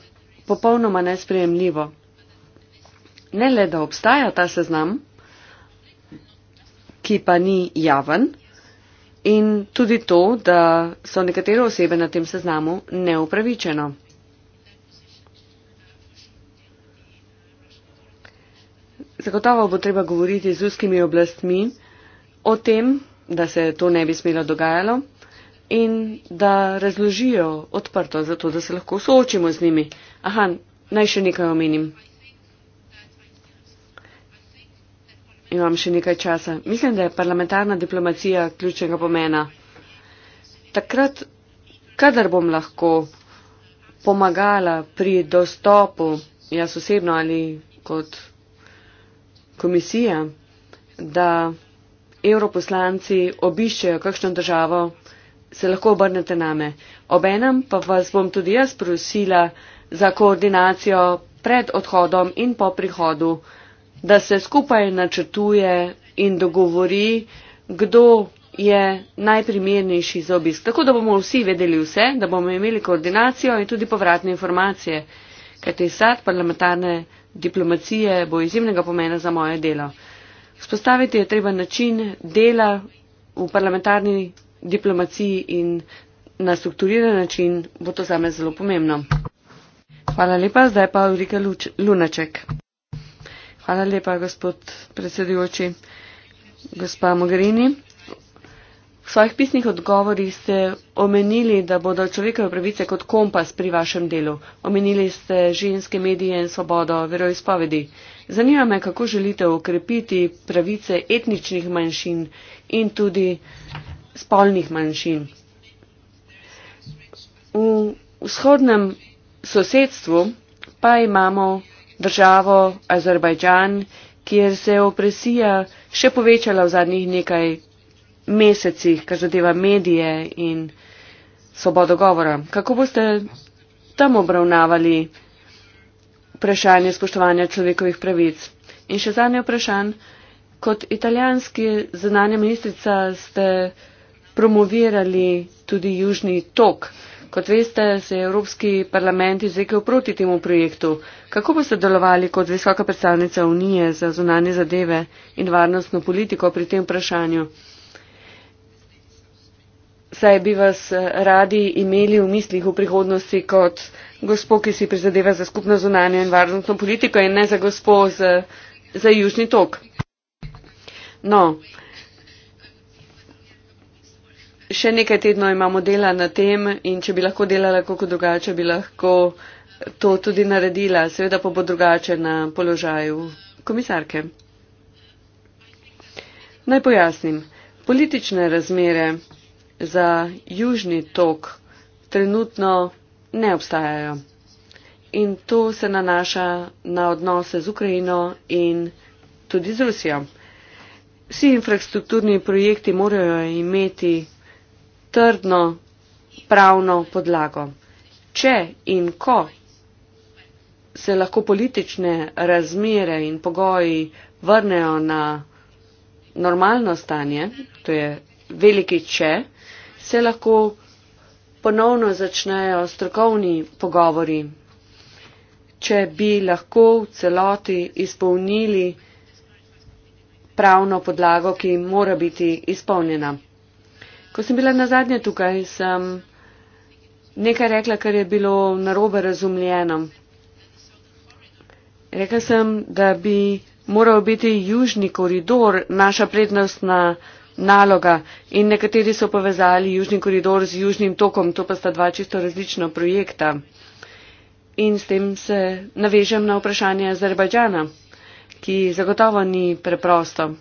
popolnoma nesprejemljivo ne le, da obstaja ta seznam, ki pa ni javen, in tudi to, da so nekatere osebe na tem seznamu neupravičeno. Zagotovo bo treba govoriti z ruskimi oblastmi o tem, da se to ne bi smelo dogajalo in da razložijo odprto, zato da se lahko soočimo z njimi. Aha, naj še nekaj omenim. imam še nekaj časa. Mislim, da je parlamentarna diplomacija ključnega pomena. Takrat, kadar bom lahko pomagala pri dostopu, jaz osebno ali kot komisija, da europoslanci obiščejo kakšno državo, se lahko obrnete name. Obenem pa vas bom tudi jaz prosila za koordinacijo pred odhodom in po prihodu da se skupaj načrtuje in dogovori, kdo je najprimernejši za obisk. Tako da bomo vsi vedeli vse, da bomo imeli koordinacijo in tudi povratne informacije, ker te sad parlamentarne diplomacije bo izjemnega pomena za moje delo. Spostaviti je treba način dela v parlamentarni diplomaciji in na strukturiran način bo to zame zelo pomembno. Hvala lepa, zdaj pa Ulrika Lunaček. Hvala lepa, gospod predsedujoči. Gospa Mogherini, v svojih pisnih odgovorih ste omenili, da bodo človekove pravice kot kompas pri vašem delu. Omenili ste ženske medije in svobodo veroizpovedi. Zanima me, kako želite ukrepiti pravice etničnih manjšin in tudi spolnih manjšin. V vzhodnem sosedstvu pa imamo državo Azerbajdžan, kjer se je opresija še povečala v zadnjih nekaj mesecih, kar zadeva medije in svobodo govora. Kako boste tam obravnavali vprašanje spoštovanja človekovih pravic? In še zadnje vprašanje. Kot italijanski zunanja ministrica ste promovirali tudi južni tok. Kot veste, se je Evropski parlament izrekel proti temu projektu. Kako boste delovali kot visoka predstavnica Unije za zunanje zadeve in varnostno politiko pri tem vprašanju? Saj bi vas eh, radi imeli v mislih v prihodnosti kot gospod, ki si prizadeva za skupno zunanje in varnostno politiko in ne za gospod za, za južni tok. No, uh, še nekaj tednov imamo dela na tem in če bi lahko delala kako drugače, bi lahko to tudi naredila. Seveda pa bo drugače na položaju komisarke. Naj pojasnim. Politične razmere za južni tok trenutno ne obstajajo. In to se nanaša na odnose z Ukrajino in tudi z Rusijo. Vsi infrastrukturni projekti morajo imeti trdno pravno podlago. Če in ko se lahko politične razmere in pogoji vrnejo na normalno stanje, to je veliki če, se lahko ponovno začnejo strokovni pogovori, če bi lahko v celoti izpolnili pravno podlago, ki mora biti izpolnjena. Ko sem bila na zadnje tukaj, sem nekaj rekla, kar je bilo narobe razumljeno. Rekla sem, da bi moral biti južni koridor naša prednostna naloga in nekateri so povezali južni koridor z južnim tokom, to pa sta dva čisto različna projekta. In s tem se navežem na vprašanje Azerbajdžana, ki zagotovo ni preprosto.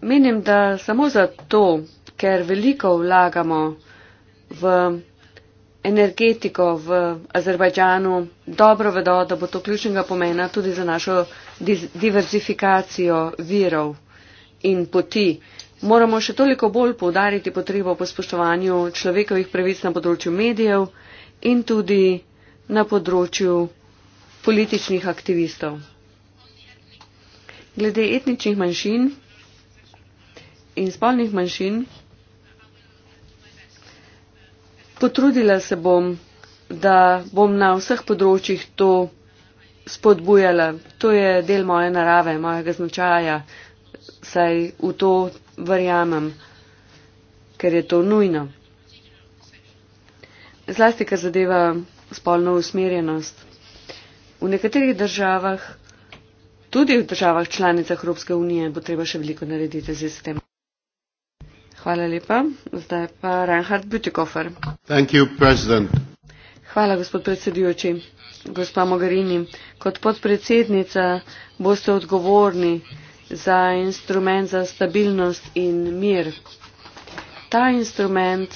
Menim, da samo zato, ker veliko vlagamo v energetiko v Azerbajdžanu, dobro vedo, da bo to ključnega pomena tudi za našo diverzifikacijo virov in poti. Moramo še toliko bolj poudariti potrebo po spoštovanju človekovih pravic na področju medijev in tudi na področju političnih aktivistov. Glede etničnih manjšin in spolnih manjšin. Potrudila se bom, da bom na vseh področjih to spodbujala. To je del moje narave, mojega značaja, saj v to verjamem, ker je to nujno. Zlasti, kar zadeva spolno usmerjenost. V nekaterih državah, tudi v državah članicah Evropske unije, bo treba še veliko narediti z sistemom. Hvala lepa. Zdaj pa Reinhard Bütikofer. Hvala, gospod predsedujoči. Gospa Mogarini, kot podpredsednica boste odgovorni za instrument za stabilnost in mir. Ta instrument,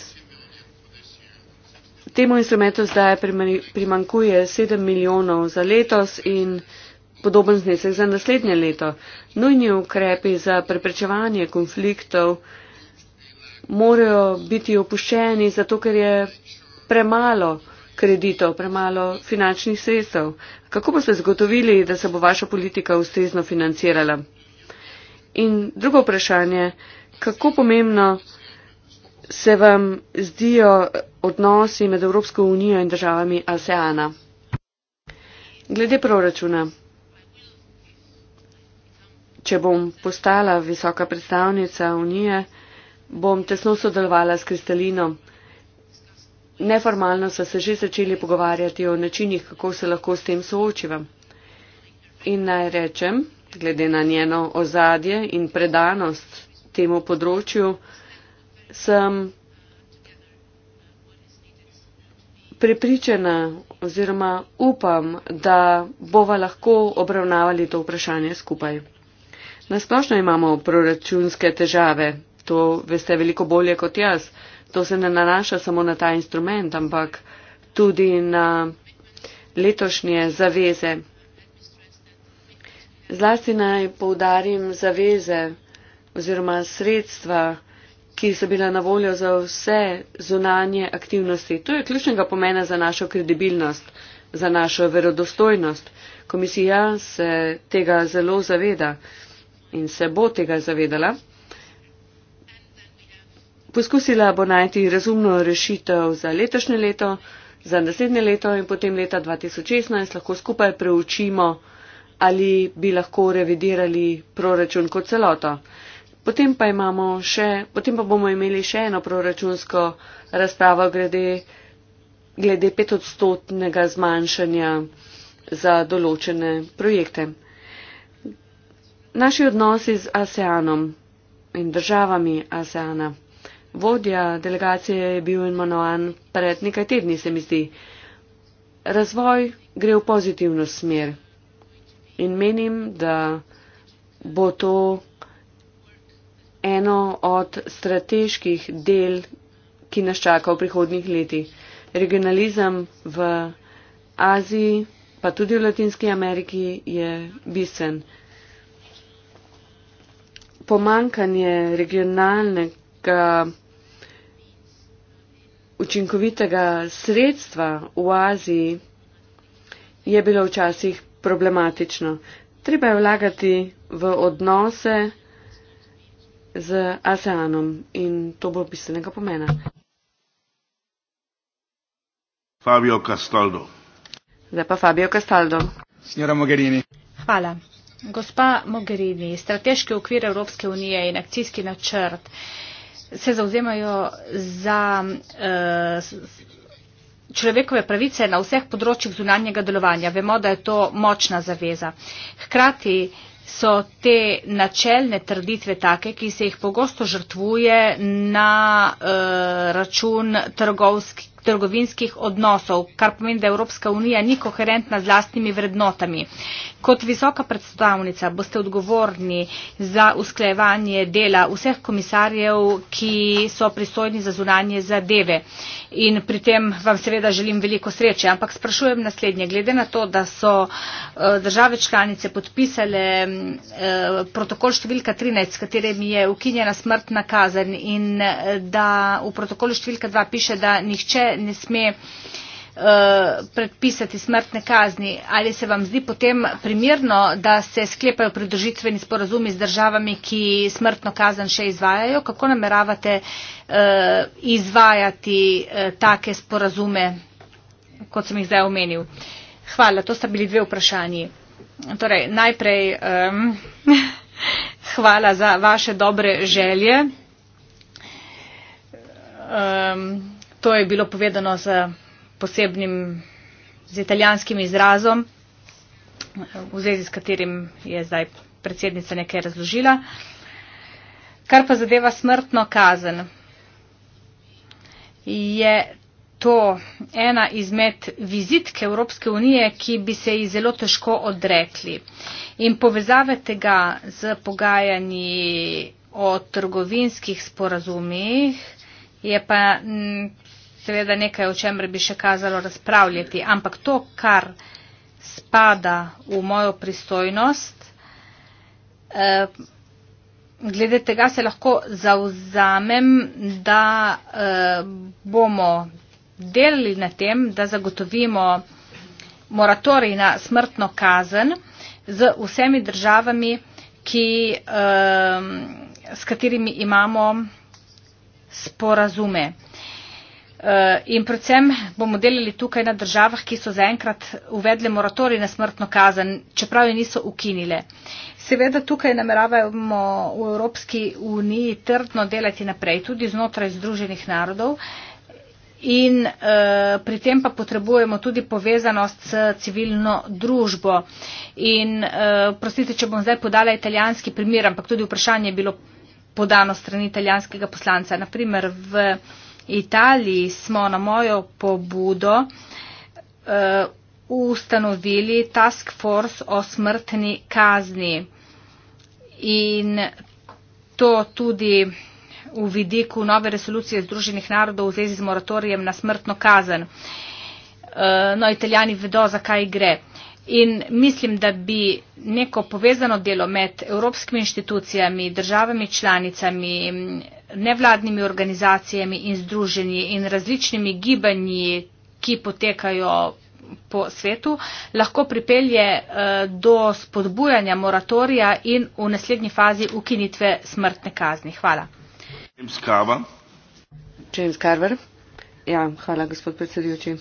temu instrumentu zdaj primankuje 7 milijonov za letos in podoben znesek za naslednje leto. Nujni ukrepi za preprečevanje konfliktov morajo biti opuščeni, zato ker je premalo kreditov, premalo finančnih sredstev. Kako boste zagotovili, da se bo vaša politika ustrezno financirala? In drugo vprašanje, kako pomembno se vam zdijo odnosi med Evropsko unijo in državami ASEANA? Glede proračuna. Če bom postala visoka predstavnica Unije, bom tesno sodelovala s Kristalino. Neformalno so se že začeli pogovarjati o načinih, kako se lahko s tem soočiva. In naj rečem, glede na njeno ozadje in predanost temu področju, sem prepričana oziroma upam, da bova lahko obravnavali to vprašanje skupaj. Nasplošno imamo proračunske težave, to veste veliko bolje kot jaz. To se ne nanaša samo na ta instrument, ampak tudi na letošnje zaveze. Zlasti naj poudarim zaveze oziroma sredstva, ki so bila na voljo za vse zunanje aktivnosti. To je ključnega pomena za našo kredibilnost, za našo verodostojnost. Komisija se tega zelo zaveda in se bo tega zavedala. Poskusila bo najti razumno rešitev za letošnje leto, za naslednje leto in potem leta 2016 lahko skupaj preučimo, ali bi lahko revidirali proračun kot celoto. Potem pa, še, potem pa bomo imeli še eno proračunsko razpravo glede, glede petodstotnega zmanjšanja za določene projekte. Naši odnosi z ASEANom in državami ASEANA. Vodja delegacije je bil imenovan pred nekaj tedni, se mi zdi. Razvoj gre v pozitivno smer in menim, da bo to eno od strateških del, ki nas čaka v prihodnih letih. Regionalizem v Aziji, pa tudi v Latinski Ameriki, je bistven. Pomankanje regionalnega učinkovitega sredstva v Aziji je bilo včasih problematično. Treba je vlagati v odnose z ASEANom in to bo bistvenega pomena. Fabio Castaldo. Zdaj pa Fabio Castaldo. Signora Mogherini. Hvala. Gospa Mogherini, strateški okvir Evropske unije in akcijski načrt se zauzemajo za eh, človekove pravice na vseh področjih zunanjega delovanja. Vemo, da je to močna zaveza. Hkrati so te načelne trditve take, ki se jih pogosto žrtvuje na eh, račun trgovskih trgovinskih odnosov, kar pomeni, da Evropska unija ni koherentna z lastnimi vrednotami. Kot visoka predstavnica boste odgovorni za usklejevanje dela vseh komisarjev, ki so pristojni za zunanje zadeve. In pri tem vam seveda želim veliko sreče. Ampak sprašujem naslednje. Glede na to, da so eh, države članice podpisale eh, protokol številka 13, s katerim je ukinjena smrtna kazen in eh, da v protokolu številka 2 piše, da nihče ne sme. Eh, predpisati smrtne kazni. Ali se vam zdi potem primirno, da se sklepajo pridružitveni sporazumi z državami, ki smrtno kazen še izvajajo? Kako nameravate eh, izvajati eh, take sporazume, kot sem jih zdaj omenil? Hvala, to sta bili dve vprašanji. Torej, najprej um, hvala za vaše dobre želje. Um, to je bilo povedano za posebnim, z italijanskim izrazom, v zvezi s katerim je zdaj predsednica nekaj razložila. Kar pa zadeva smrtno kazen, je to ena izmed vizitk Evropske unije, ki bi se ji zelo težko odrekli. In povezave tega z pogajanji o trgovinskih sporazumih je pa seveda nekaj, o čemer bi še kazalo razpravljati, ampak to, kar spada v mojo pristojnost, eh, glede tega se lahko zauzamem, da eh, bomo delali na tem, da zagotovimo moratorij na smrtno kazen z vsemi državami, ki, eh, s katerimi imamo sporazume. Uh, Eh, in predvsem bomo delali tukaj na državah, ki so zaenkrat uvedle moratorij na smrtno kazen, čeprav jo niso ukinile. Seveda tukaj nameravamo v Evropski uniji trdno delati naprej, tudi znotraj Združenih narodov. In eh, pri tem pa potrebujemo tudi povezanost s civilno družbo. In eh, prosite, če bom zdaj podala italijanski primer, ampak tudi vprašanje je bilo podano strani italijanskega poslanca. Naprimer, v Italiji smo na mojo pobudo uh, ustanovili task force o smrtni kazni in to tudi v vidiku nove resolucije Združenih narodov v zvezi z moratorijem na smrtno kazen. Uh, no, italijani vedo, zakaj gre. In mislim, da bi neko povezano delo med evropskimi inštitucijami, državami, članicami, nevladnimi organizacijami in združenji in različnimi gibanji, ki potekajo po svetu, lahko pripelje eh, do spodbujanja moratorija in v naslednji fazi ukinitve smrtne kazni. Hvala. James Carver. James Carver. Ja, hvala, gospod predsedujoči.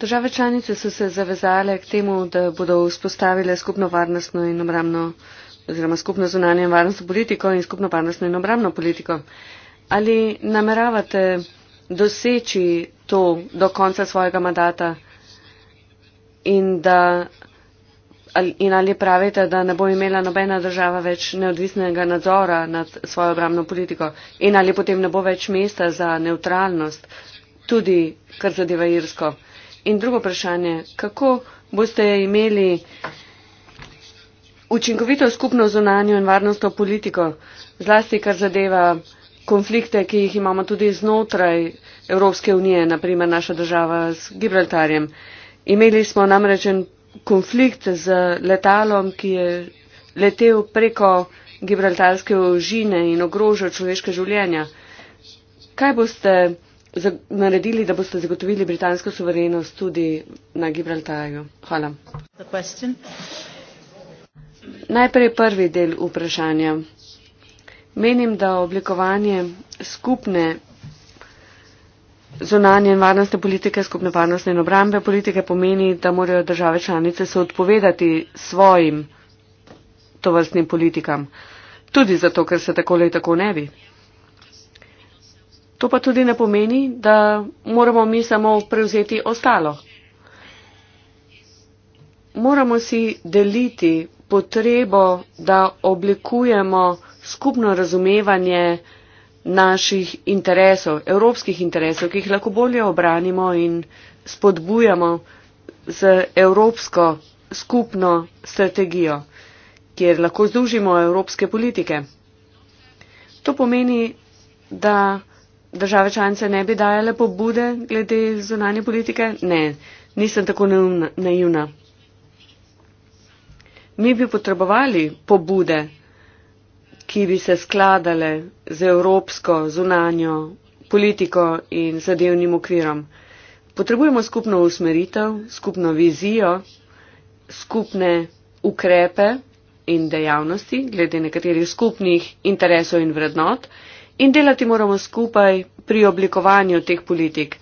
Države članice so se zavezale k temu, da bodo vzpostavile skupno varnostno in obramno oziroma skupno zunanje in varnostno politiko in skupno varnostno in obramno politiko. Ali nameravate doseči to do konca svojega mandata in, da, ali, in ali pravite, da ne bo imela nobena država več neodvisnega nadzora nad svojo obramno politiko in ali potem ne bo več mesta za neutralnost, tudi kar zadeva Irsko. In drugo vprašanje, kako boste imeli učinkovito skupno zunanjo in varnostno politiko, zlasti kar zadeva konflikte, ki jih imamo tudi znotraj Evropske unije, naprimer naša država s Gibraltarjem. Imeli smo namreč konflikt z letalom, ki je letel preko Gibraltarske ožine in ogrožal človeške življenja. Kaj boste naredili, da boste zagotovili britansko suverenost tudi na Gibraltarju? Hvala. The question. Najprej prvi del vprašanja. Menim, da oblikovanje skupne zunanje in varnostne politike, skupne varnostne in obrambe politike pomeni, da morajo države članice se odpovedati svojim tovrstnim politikam. Tudi zato, ker se tako ali tako ne bi. To pa tudi ne pomeni, da moramo mi samo prevzeti ostalo. Moramo si deliti potrebo, da oblikujemo skupno razumevanje naših interesov, evropskih interesov, ki jih lahko bolje obranimo in spodbujamo z evropsko skupno strategijo, kjer lahko združimo evropske politike. To pomeni, da države članice ne bi dajale pobude glede zunanje politike? Ne, nisem tako naivna. Mi bi potrebovali pobude, ki bi se skladale z evropsko zunanjo politiko in zadevnim okvirom. Potrebujemo skupno usmeritev, skupno vizijo, skupne ukrepe in dejavnosti glede nekaterih skupnih interesov in vrednot in delati moramo skupaj pri oblikovanju teh politik.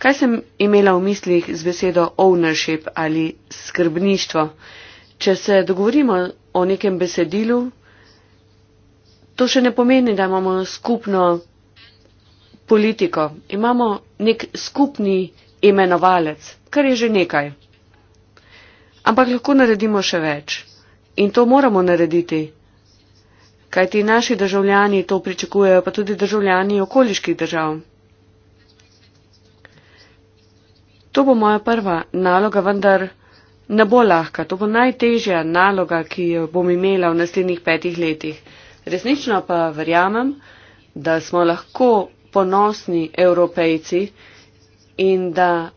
Kaj sem imela v mislih z besedo ownership ali skrbništvo? Če se dogovorimo o nekem besedilu, to še ne pomeni, da imamo skupno politiko. Imamo nek skupni imenovalec, kar je že nekaj. Ampak lahko naredimo še več. In to moramo narediti. Kaj ti naši državljani to pričakujejo, pa tudi državljani okoliških držav. To bo moja prva naloga, vendar ne bo lahka, to bo najtežja naloga, ki jo bom imela v naslednjih petih letih. Resnično pa verjamem, da smo lahko ponosni evropejci in da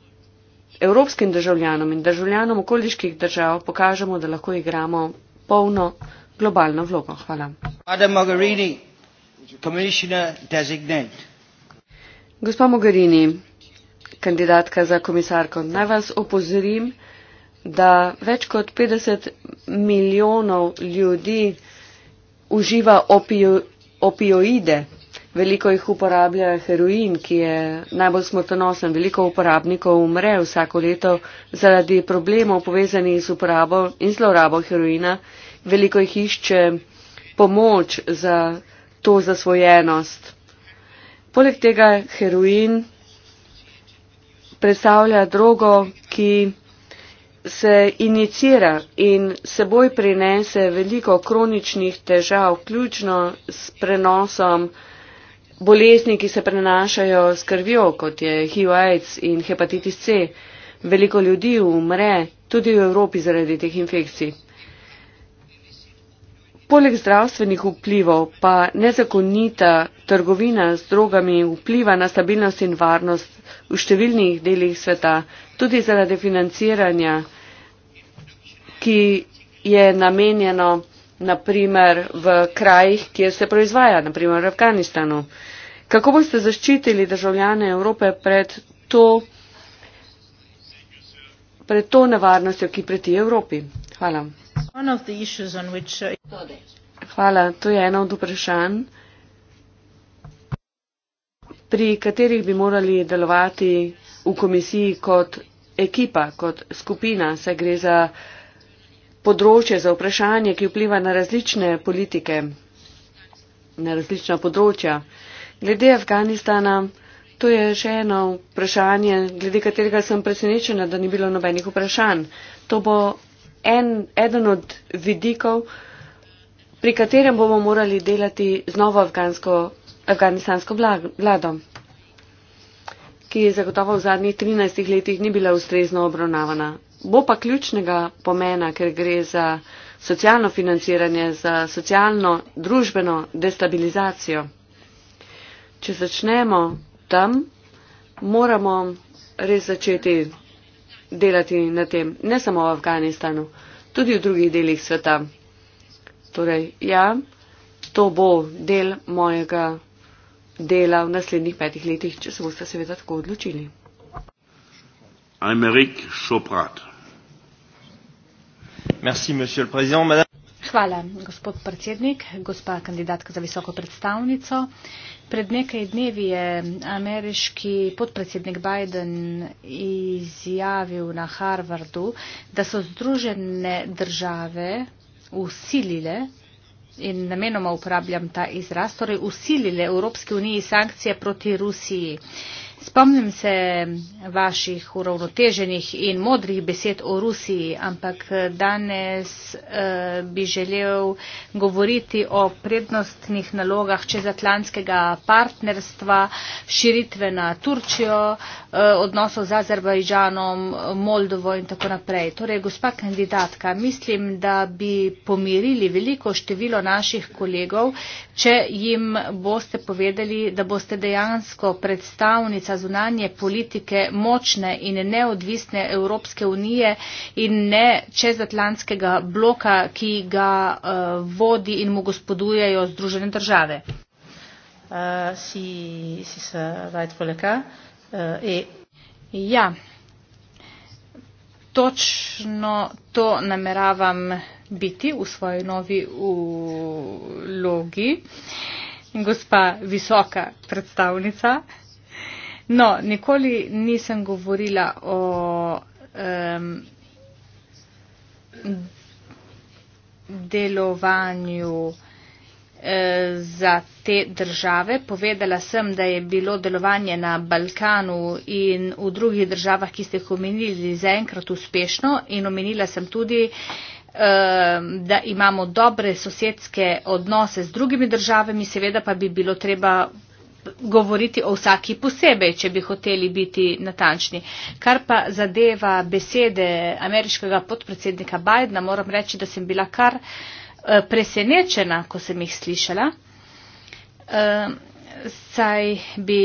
evropskim državljanom in državljanom okoliških držav pokažemo, da lahko igramo polno globalno vlogo. Hvala. Gospa Mogherini, kandidatka za komisarko, naj vas opozorim, da več kot 50 milijonov ljudi uživa opio, opioide. Veliko jih uporablja heroin, ki je najbolj smrtonosen. Veliko uporabnikov umre vsako leto zaradi problemov povezanih z uporabo in zlorabo heroina. Veliko jih išče pomoč za to zasvojenost. Poleg tega heroin predstavlja drogo, ki se inicira in seboj prinese veliko kroničnih težav, vključno s prenosom bolezni, ki se prenašajo s krvjo, kot je HIV-AIDS in hepatitis C. Veliko ljudi umre tudi v Evropi zaradi teh infekcij. Poleg zdravstvenih vplivov pa nezakonita trgovina z drogami vpliva na stabilnost in varnost v številnih delih sveta, tudi zaradi financiranja ki je namenjeno naprimer v krajih, kjer se proizvaja, naprimer v Afganistanu. Kako boste zaščitili državljane Evrope pred to, pred to nevarnostjo, ki preti Evropi? Hvala. Uh, Hvala, to je eno od vprašanj, pri katerih bi morali delovati v komisiji kot ekipa, kot skupina, saj gre za področje, za vprašanje, ki vpliva na različne politike, na različna področja. Glede Afganistana, to je še eno vprašanje, glede katerega sem presenečena, da ni bilo nobenih vprašanj. To bo en, eden od vidikov, pri katerem bomo morali delati z novo afgansko, afganistansko vlado ki je zagotovo v zadnjih 13 letih ni bila ustrezno obravnavana bo pa ključnega pomena, ker gre za socialno financiranje, za socialno družbeno destabilizacijo. Če začnemo tam, moramo res začeti delati na tem, ne samo v Afganistanu, tudi v drugih delih sveta. Torej, ja, to bo del mojega dela v naslednjih petih letih, če se boste seveda tako odločili. Hvala, gospod predsednik, gospa kandidatka za visoko predstavnico. Pred nekaj dnevi je ameriški podpredsednik Biden izjavil na Harvardu, da so združene države usilile in namenoma uporabljam ta izraz, torej usilile Evropske unije sankcije proti Rusiji. Uh, Spomnim se vaših uravnoteženih in modrih besed o Rusiji, ampak danes uh, bi želel govoriti o prednostnih nalogah čezatlantskega partnerstva, širitve na Turčijo, uh, odnosov z Azerbajdžanom, Moldovo in tako naprej. Torej, gospa kandidatka, mislim, da bi pomirili veliko število naših kolegov, če jim boste povedali, da boste dejansko predstavnica predsednica zunanje politike močne in neodvisne Evropske unije in ne čezatlantskega bloka, ki ga uh, vodi in mu gospodujejo Združene države. Eh, eh, e. Ja, točno to nameravam biti v svoji novi vlogi, gospa visoka predstavnica. No, nikoli nisem govorila o um, delovanju e, za te države. Povedala sem, da je bilo delovanje na Balkanu in v drugih državah, ki ste jih omenili, zaenkrat uspešno in omenila sem tudi, e, da imamo dobre sosedske odnose z drugimi državami, seveda pa bi bilo treba govoriti o vsaki posebej, če bi hoteli biti natančni. Kar pa zadeva besede ameriškega podpredsednika Bidna, moram reči, da sem bila kar eh, presenečena, ko sem jih slišala. Eh, saj bi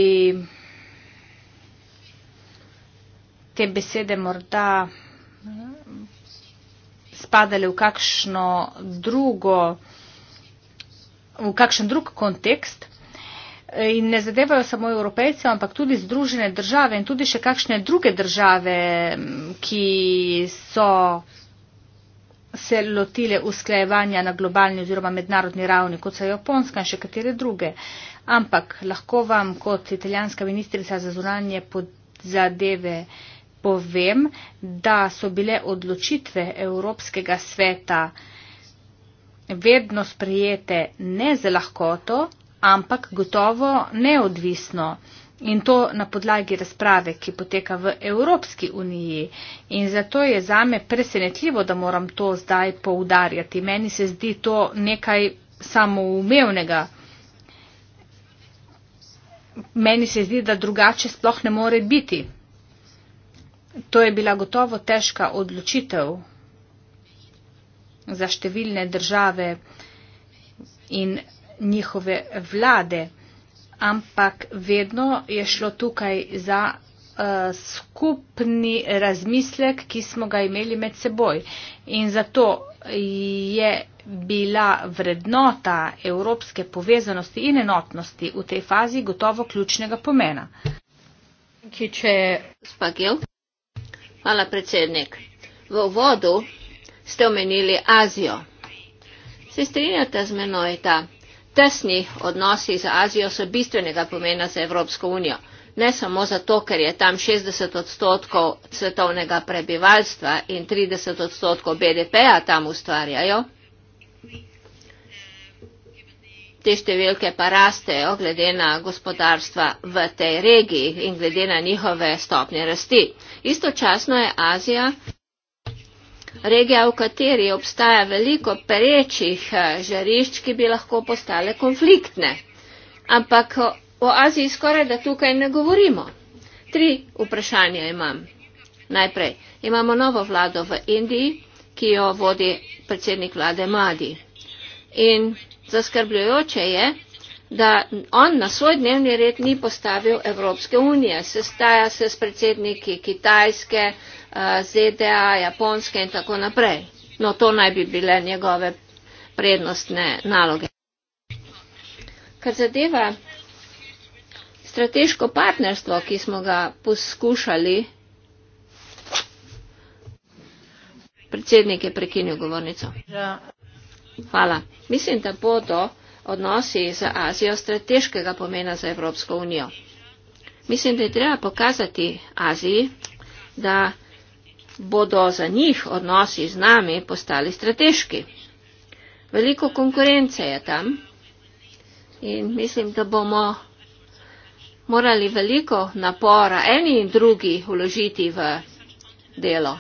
te besede morda eh, spadale v, drugo, v kakšen drug kontekst in ne zadevajo samo evropejcev, ampak tudi združene države in tudi še kakšne druge države, ki so se lotile usklajevanja na globalni oziroma mednarodni ravni, kot so Japonska in še katere druge. Ampak lahko vam kot italijanska ministrica za zunanje zadeve povem, da so bile odločitve Evropskega sveta vedno sprejete ne z lahkoto, ampak gotovo neodvisno. In to na podlagi razprave, ki poteka v Evropski uniji. In zato je zame presenetljivo, da moram to zdaj poudarjati. Meni se zdi to nekaj samoumevnega. Meni se zdi, da drugače sploh ne more biti. To je bila gotovo težka odločitev za številne države in njihove vlade, ampak vedno je šlo tukaj za uh, skupni razmislek, ki smo ga imeli med seboj. In zato je bila vrednota evropske povezanosti in enotnosti v tej fazi gotovo ključnega pomena. Hvala, predsednik. V uvodu ste omenili Azijo. Se strinjate z menoj, da Tesni odnosi z Azijo so bistvenega pomena za Evropsko unijo. Ne samo zato, ker je tam 60 odstotkov svetovnega prebivalstva in 30 odstotkov BDP-a tam ustvarjajo. Te številke pa rastejo glede na gospodarstva v tej regiji in glede na njihove stopnje rasti. Istočasno je Azija regija, v kateri obstaja veliko perečih eh, žarišč, ki bi lahko postale konfliktne. Ampak eh, o Aziji skoraj da tukaj ne govorimo. Tri vprašanja imam. Najprej imamo novo vlado v Indiji, ki jo vodi predsednik vlade Madi. In zaskrbljujoče je, da on na svoj dnevni red ni postavil Evropske unije, sestaja se s predsedniki Kitajske, ZDA, Japonske in tako naprej. No, to naj bi bile njegove prednostne naloge. Kar zadeva strateško partnerstvo, ki smo ga poskušali, predsednik je prekinil govornico. Hvala. Mislim, da bodo odnosi z Azijo strateškega pomena za Evropsko unijo. Mislim, da je treba pokazati Aziji, da bodo za njih odnosi z nami postali strateški. Veliko konkurence je tam in mislim, da bomo morali veliko napora eni in drugi uložiti v delo.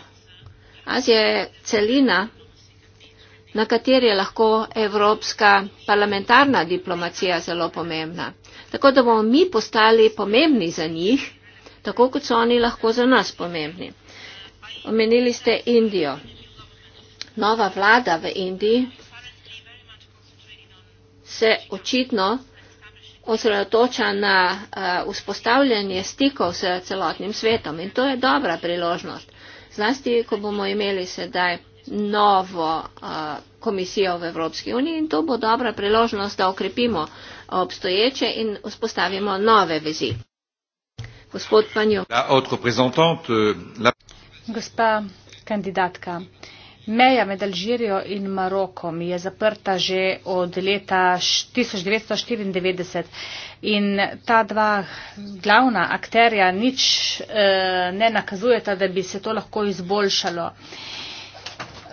Azija je celina, na kateri je lahko evropska parlamentarna diplomacija zelo pomembna. Tako da bomo mi postali pomembni za njih, tako kot so oni lahko za nas pomembni omenili ste Indijo. Nova vlada v Indiji se očitno osredotoča na uh, vzpostavljanje stikov s celotnim svetom in to je dobra priložnost. Zlasti, ko bomo imeli sedaj novo uh, komisijo v Evropski uniji in to bo dobra priložnost, da okrepimo obstoječe in vzpostavimo nove vezi. Gospod Panjo. Gospa kandidatka, meja med Alžirijo in Marokom je zaprta že od leta 1994 in ta dva glavna akterja nič e, ne nakazujeta, da bi se to lahko izboljšalo.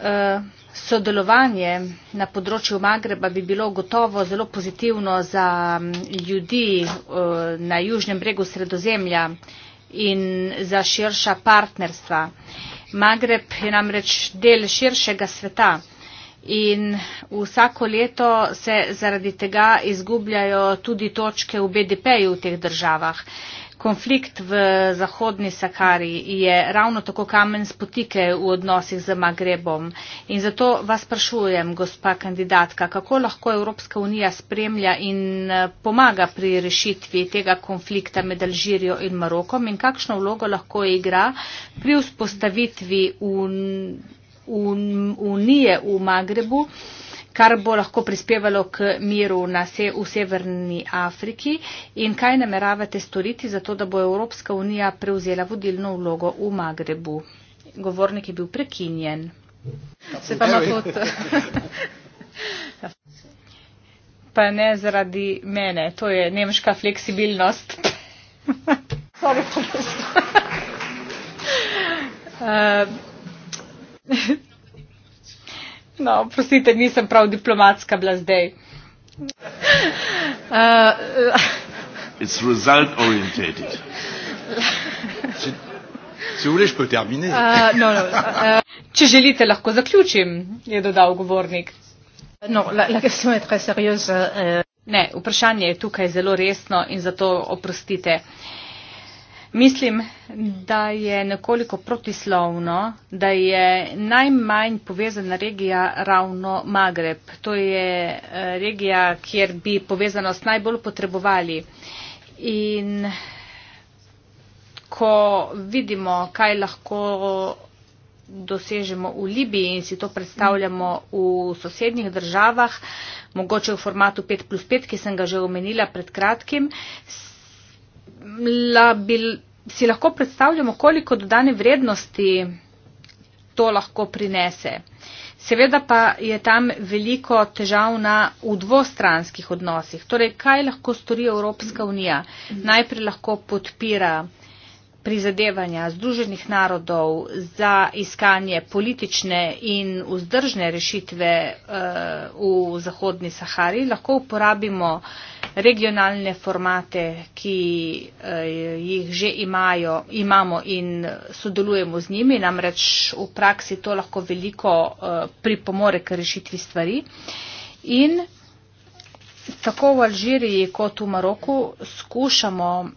E, sodelovanje na področju Magreba bi bilo gotovo zelo pozitivno za ljudi e, na južnem bregu Sredozemlja. E, in za širša partnerstva. Magreb je namreč del širšega sveta in vsako leto se zaradi tega izgubljajo tudi točke v BDP-ju v teh državah. Konflikt v Zahodni Sakari je ravno tako kamen spotike v odnosih z Magrebom. In zato vas sprašujem, gospa kandidatka, kako lahko Evropska unija spremlja in eh, pomaga pri rešitvi tega konflikta med Alžirijo in Marokom in kakšno vlogo lahko igra pri vzpostavitvi un, un, unije v Magrebu kar bo lahko prispevalo k miru na se v Severni Afriki in kaj nameravate storiti za to, da bo Evropska unija prevzela vodilno vlogo v Magrebu. Govornik je bil prekinjen. Se pa kot. Pa ne zaradi mene, to je nemška fleksibilnost. uh, No, prosite, nisem prav diplomatska bila zdaj. Uh, uh result oriented. Uh, no, no, uh, Če želite, lahko zaključim, je dodal govornik. No, la, la, ne, vprašanje je tukaj zelo resno in zato oprostite. Uh, Mislim, da je nekoliko protislovno, da je najmanj povezana regija ravno Magreb. To je eh, regija, kjer bi povezanost najbolj potrebovali. In ko vidimo, kaj lahko dosežemo v Libiji in si to predstavljamo v sosednjih državah, mogoče v formatu 5 plus 5, ki sem ga že omenila pred kratkim, la, bi, si lahko predstavljamo, koliko dodane vrednosti to lahko prinese. Seveda pa je tam veliko težav na v dvostranskih odnosih. Torej, kaj lahko stori Evropska unija? Najprej lahko podpira prizadevanja Združenih narodov za iskanje politične in vzdržne rešitve eh, v Zahodni Sahari, lahko uporabimo regionalne formate, ki eh, jih že imajo, imamo in sodelujemo z njimi, namreč v praksi to lahko veliko eh, pripomore k rešitvi stvari. In tako v Alžiriji kot v Maroku skušamo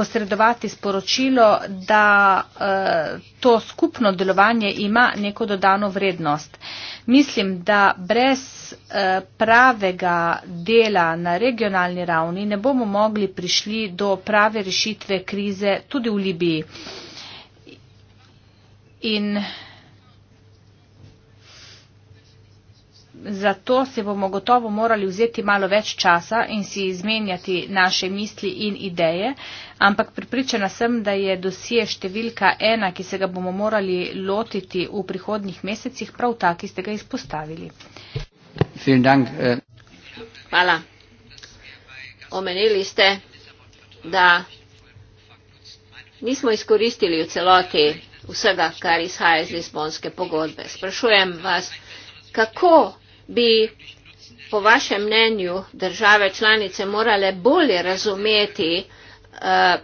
posredovati sporočilo, da eh, to skupno delovanje ima neko dodano vrednost. Mislim, da brez eh, pravega dela na regionalni ravni ne bomo mogli prišli do prave rešitve krize tudi v Libiji. In zato se bomo gotovo morali vzeti malo več časa in si izmenjati naše misli in ideje, ampak pripričana sem, da je dosije številka ena, ki se ga bomo morali lotiti v prihodnjih mesecih, prav ta, ki ste ga izpostavili. Eh. Hvala. Omenili ste, da nismo izkoristili v celoti vsega, kar izhaja iz Lisbonske pogodbe. Sprašujem vas, kako bi po vašem mnenju države članice morale bolje razumeti eh,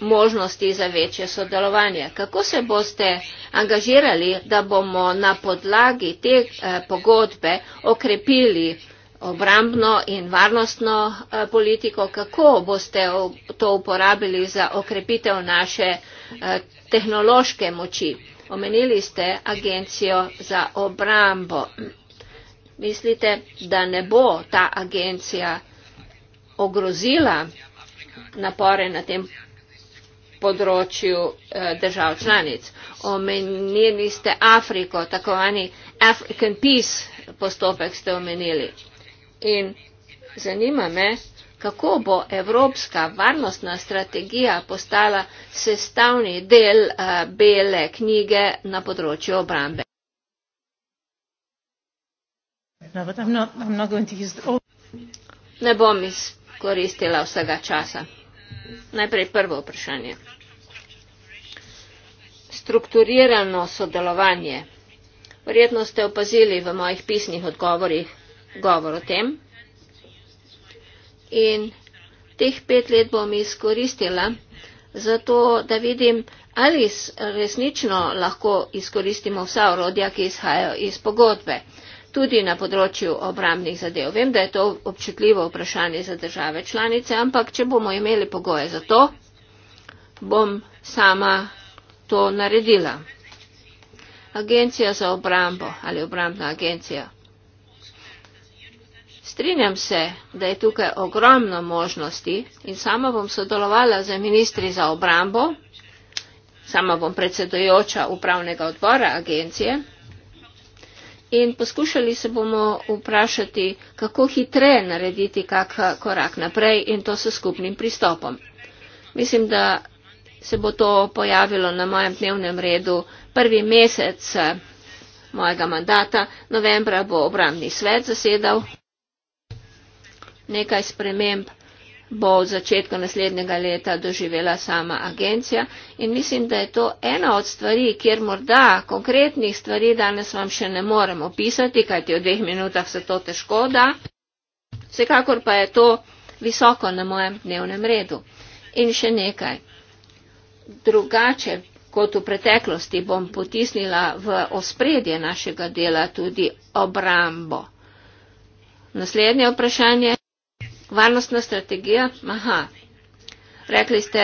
možnosti za večje sodelovanje. Kako se boste angažirali, da bomo na podlagi te eh, pogodbe okrepili obrambno in varnostno eh, politiko, kako boste to uporabili za okrepitev naše tehnološke moči. Omenili ste agencijo za obrambo mislite, da ne bo ta agencija ogrozila napore na tem področju eh, držav članic. Omenili ste Afriko, tako vani African Peace postopek ste omenili. In zanima me, kako bo evropska varnostna strategija postala sestavni del uh, bele knjige na področju obrambe. No, ne bom izkoristila vsega časa. Najprej prvo vprašanje. Strukturirano sodelovanje. Verjetno ste opazili v mojih pisnih odgovorih govor o tem. In teh pet let bom izkoristila zato, da vidim, ali resnično lahko izkoristimo vsa orodja, ki izhajajo iz pogodbe tudi na področju obramnih zadev. Vem, da je to občutljivo vprašanje za države članice, ampak če bomo imeli pogoje za to, bom sama to naredila. Agencija za obrambo ali obrambna agencija. Strinjam se, da je tukaj ogromno možnosti in sama bom sodelovala za ministri za obrambo, sama bom predsedojoča upravnega odbora agencije in poskušali se bomo vprašati, kako hitre narediti kak korak naprej in to s skupnim pristopom. Mislim, da se bo to pojavilo na mojem dnevnem redu prvi mesec eh, mojega mandata. Novembra bo obramni svet zasedal. Nekaj sprememb bo v začetku naslednjega leta doživela sama agencija in mislim, da je to ena od stvari, kjer morda konkretnih stvari danes vam še ne morem opisati, kajti v dveh minutah se to težko da. Vsekakor pa je to visoko na mojem dnevnem redu. In še nekaj. Drugače kot v preteklosti bom potisnila v ospredje našega dela tudi obrambo. Naslednje vprašanje. Varnostna strategija? Aha. Rekli ste,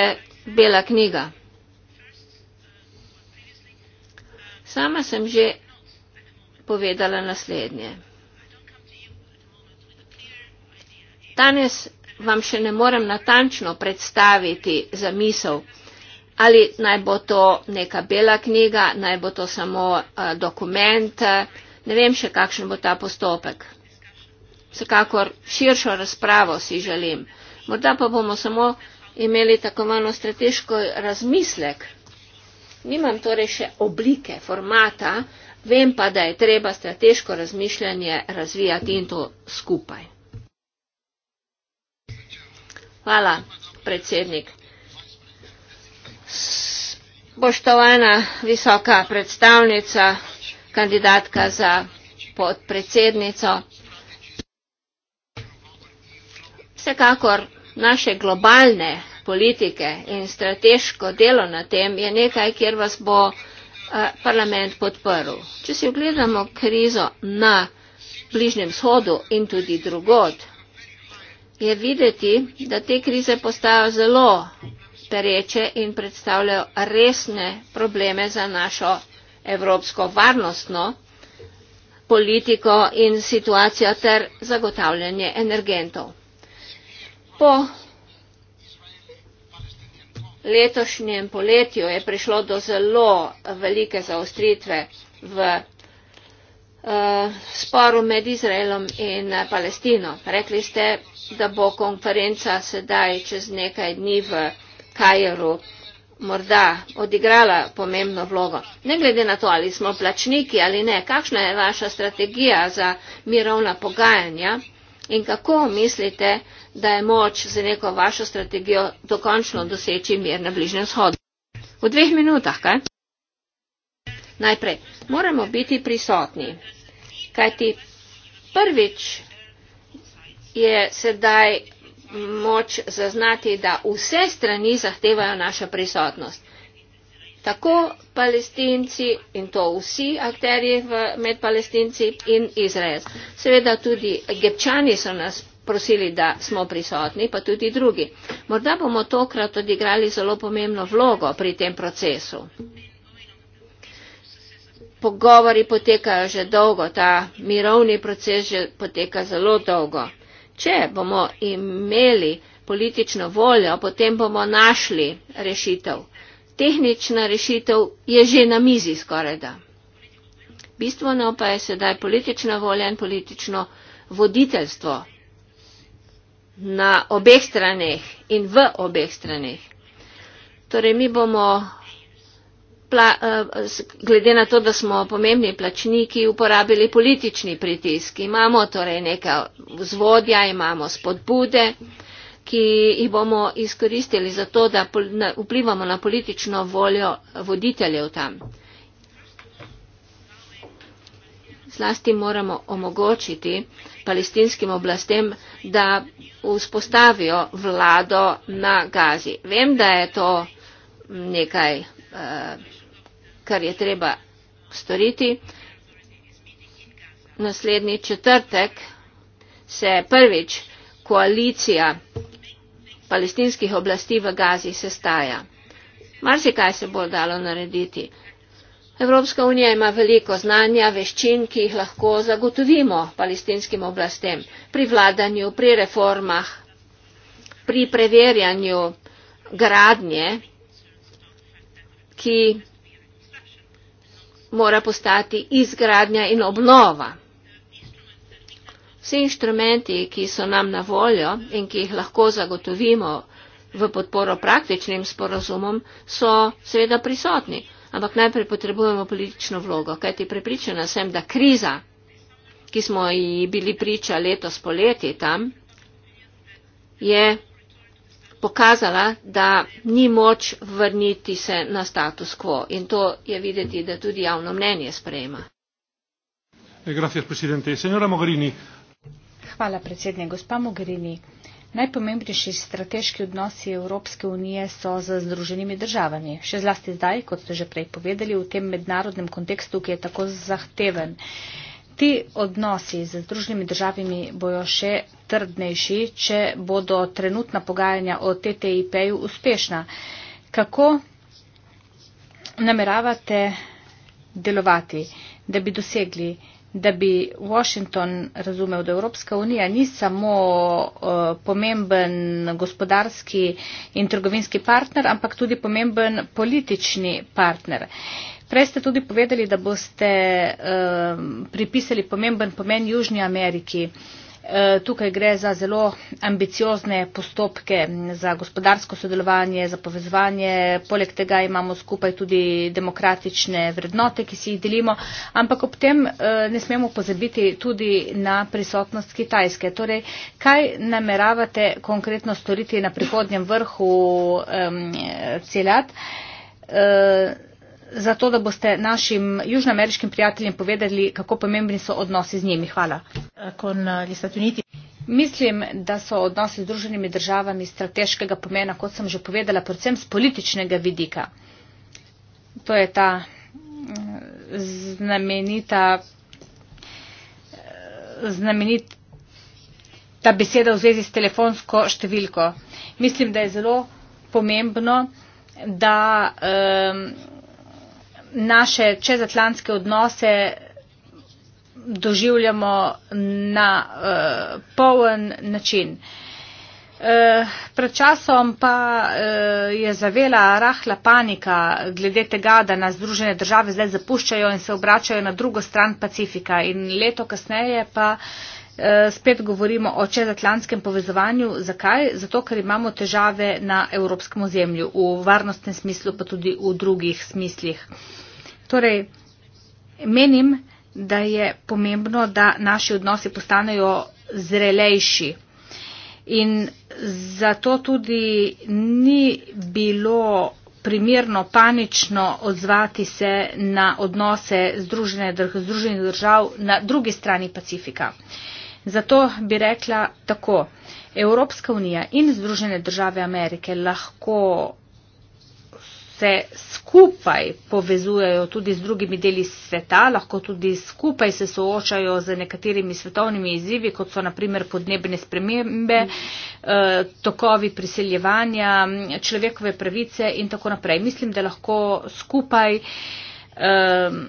bela knjiga. Sama sem že povedala naslednje. Danes vam še ne morem natančno predstaviti zamisel, ali naj bo to neka bela knjiga, naj bo to samo uh, dokument, uh, ne vem še, kakšen bo ta postopek vsekakor širšo razpravo si želim. Morda pa bomo samo imeli tako malo strateško razmislek. Nimam torej še oblike, formata, vem pa, da je treba strateško razmišljanje razvijati in to skupaj. Hvala, predsednik. Poštovana visoka predstavnica, kandidatka za podpredsednico. Vsekakor naše globalne politike in strateško delo na tem je nekaj, kjer vas bo eh, parlament podprl. Če si ogledamo krizo na Bližnjem shodu in tudi drugod, je videti, da te krize postajajo zelo pereče in predstavljajo resne probleme za našo evropsko varnostno politiko in situacijo ter zagotavljanje energentov po letošnjem poletju je prišlo do zelo velike zaostritve v uh, sporu med Izraelom in eh, Palestino. Rekli ste, da bo konferenca sedaj čez nekaj dni v Kajru morda odigrala pomembno vlogo. Ne glede na to, ali smo plačniki ali ne, kakšna je vaša strategija za mirovna pogajanja in kako mislite, da je moč z neko vašo strategijo dokončno doseči mir na Bližnjem vzhodu. V dveh minutah, kaj? Najprej, moramo biti prisotni, kajti prvič je sedaj moč zaznati, da vse strani zahtevajo našo prisotnost. Tako palestinci in to vsi akterji med palestinci in Izrael. Seveda tudi gepčani so nas prosili, da smo prisotni, pa tudi drugi. Morda bomo tokrat odigrali zelo pomembno vlogo pri tem procesu. Pogovori potekajo že dolgo, ta mirovni proces že poteka zelo dolgo. Če bomo imeli politično voljo, potem bomo našli rešitev. Tehnična rešitev je že na mizi skoraj da. Bistveno pa je sedaj politična volja in politično voditeljstvo na obeh straneh in v obeh straneh. Torej, mi bomo, pla, eh, glede na to, da smo pomembni plačniki, uporabili politični pritisk. Imamo torej neka vzvodja, imamo spodbude, ki jih bomo izkoristili za to, da vplivamo na politično voljo voditeljev tam. Zlasti moramo omogočiti palestinskim oblastem, da vzpostavijo vlado na Gazi. Vem, da je to nekaj, eh, kar je treba storiti. Naslednji četrtek se prvič koalicija palestinskih oblasti v Gazi sestaja. Marsikaj se bo dalo narediti. Evropska unija ima veliko znanja, veščin, ki jih lahko zagotovimo palestinskim oblastem pri vladanju, pri reformah, pri preverjanju gradnje, ki mora postati izgradnja in obnova. Vsi inštrumenti, ki so nam na voljo in ki jih lahko zagotovimo v podporo praktičnim sporozumom, so seveda prisotni ampak najprej potrebujemo politično vlogo, kajti prepričana sem, da kriza, ki smo ji bili priča letos poleti tam, je pokazala, da ni moč vrniti se na status quo in to je videti, da tudi javno mnenje sprejema. Eh, Hvala predsednik, gospa Mogherini. Najpomembnejši strateški odnosi Evropske unije so z Združenimi državami, še zlasti zdaj, kot ste že prej povedali, v tem mednarodnem kontekstu, ki je tako zahteven. Ti odnosi z Združenimi državami bojo še trdnejši, če bodo trenutna pogajanja o TTIP-ju uspešna. Kako nameravate delovati, da bi dosegli da bi Washington razumel, da Evropska unija ni samo uh, pomemben gospodarski in trgovinski partner, ampak tudi pomemben politični partner. Prej ste tudi povedali, da boste uh, pripisali pomemben pomen Južni Ameriki. Uh, Eh, tukaj gre za zelo ambiciozne postopke za gospodarsko sodelovanje, za povezovanje. Poleg tega imamo skupaj tudi demokratične vrednote, ki si jih delimo. Ampak ob tem eh, ne smemo pozabiti tudi na prisotnost Kitajske. Torej, kaj nameravate konkretno storiti na prihodnjem vrhu um, eh, celat? Uh, zato, da boste našim južnoameriškim prijateljem povedali, kako pomembni so odnosi z njimi. Hvala. Mislim, da so odnosi z druženimi državami strateškega pomena, kot sem že povedala, predvsem z političnega vidika. To je ta eh, znamenita, eh, znamenita beseda v zvezi s telefonsko številko. Mislim, da je zelo pomembno, da um, naše čezatlantske odnose doživljamo na uh, poln način. Uh, pred časom pa uh, je zavela rahla panika glede tega, da nas Združene države zdaj zapuščajo in se obračajo na drugo stran Pacifika in leto kasneje pa spet govorimo o čezatlantskem povezovanju. Zakaj? Zato, ker imamo težave na evropskem ozemlju, v varnostnem smislu, pa tudi v drugih smislih. Torej, menim, da je pomembno, da naši odnosi postanejo zrelejši. In zato tudi ni bilo primerno panično odzvati se na odnose združene, združenih držav na drugi strani Pacifika. Zato bi rekla tako, Evropska unija in Združene države Amerike lahko se skupaj povezujejo tudi z drugimi deli sveta, lahko tudi skupaj se soočajo z nekaterimi svetovnimi izzivi, kot so naprimer podnebne spremembe, eh, tokovi priseljevanja, človekove pravice in tako naprej. Mislim, da lahko skupaj um, ehm,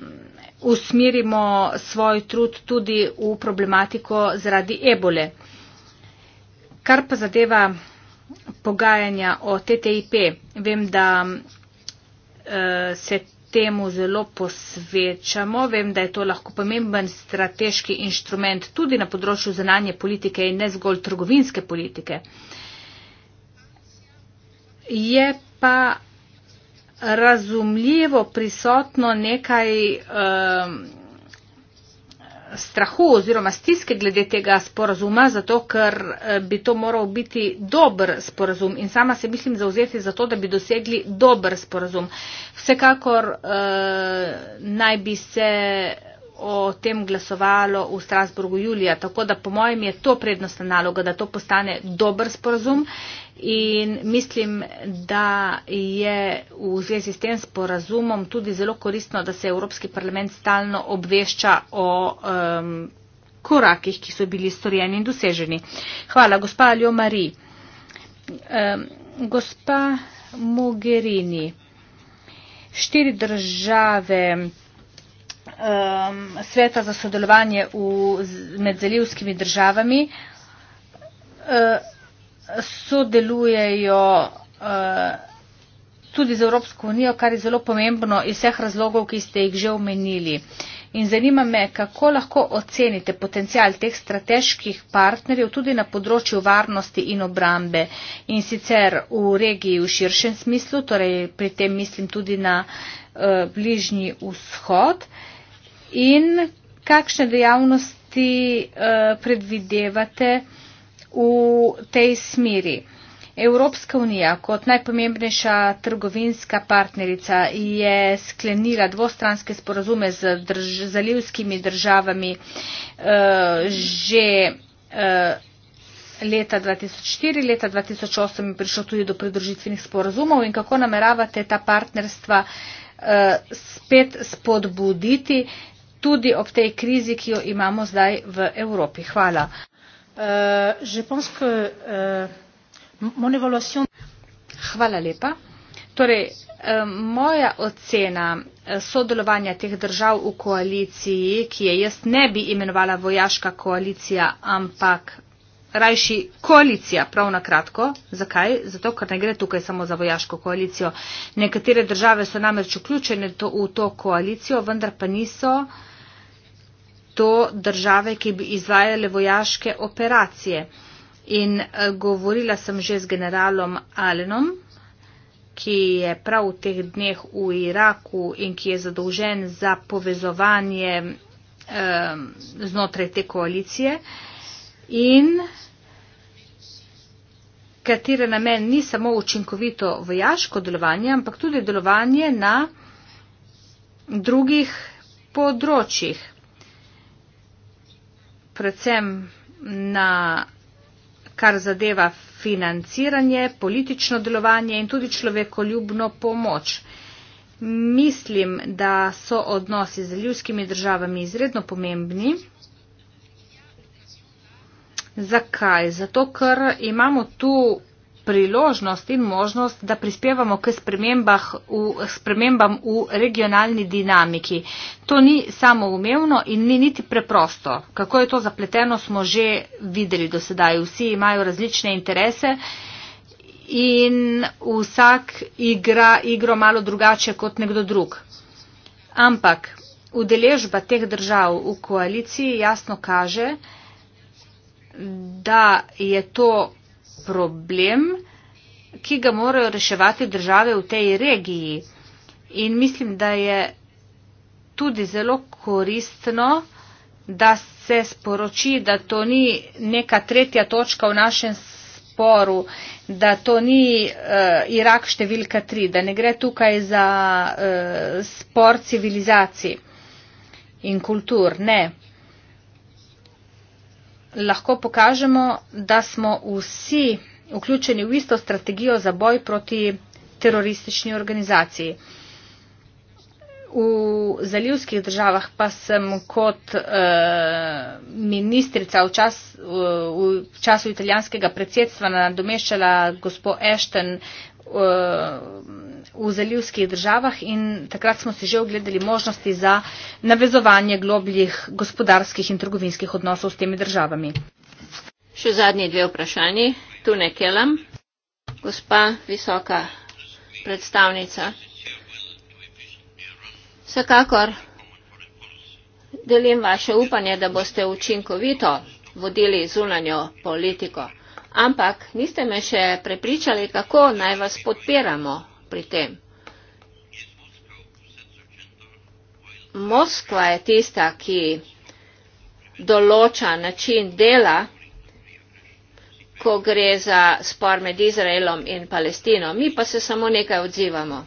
usmirimo svoj trud tudi v problematiko zaradi ebole. Kar pa zadeva pogajanja o TTIP, vem, da Eh, se temu zelo posvečamo. Vem, da je to lahko pomemben strateški inštrument tudi na področju zananje politike in ne zgolj trgovinske politike. Je pa razumljivo prisotno nekaj. Uh, strahu oziroma stiske glede tega sporazuma, zato ker eh, bi to moral biti dober sporazum in sama se mislim zauzeti za to, da bi dosegli dober sporazum. Vsekakor eh, naj bi se o tem glasovalo v Strasburgu julija, tako da po mojem je to prednostna naloga, da to postane dober sporazum In mislim, da je v zvezi s tem sporazumom tudi zelo koristno, da se Evropski parlament stalno obvešča o um, korakih, ki so bili storjeni in doseženi. Hvala, gospa Aljo Mari. Um, gospa Mogherini, štiri države. Um, sveta za sodelovanje v, med zalivskimi državami. Uh, sodelujejo eh, tudi z Evropsko unijo, kar je zelo pomembno iz vseh razlogov, ki ste jih že omenili. In zanima me, kako lahko ocenite potencial teh strateških partnerjev tudi na področju varnosti in obrambe in sicer v regiji v širšem smislu, torej pri tem mislim tudi na uh, bližnji vzhod in kakšne dejavnosti uh, predvidevate uh, v tej smeri. Evropska unija kot najpomembnejša trgovinska partnerica je sklenila dvostranske sporazume z drž zalivskimi državami uh, že uh, leta 2004, leta 2008 in prišlo tudi do pridružitvenih sporazumov in kako nameravate ta partnerstva uh, spet spodbuditi tudi ob tej krizi, ki jo imamo zdaj v Evropi. Hvala. Euh, je pense que euh, mon évaluation Hvala lepa. Torej, eh, moja ocena eh, sodelovanja teh držav v koaliciji, ki je jaz ne bi imenovala vojaška koalicija, ampak rajši koalicija, prav na kratko. Zakaj? Zato, ker ne gre tukaj samo za vojaško koalicijo. Nekatere države so namreč vključene to, v to koalicijo, vendar pa niso. Uh, to države, ki bi izvajale vojaške operacije. In eh, govorila sem že z generalom Alenom, ki je prav v teh dneh v Iraku in ki je zadolžen za povezovanje eh, znotraj te koalicije. In katere namen ni samo učinkovito vojaško delovanje, ampak tudi delovanje na drugih področjih predvsem na kar zadeva financiranje, politično delovanje in tudi človekoljubno pomoč. Mislim, da so odnosi z ljudskimi državami izredno pomembni. Zakaj? Zato, ker imamo tu priložnost in možnost, da prispevamo k v, spremembam v regionalni dinamiki. To ni samo umevno in ni niti preprosto. Kako je to zapleteno, smo že videli do sedaj. Vsi imajo različne interese in vsak igra igro malo drugače kot nekdo drug. Ampak udeležba teh držav v koaliciji jasno kaže, da je to problem, ki ga morajo reševati države v tej regiji. In mislim, da je tudi zelo koristno, da se sporoči, da to ni neka tretja točka v našem sporu, da to ni uh, Irak številka tri, da ne gre tukaj za uh, spor civilizacij in kultur. Ne lahko pokažemo, da smo vsi vključeni v isto strategijo za boj proti teroristični organizaciji. V zalivskih državah pa sem kot eh, ministrica v, čas, eh, v času italijanskega predsedstva nadomeščala gospod Ashton eh, v zalivskih državah in takrat smo si že ogledali možnosti za navezovanje globljih gospodarskih in trgovinskih odnosov s temi državami. Še zadnji dve vprašanji. Tu ne kelam. Gospa visoka predstavnica. Vsekakor delim vaše upanje, da boste učinkovito vodili zunanjo politiko. Ampak niste me še prepričali, kako naj vas podpiramo pri tem. Moskva je tista, ki določa način dela, ko gre za spor med Izraelom in Palestino. Mi pa se samo nekaj odzivamo.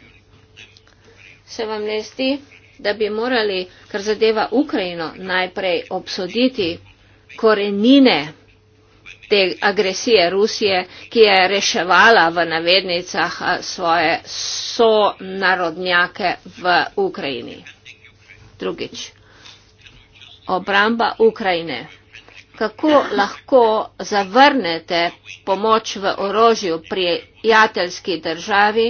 Se vam ne zdi, da bi morali, kar zadeva Ukrajino, najprej obsoditi korenine te agresije Rusije, ki je reševala v navednicah eh, svoje sonarodnjake v Ukrajini. Drugič, obramba Ukrajine. Kako lahko zavrnete pomoč v orožju prijateljski državi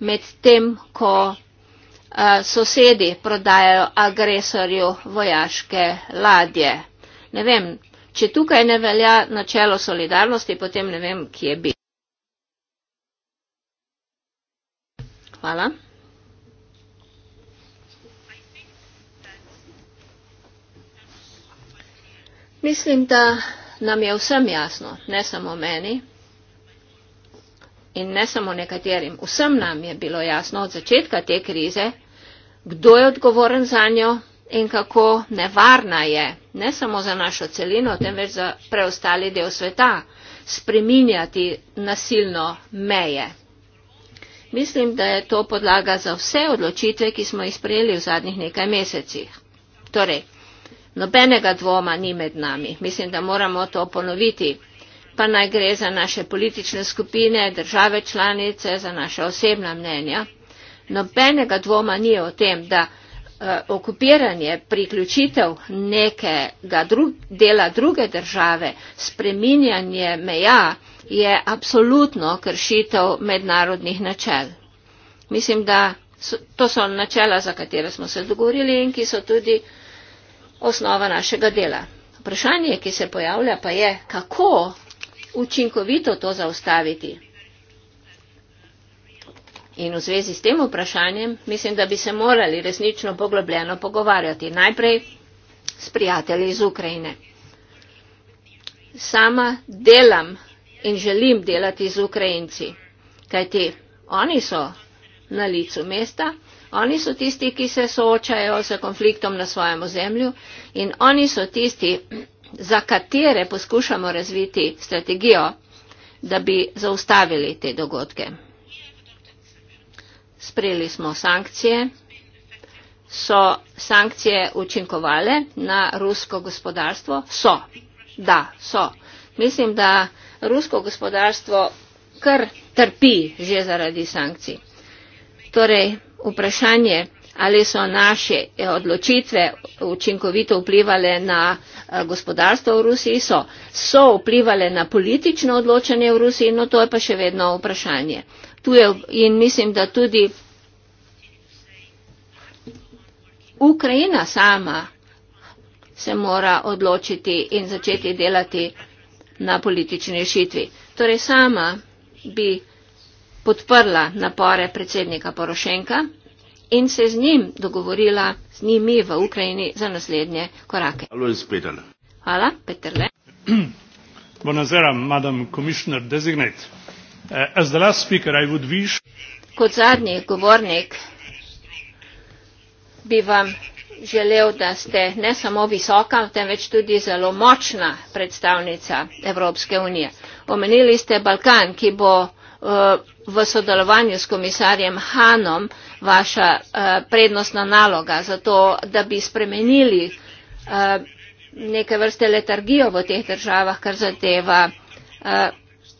med tem, ko eh, sosedi prodajajo agresorju vojaške ladje? Ne vem, Če tukaj ne velja načelo solidarnosti, potem ne vem, kje bi. Hvala. Mislim, da nam je vsem jasno, ne samo meni in ne samo nekaterim. Vsem nam je bilo jasno od začetka te krize, kdo je odgovoren za njo, in kako nevarna je, ne samo za našo celino, temveč za preostali del sveta, spreminjati nasilno meje. Mislim, da je to podlaga za vse odločitve, ki smo jih sprejeli v zadnjih nekaj mesecih. Torej, nobenega dvoma ni med nami. Mislim, da moramo to ponoviti. Pa naj gre za naše politične skupine, države članice, za naše osebna mnenja. Nobenega dvoma ni o tem, da Eh, okupiranje, priključitev nekega drug, dela druge države, spreminjanje meja je apsolutno kršitev mednarodnih načel. Mislim, da so, to so načela, za katere smo se dogovorili in ki so tudi osnova našega dela. Vprašanje, ki se pojavlja, pa je, kako učinkovito to zaustaviti. In v zvezi s tem vprašanjem mislim, da bi se morali resnično poglobljeno pogovarjati najprej s prijatelji iz Ukrajine. Sama delam in želim delati z Ukrajinci, kajti oni so na licu mesta, oni so tisti, ki se soočajo z konfliktom na svojem ozemlju in oni so tisti, za katere poskušamo razviti strategijo, da bi zaustavili te dogodke sprejeli smo sankcije. So sankcije učinkovale na rusko gospodarstvo? So. Da, so. Mislim, da rusko gospodarstvo kar trpi že zaradi sankcij. Torej, vprašanje, ali so naše eh, odločitve učinkovito vplivale na eh, gospodarstvo v Rusiji, so. So vplivale na politično odločanje v Rusiji, no to je pa še vedno vprašanje tujev in mislim, da tudi Ukrajina sama se mora odločiti in začeti delati na politični rešitvi. Torej sama bi podprla napore predsednika Porošenka in se z njim dogovorila, z njimi v Ukrajini za naslednje korake. Hvala, Peter Le. Bonazera, madam komisar, designate. Eh, as the last speaker, I would wish... Kot zadnji govornik bi vam želel, da ste ne samo visoka, temveč tudi zelo močna predstavnica Evropske unije. Omenili ste Balkan, ki bo eh, v sodelovanju s komisarjem Hanom vaša eh, prednostna naloga za to, da bi spremenili neke vrste letargijo v teh državah, kar zadeva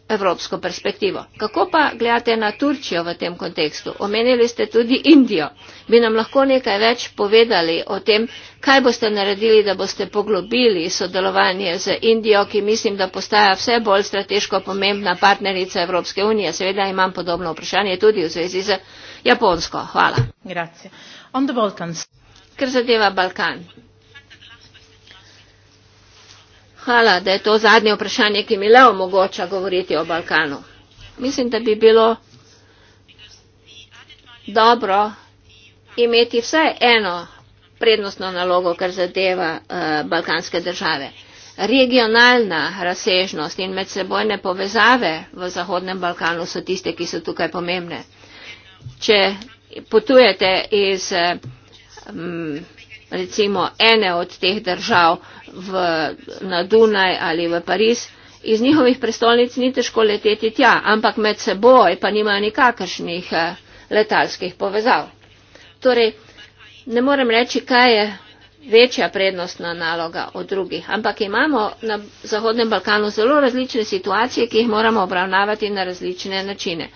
evropsko perspektivo. Kako pa gledate na Turčijo v tem kontekstu? Omenili ste tudi Indijo. Bi nam lahko nekaj več povedali o tem, kaj boste naredili, da boste poglobili sodelovanje z Indijo, ki mislim, da postaja vse bolj strateško pomembna partnerica Evropske unije. Seveda imam podobno vprašanje tudi v zvezi z Japonsko. Hvala. Ker zadeva Balkan. Hvala, da je to zadnje vprašanje, ki mi le omogoča govoriti o Balkanu. Mislim, da bi bilo dobro imeti vse eno prednostno nalogo, kar zadeva uh, balkanske države. Regionalna razsežnost in medsebojne povezave v Zahodnem Balkanu so tiste, ki so tukaj pomembne. Če potujete iz um, recimo ene od teh držav, uh, v, na Dunaj ali v Pariz, iz njihovih prestolnic ni težko leteti tja, ampak med seboj pa nimajo nikakršnih eh, letalskih povezav. Torej, ne morem reči, kaj je večja prednostna naloga od drugih, ampak imamo na Zahodnem Balkanu zelo različne situacije, ki jih moramo obravnavati na različne načine.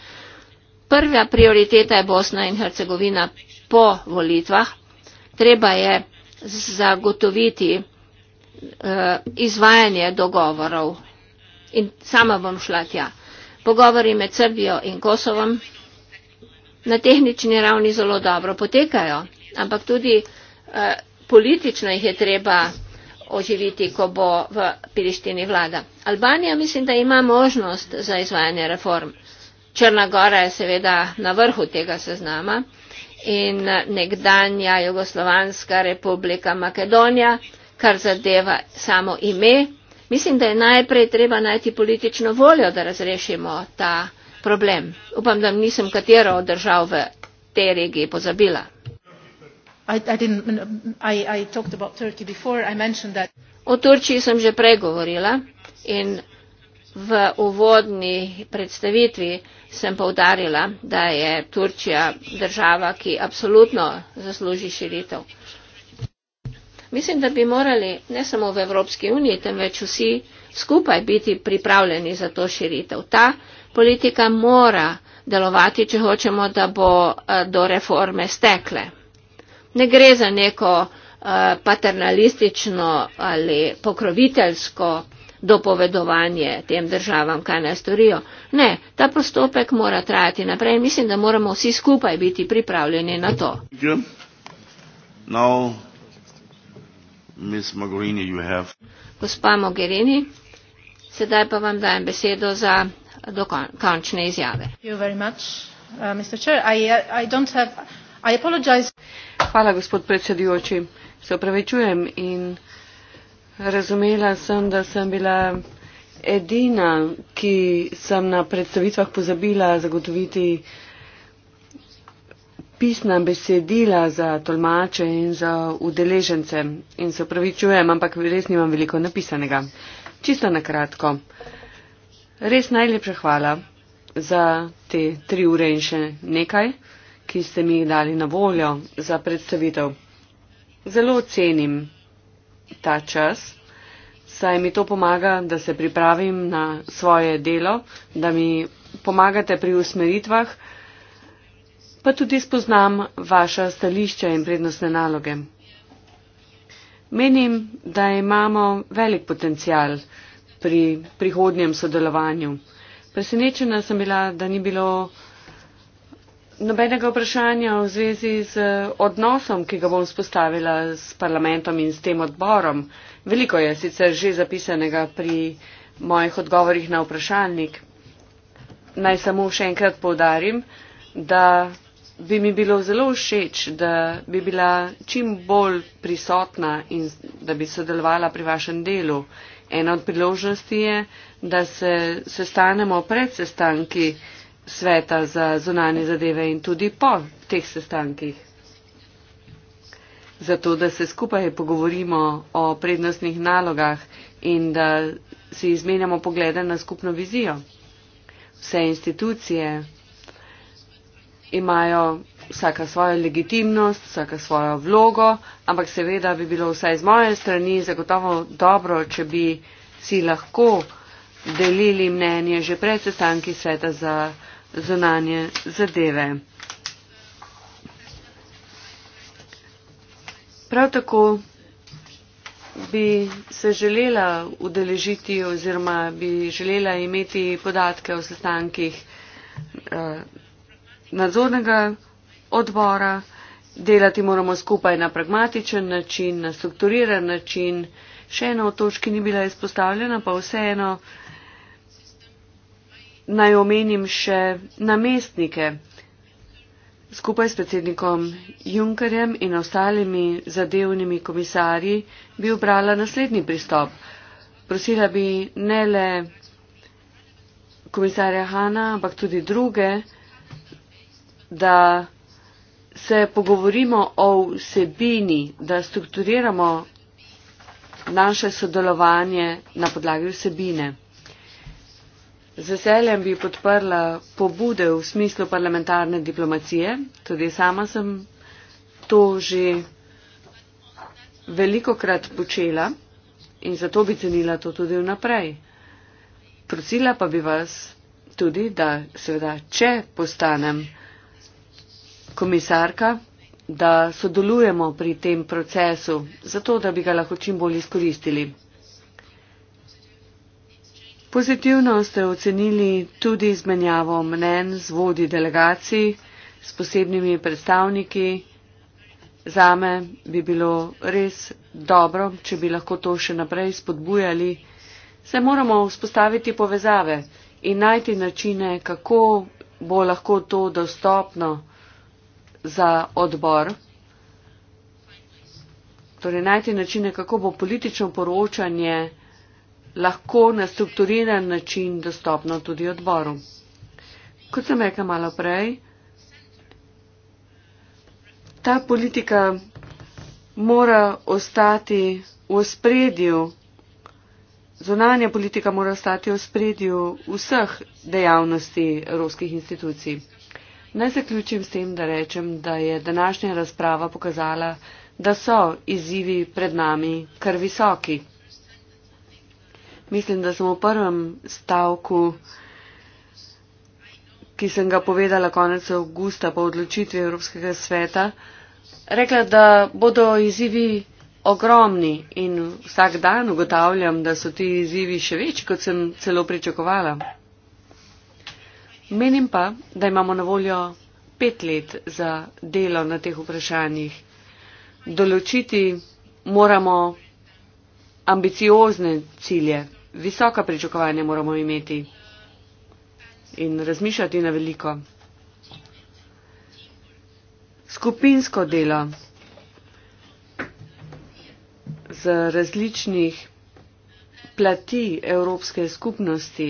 Prva prioriteta je Bosna in Hercegovina po volitvah. Treba je zagotoviti Eh, izvajanje dogovorov. In sama bom šla tja. Pogovori med Srbijo in Kosovom na tehnični ravni zelo dobro potekajo, ampak tudi eh, politično jih je treba oživiti, ko bo v Pirištini vlada. Albanija mislim, da ima možnost za izvajanje reform. Črna Gora je seveda na vrhu tega seznama in nekdanja Jugoslovanska republika Makedonija kar zadeva samo ime. Mislim, da je najprej treba najti politično voljo, da razrešimo ta problem. Upam, da nisem katero od držav v tej regiji pozabila. I, I I, I o Turčiji sem že prej govorila in v uvodni predstavitvi sem povdarila, da je Turčija država, ki absolutno zasluži širitev. Mislim, da bi morali ne samo v Evropski uniji, temveč vsi skupaj biti pripravljeni za to širitev. Ta politika mora delovati, če hočemo, da bo eh, do reforme stekle. Ne gre za neko eh, paternalistično ali pokroviteljsko dopovedovanje tem državam, kaj naj storijo. Ne, ta postopek mora trajati naprej in mislim, da moramo vsi skupaj biti pripravljeni na to. Now, Gospa Mogherini, sedaj pa vam dajem besedo za dokončne izjave. Uh, uh, Hvala, gospod predsedujoči. Se opravičujem in razumela sem, da sem bila edina, ki sem na predstavitvah pozabila zagotoviti pisna besedila za tolmače in za udeležence. In se pravičujem, ampak res nimam veliko napisanega. Čisto na kratko. Res najlepša hvala za te tri ure in še nekaj, ki ste mi jih dali na voljo za predstavitev. Zelo cenim ta čas, saj mi to pomaga, da se pripravim na svoje delo, da mi pomagate pri usmeritvah, pa tudi spoznam vaša stališča in prednostne naloge. Menim, da imamo velik potencial pri prihodnjem sodelovanju. Presenečena sem bila, da ni bilo nobenega vprašanja v zvezi z odnosom, ki ga bom spostavila s parlamentom in s tem odborom. Veliko je sicer že zapisanega pri mojih odgovorih na vprašalnik. Naj samo še enkrat povdarim, da bi mi bilo zelo všeč, da bi bila čim bolj prisotna in da bi sodelovala pri vašem delu. Ena od priložnosti je, da se sestanemo pred sestanki sveta za zunanje zadeve in tudi po teh sestankih. Zato, da se skupaj pogovorimo o prednostnih nalogah in da si izmenjamo poglede na skupno vizijo. Vse institucije, imajo vsaka svojo legitimnost, vsaka svojo vlogo, ampak seveda bi bilo vsaj z moje strani zagotovo dobro, če bi si lahko delili mnenje že pred sestanki sveta za zunanje zadeve. Prav tako bi se želela udeležiti oziroma bi želela imeti podatke o sestankih eh, nadzornega odbora, delati moramo skupaj na pragmatičen način, na strukturiran način. Še ena od točk ni bila izpostavljena, pa vseeno naj omenim še namestnike. Skupaj s predsednikom Junkerjem in ostalimi zadevnimi komisarji bi obrala naslednji pristop. Prosila bi ne le komisarja Hanna, ampak tudi druge, da se pogovorimo o vsebini, da strukturiramo naše sodelovanje na podlagi vsebine. Z veseljem bi podprla pobude v smislu parlamentarne diplomacije. Tudi sama sem to že veliko krat počela in zato bi cenila to tudi vnaprej. Prosila pa bi vas tudi, da seveda, če postanem komisarka, da sodelujemo pri tem procesu, zato da bi ga lahko čim bolj izkoristili. Pozitivno ste ocenili tudi izmenjavo mnen z vodi delegacij, s posebnimi predstavniki. Zame bi bilo res dobro, če bi lahko to še naprej spodbujali. Se moramo vzpostaviti povezave in najti načine, kako bo lahko to dostopno za odbor. Torej, najti načine, kako bo politično poročanje lahko na strukturiran način dostopno tudi odboru. Kot sem rekla malo prej, ta politika mora ostati v spredju, zonanja politika mora ostati v spredju vseh dejavnosti evropskih institucij. Naj zaključim s tem, da rečem, da je današnja razprava pokazala, da so izzivi pred nami kar visoki. Mislim, da sem v prvem stavku, ki sem ga povedala konec avgusta po odločitvi Evropskega sveta, rekla, da bodo izzivi ogromni in vsak dan ugotavljam, da so ti izzivi še več, kot sem celo pričakovala. Menim pa, da imamo na voljo pet let za delo na teh vprašanjih. Določiti moramo ambiciozne cilje, visoka pričakovanja moramo imeti in razmišljati na veliko. Skupinsko delo z različnih plati Evropske skupnosti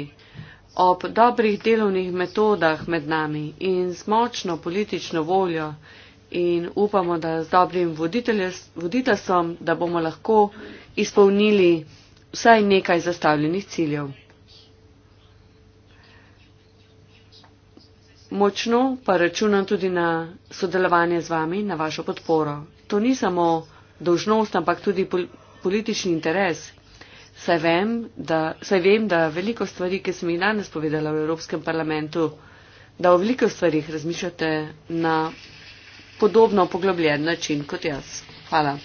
ob dobrih delovnih metodah med nami in s močno politično voljo in upamo, da z dobrim voditeljstvom, da bomo lahko izpolnili vsaj nekaj zastavljenih ciljev. Močno pa računam tudi na sodelovanje z vami, na vašo podporo. To ni samo dožnost, ampak tudi politični interes saj vem, da, saj vem, da veliko stvari, ki sem jih danes povedala v Evropskem parlamentu, da o veliko stvarih razmišljate na podobno poglobljen način kot jaz. Hvala.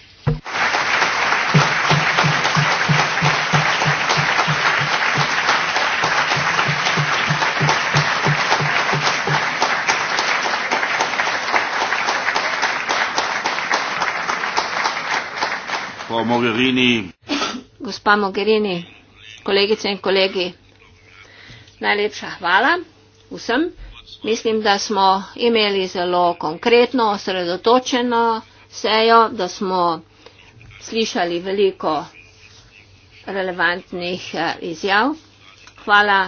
Frau Mogherini. Gospa Mogherini, kolegice in kolegi, najlepša hvala vsem. Mislim, da smo imeli zelo konkretno, osredotočeno sejo, da smo slišali veliko relevantnih eh, izjav. Hvala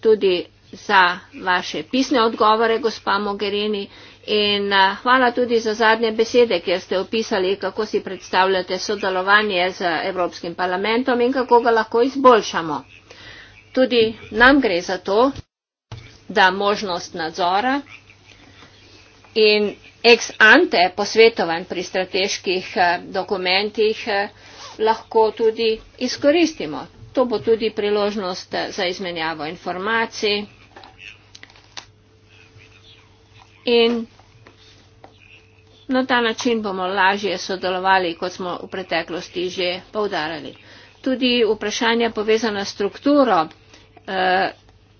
tudi za vaše pisne odgovore, gospa Mogherini in hvala tudi za zadnje besede, kjer ste opisali, kako si predstavljate sodelovanje z Evropskim parlamentom in kako ga lahko izboljšamo. Tudi nam gre za to, da možnost nadzora in ex ante posvetovanj pri strateških dokumentih lahko tudi izkoristimo. To bo tudi priložnost za izmenjavo informacij. In Na ta način bomo lažje sodelovali, kot smo v preteklosti že povdarali. Tudi vprašanja povezana s strukturo eh,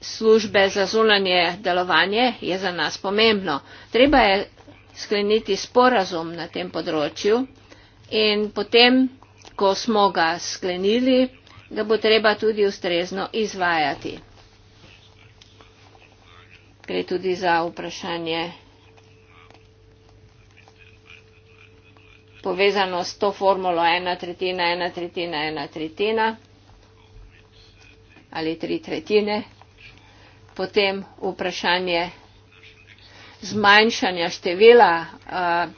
službe za zunanje delovanje je za nas pomembno. Treba je skleniti sporazum na tem področju in potem, ko smo ga sklenili, ga bo treba tudi ustrezno izvajati. Gre tudi za vprašanje povezano s to formulo ena tretjina, ena tretjina, ena tretjina ali tri tretjine. Potem vprašanje zmanjšanja števila uh, eh,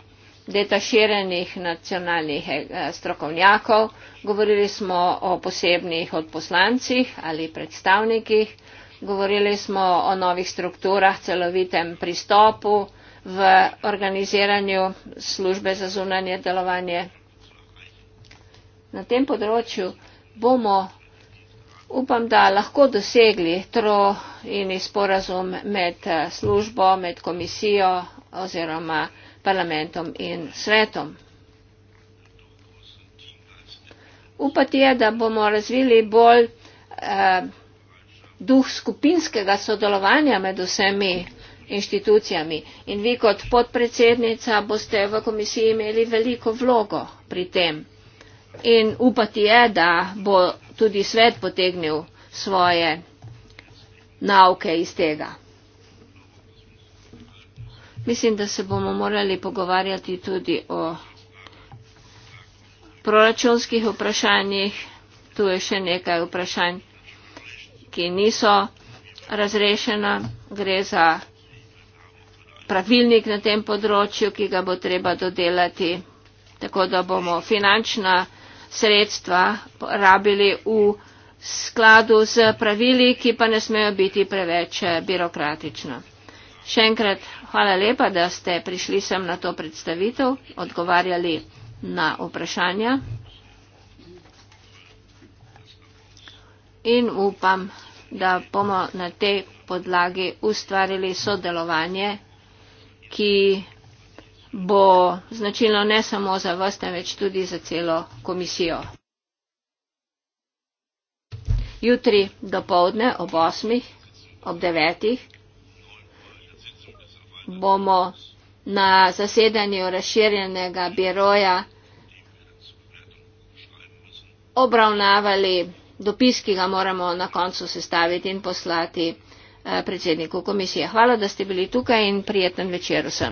deta širenih nacionalnih uh, strokovnjakov. Govorili smo o posebnih odposlancih ali predstavnikih. Govorili smo o novih strukturah, celovitem pristopu. Uh, v organiziranju službe za zunanje delovanje. Na tem področju bomo, upam, da lahko dosegli tro in izporazum med eh, službo, med komisijo oziroma parlamentom in svetom. Upati je, da bomo razvili bolj eh, duh skupinskega sodelovanja med vsemi inštitucijami. In vi kot podpredsednica boste v komisiji imeli veliko vlogo pri tem. In upati je, da bo tudi svet potegnil svoje nauke iz tega. Mislim, da se bomo morali pogovarjati tudi o proračunskih vprašanjih. Tu je še nekaj vprašanj, ki niso razrešena. Gre za pravilnik na tem področju, ki ga bo treba dodelati, tako da bomo finančna sredstva rabili v skladu z pravili, ki pa ne smejo biti preveč eh, birokratična. Še enkrat hvala lepa, da ste prišli sem na to predstavitev, odgovarjali na vprašanja. In upam, da bomo na tej podlagi ustvarili sodelovanje ki bo značilno ne samo za vas, temveč tudi za celo komisijo. Jutri do povdne ob 8, ob 9 bomo na zasedanju razširjenega biroja obravnavali dopis, ki ga moramo na koncu sestaviti in poslati. Eh, predsedniku komisije hvala da ste bili tukaj in prijeten večer vsem.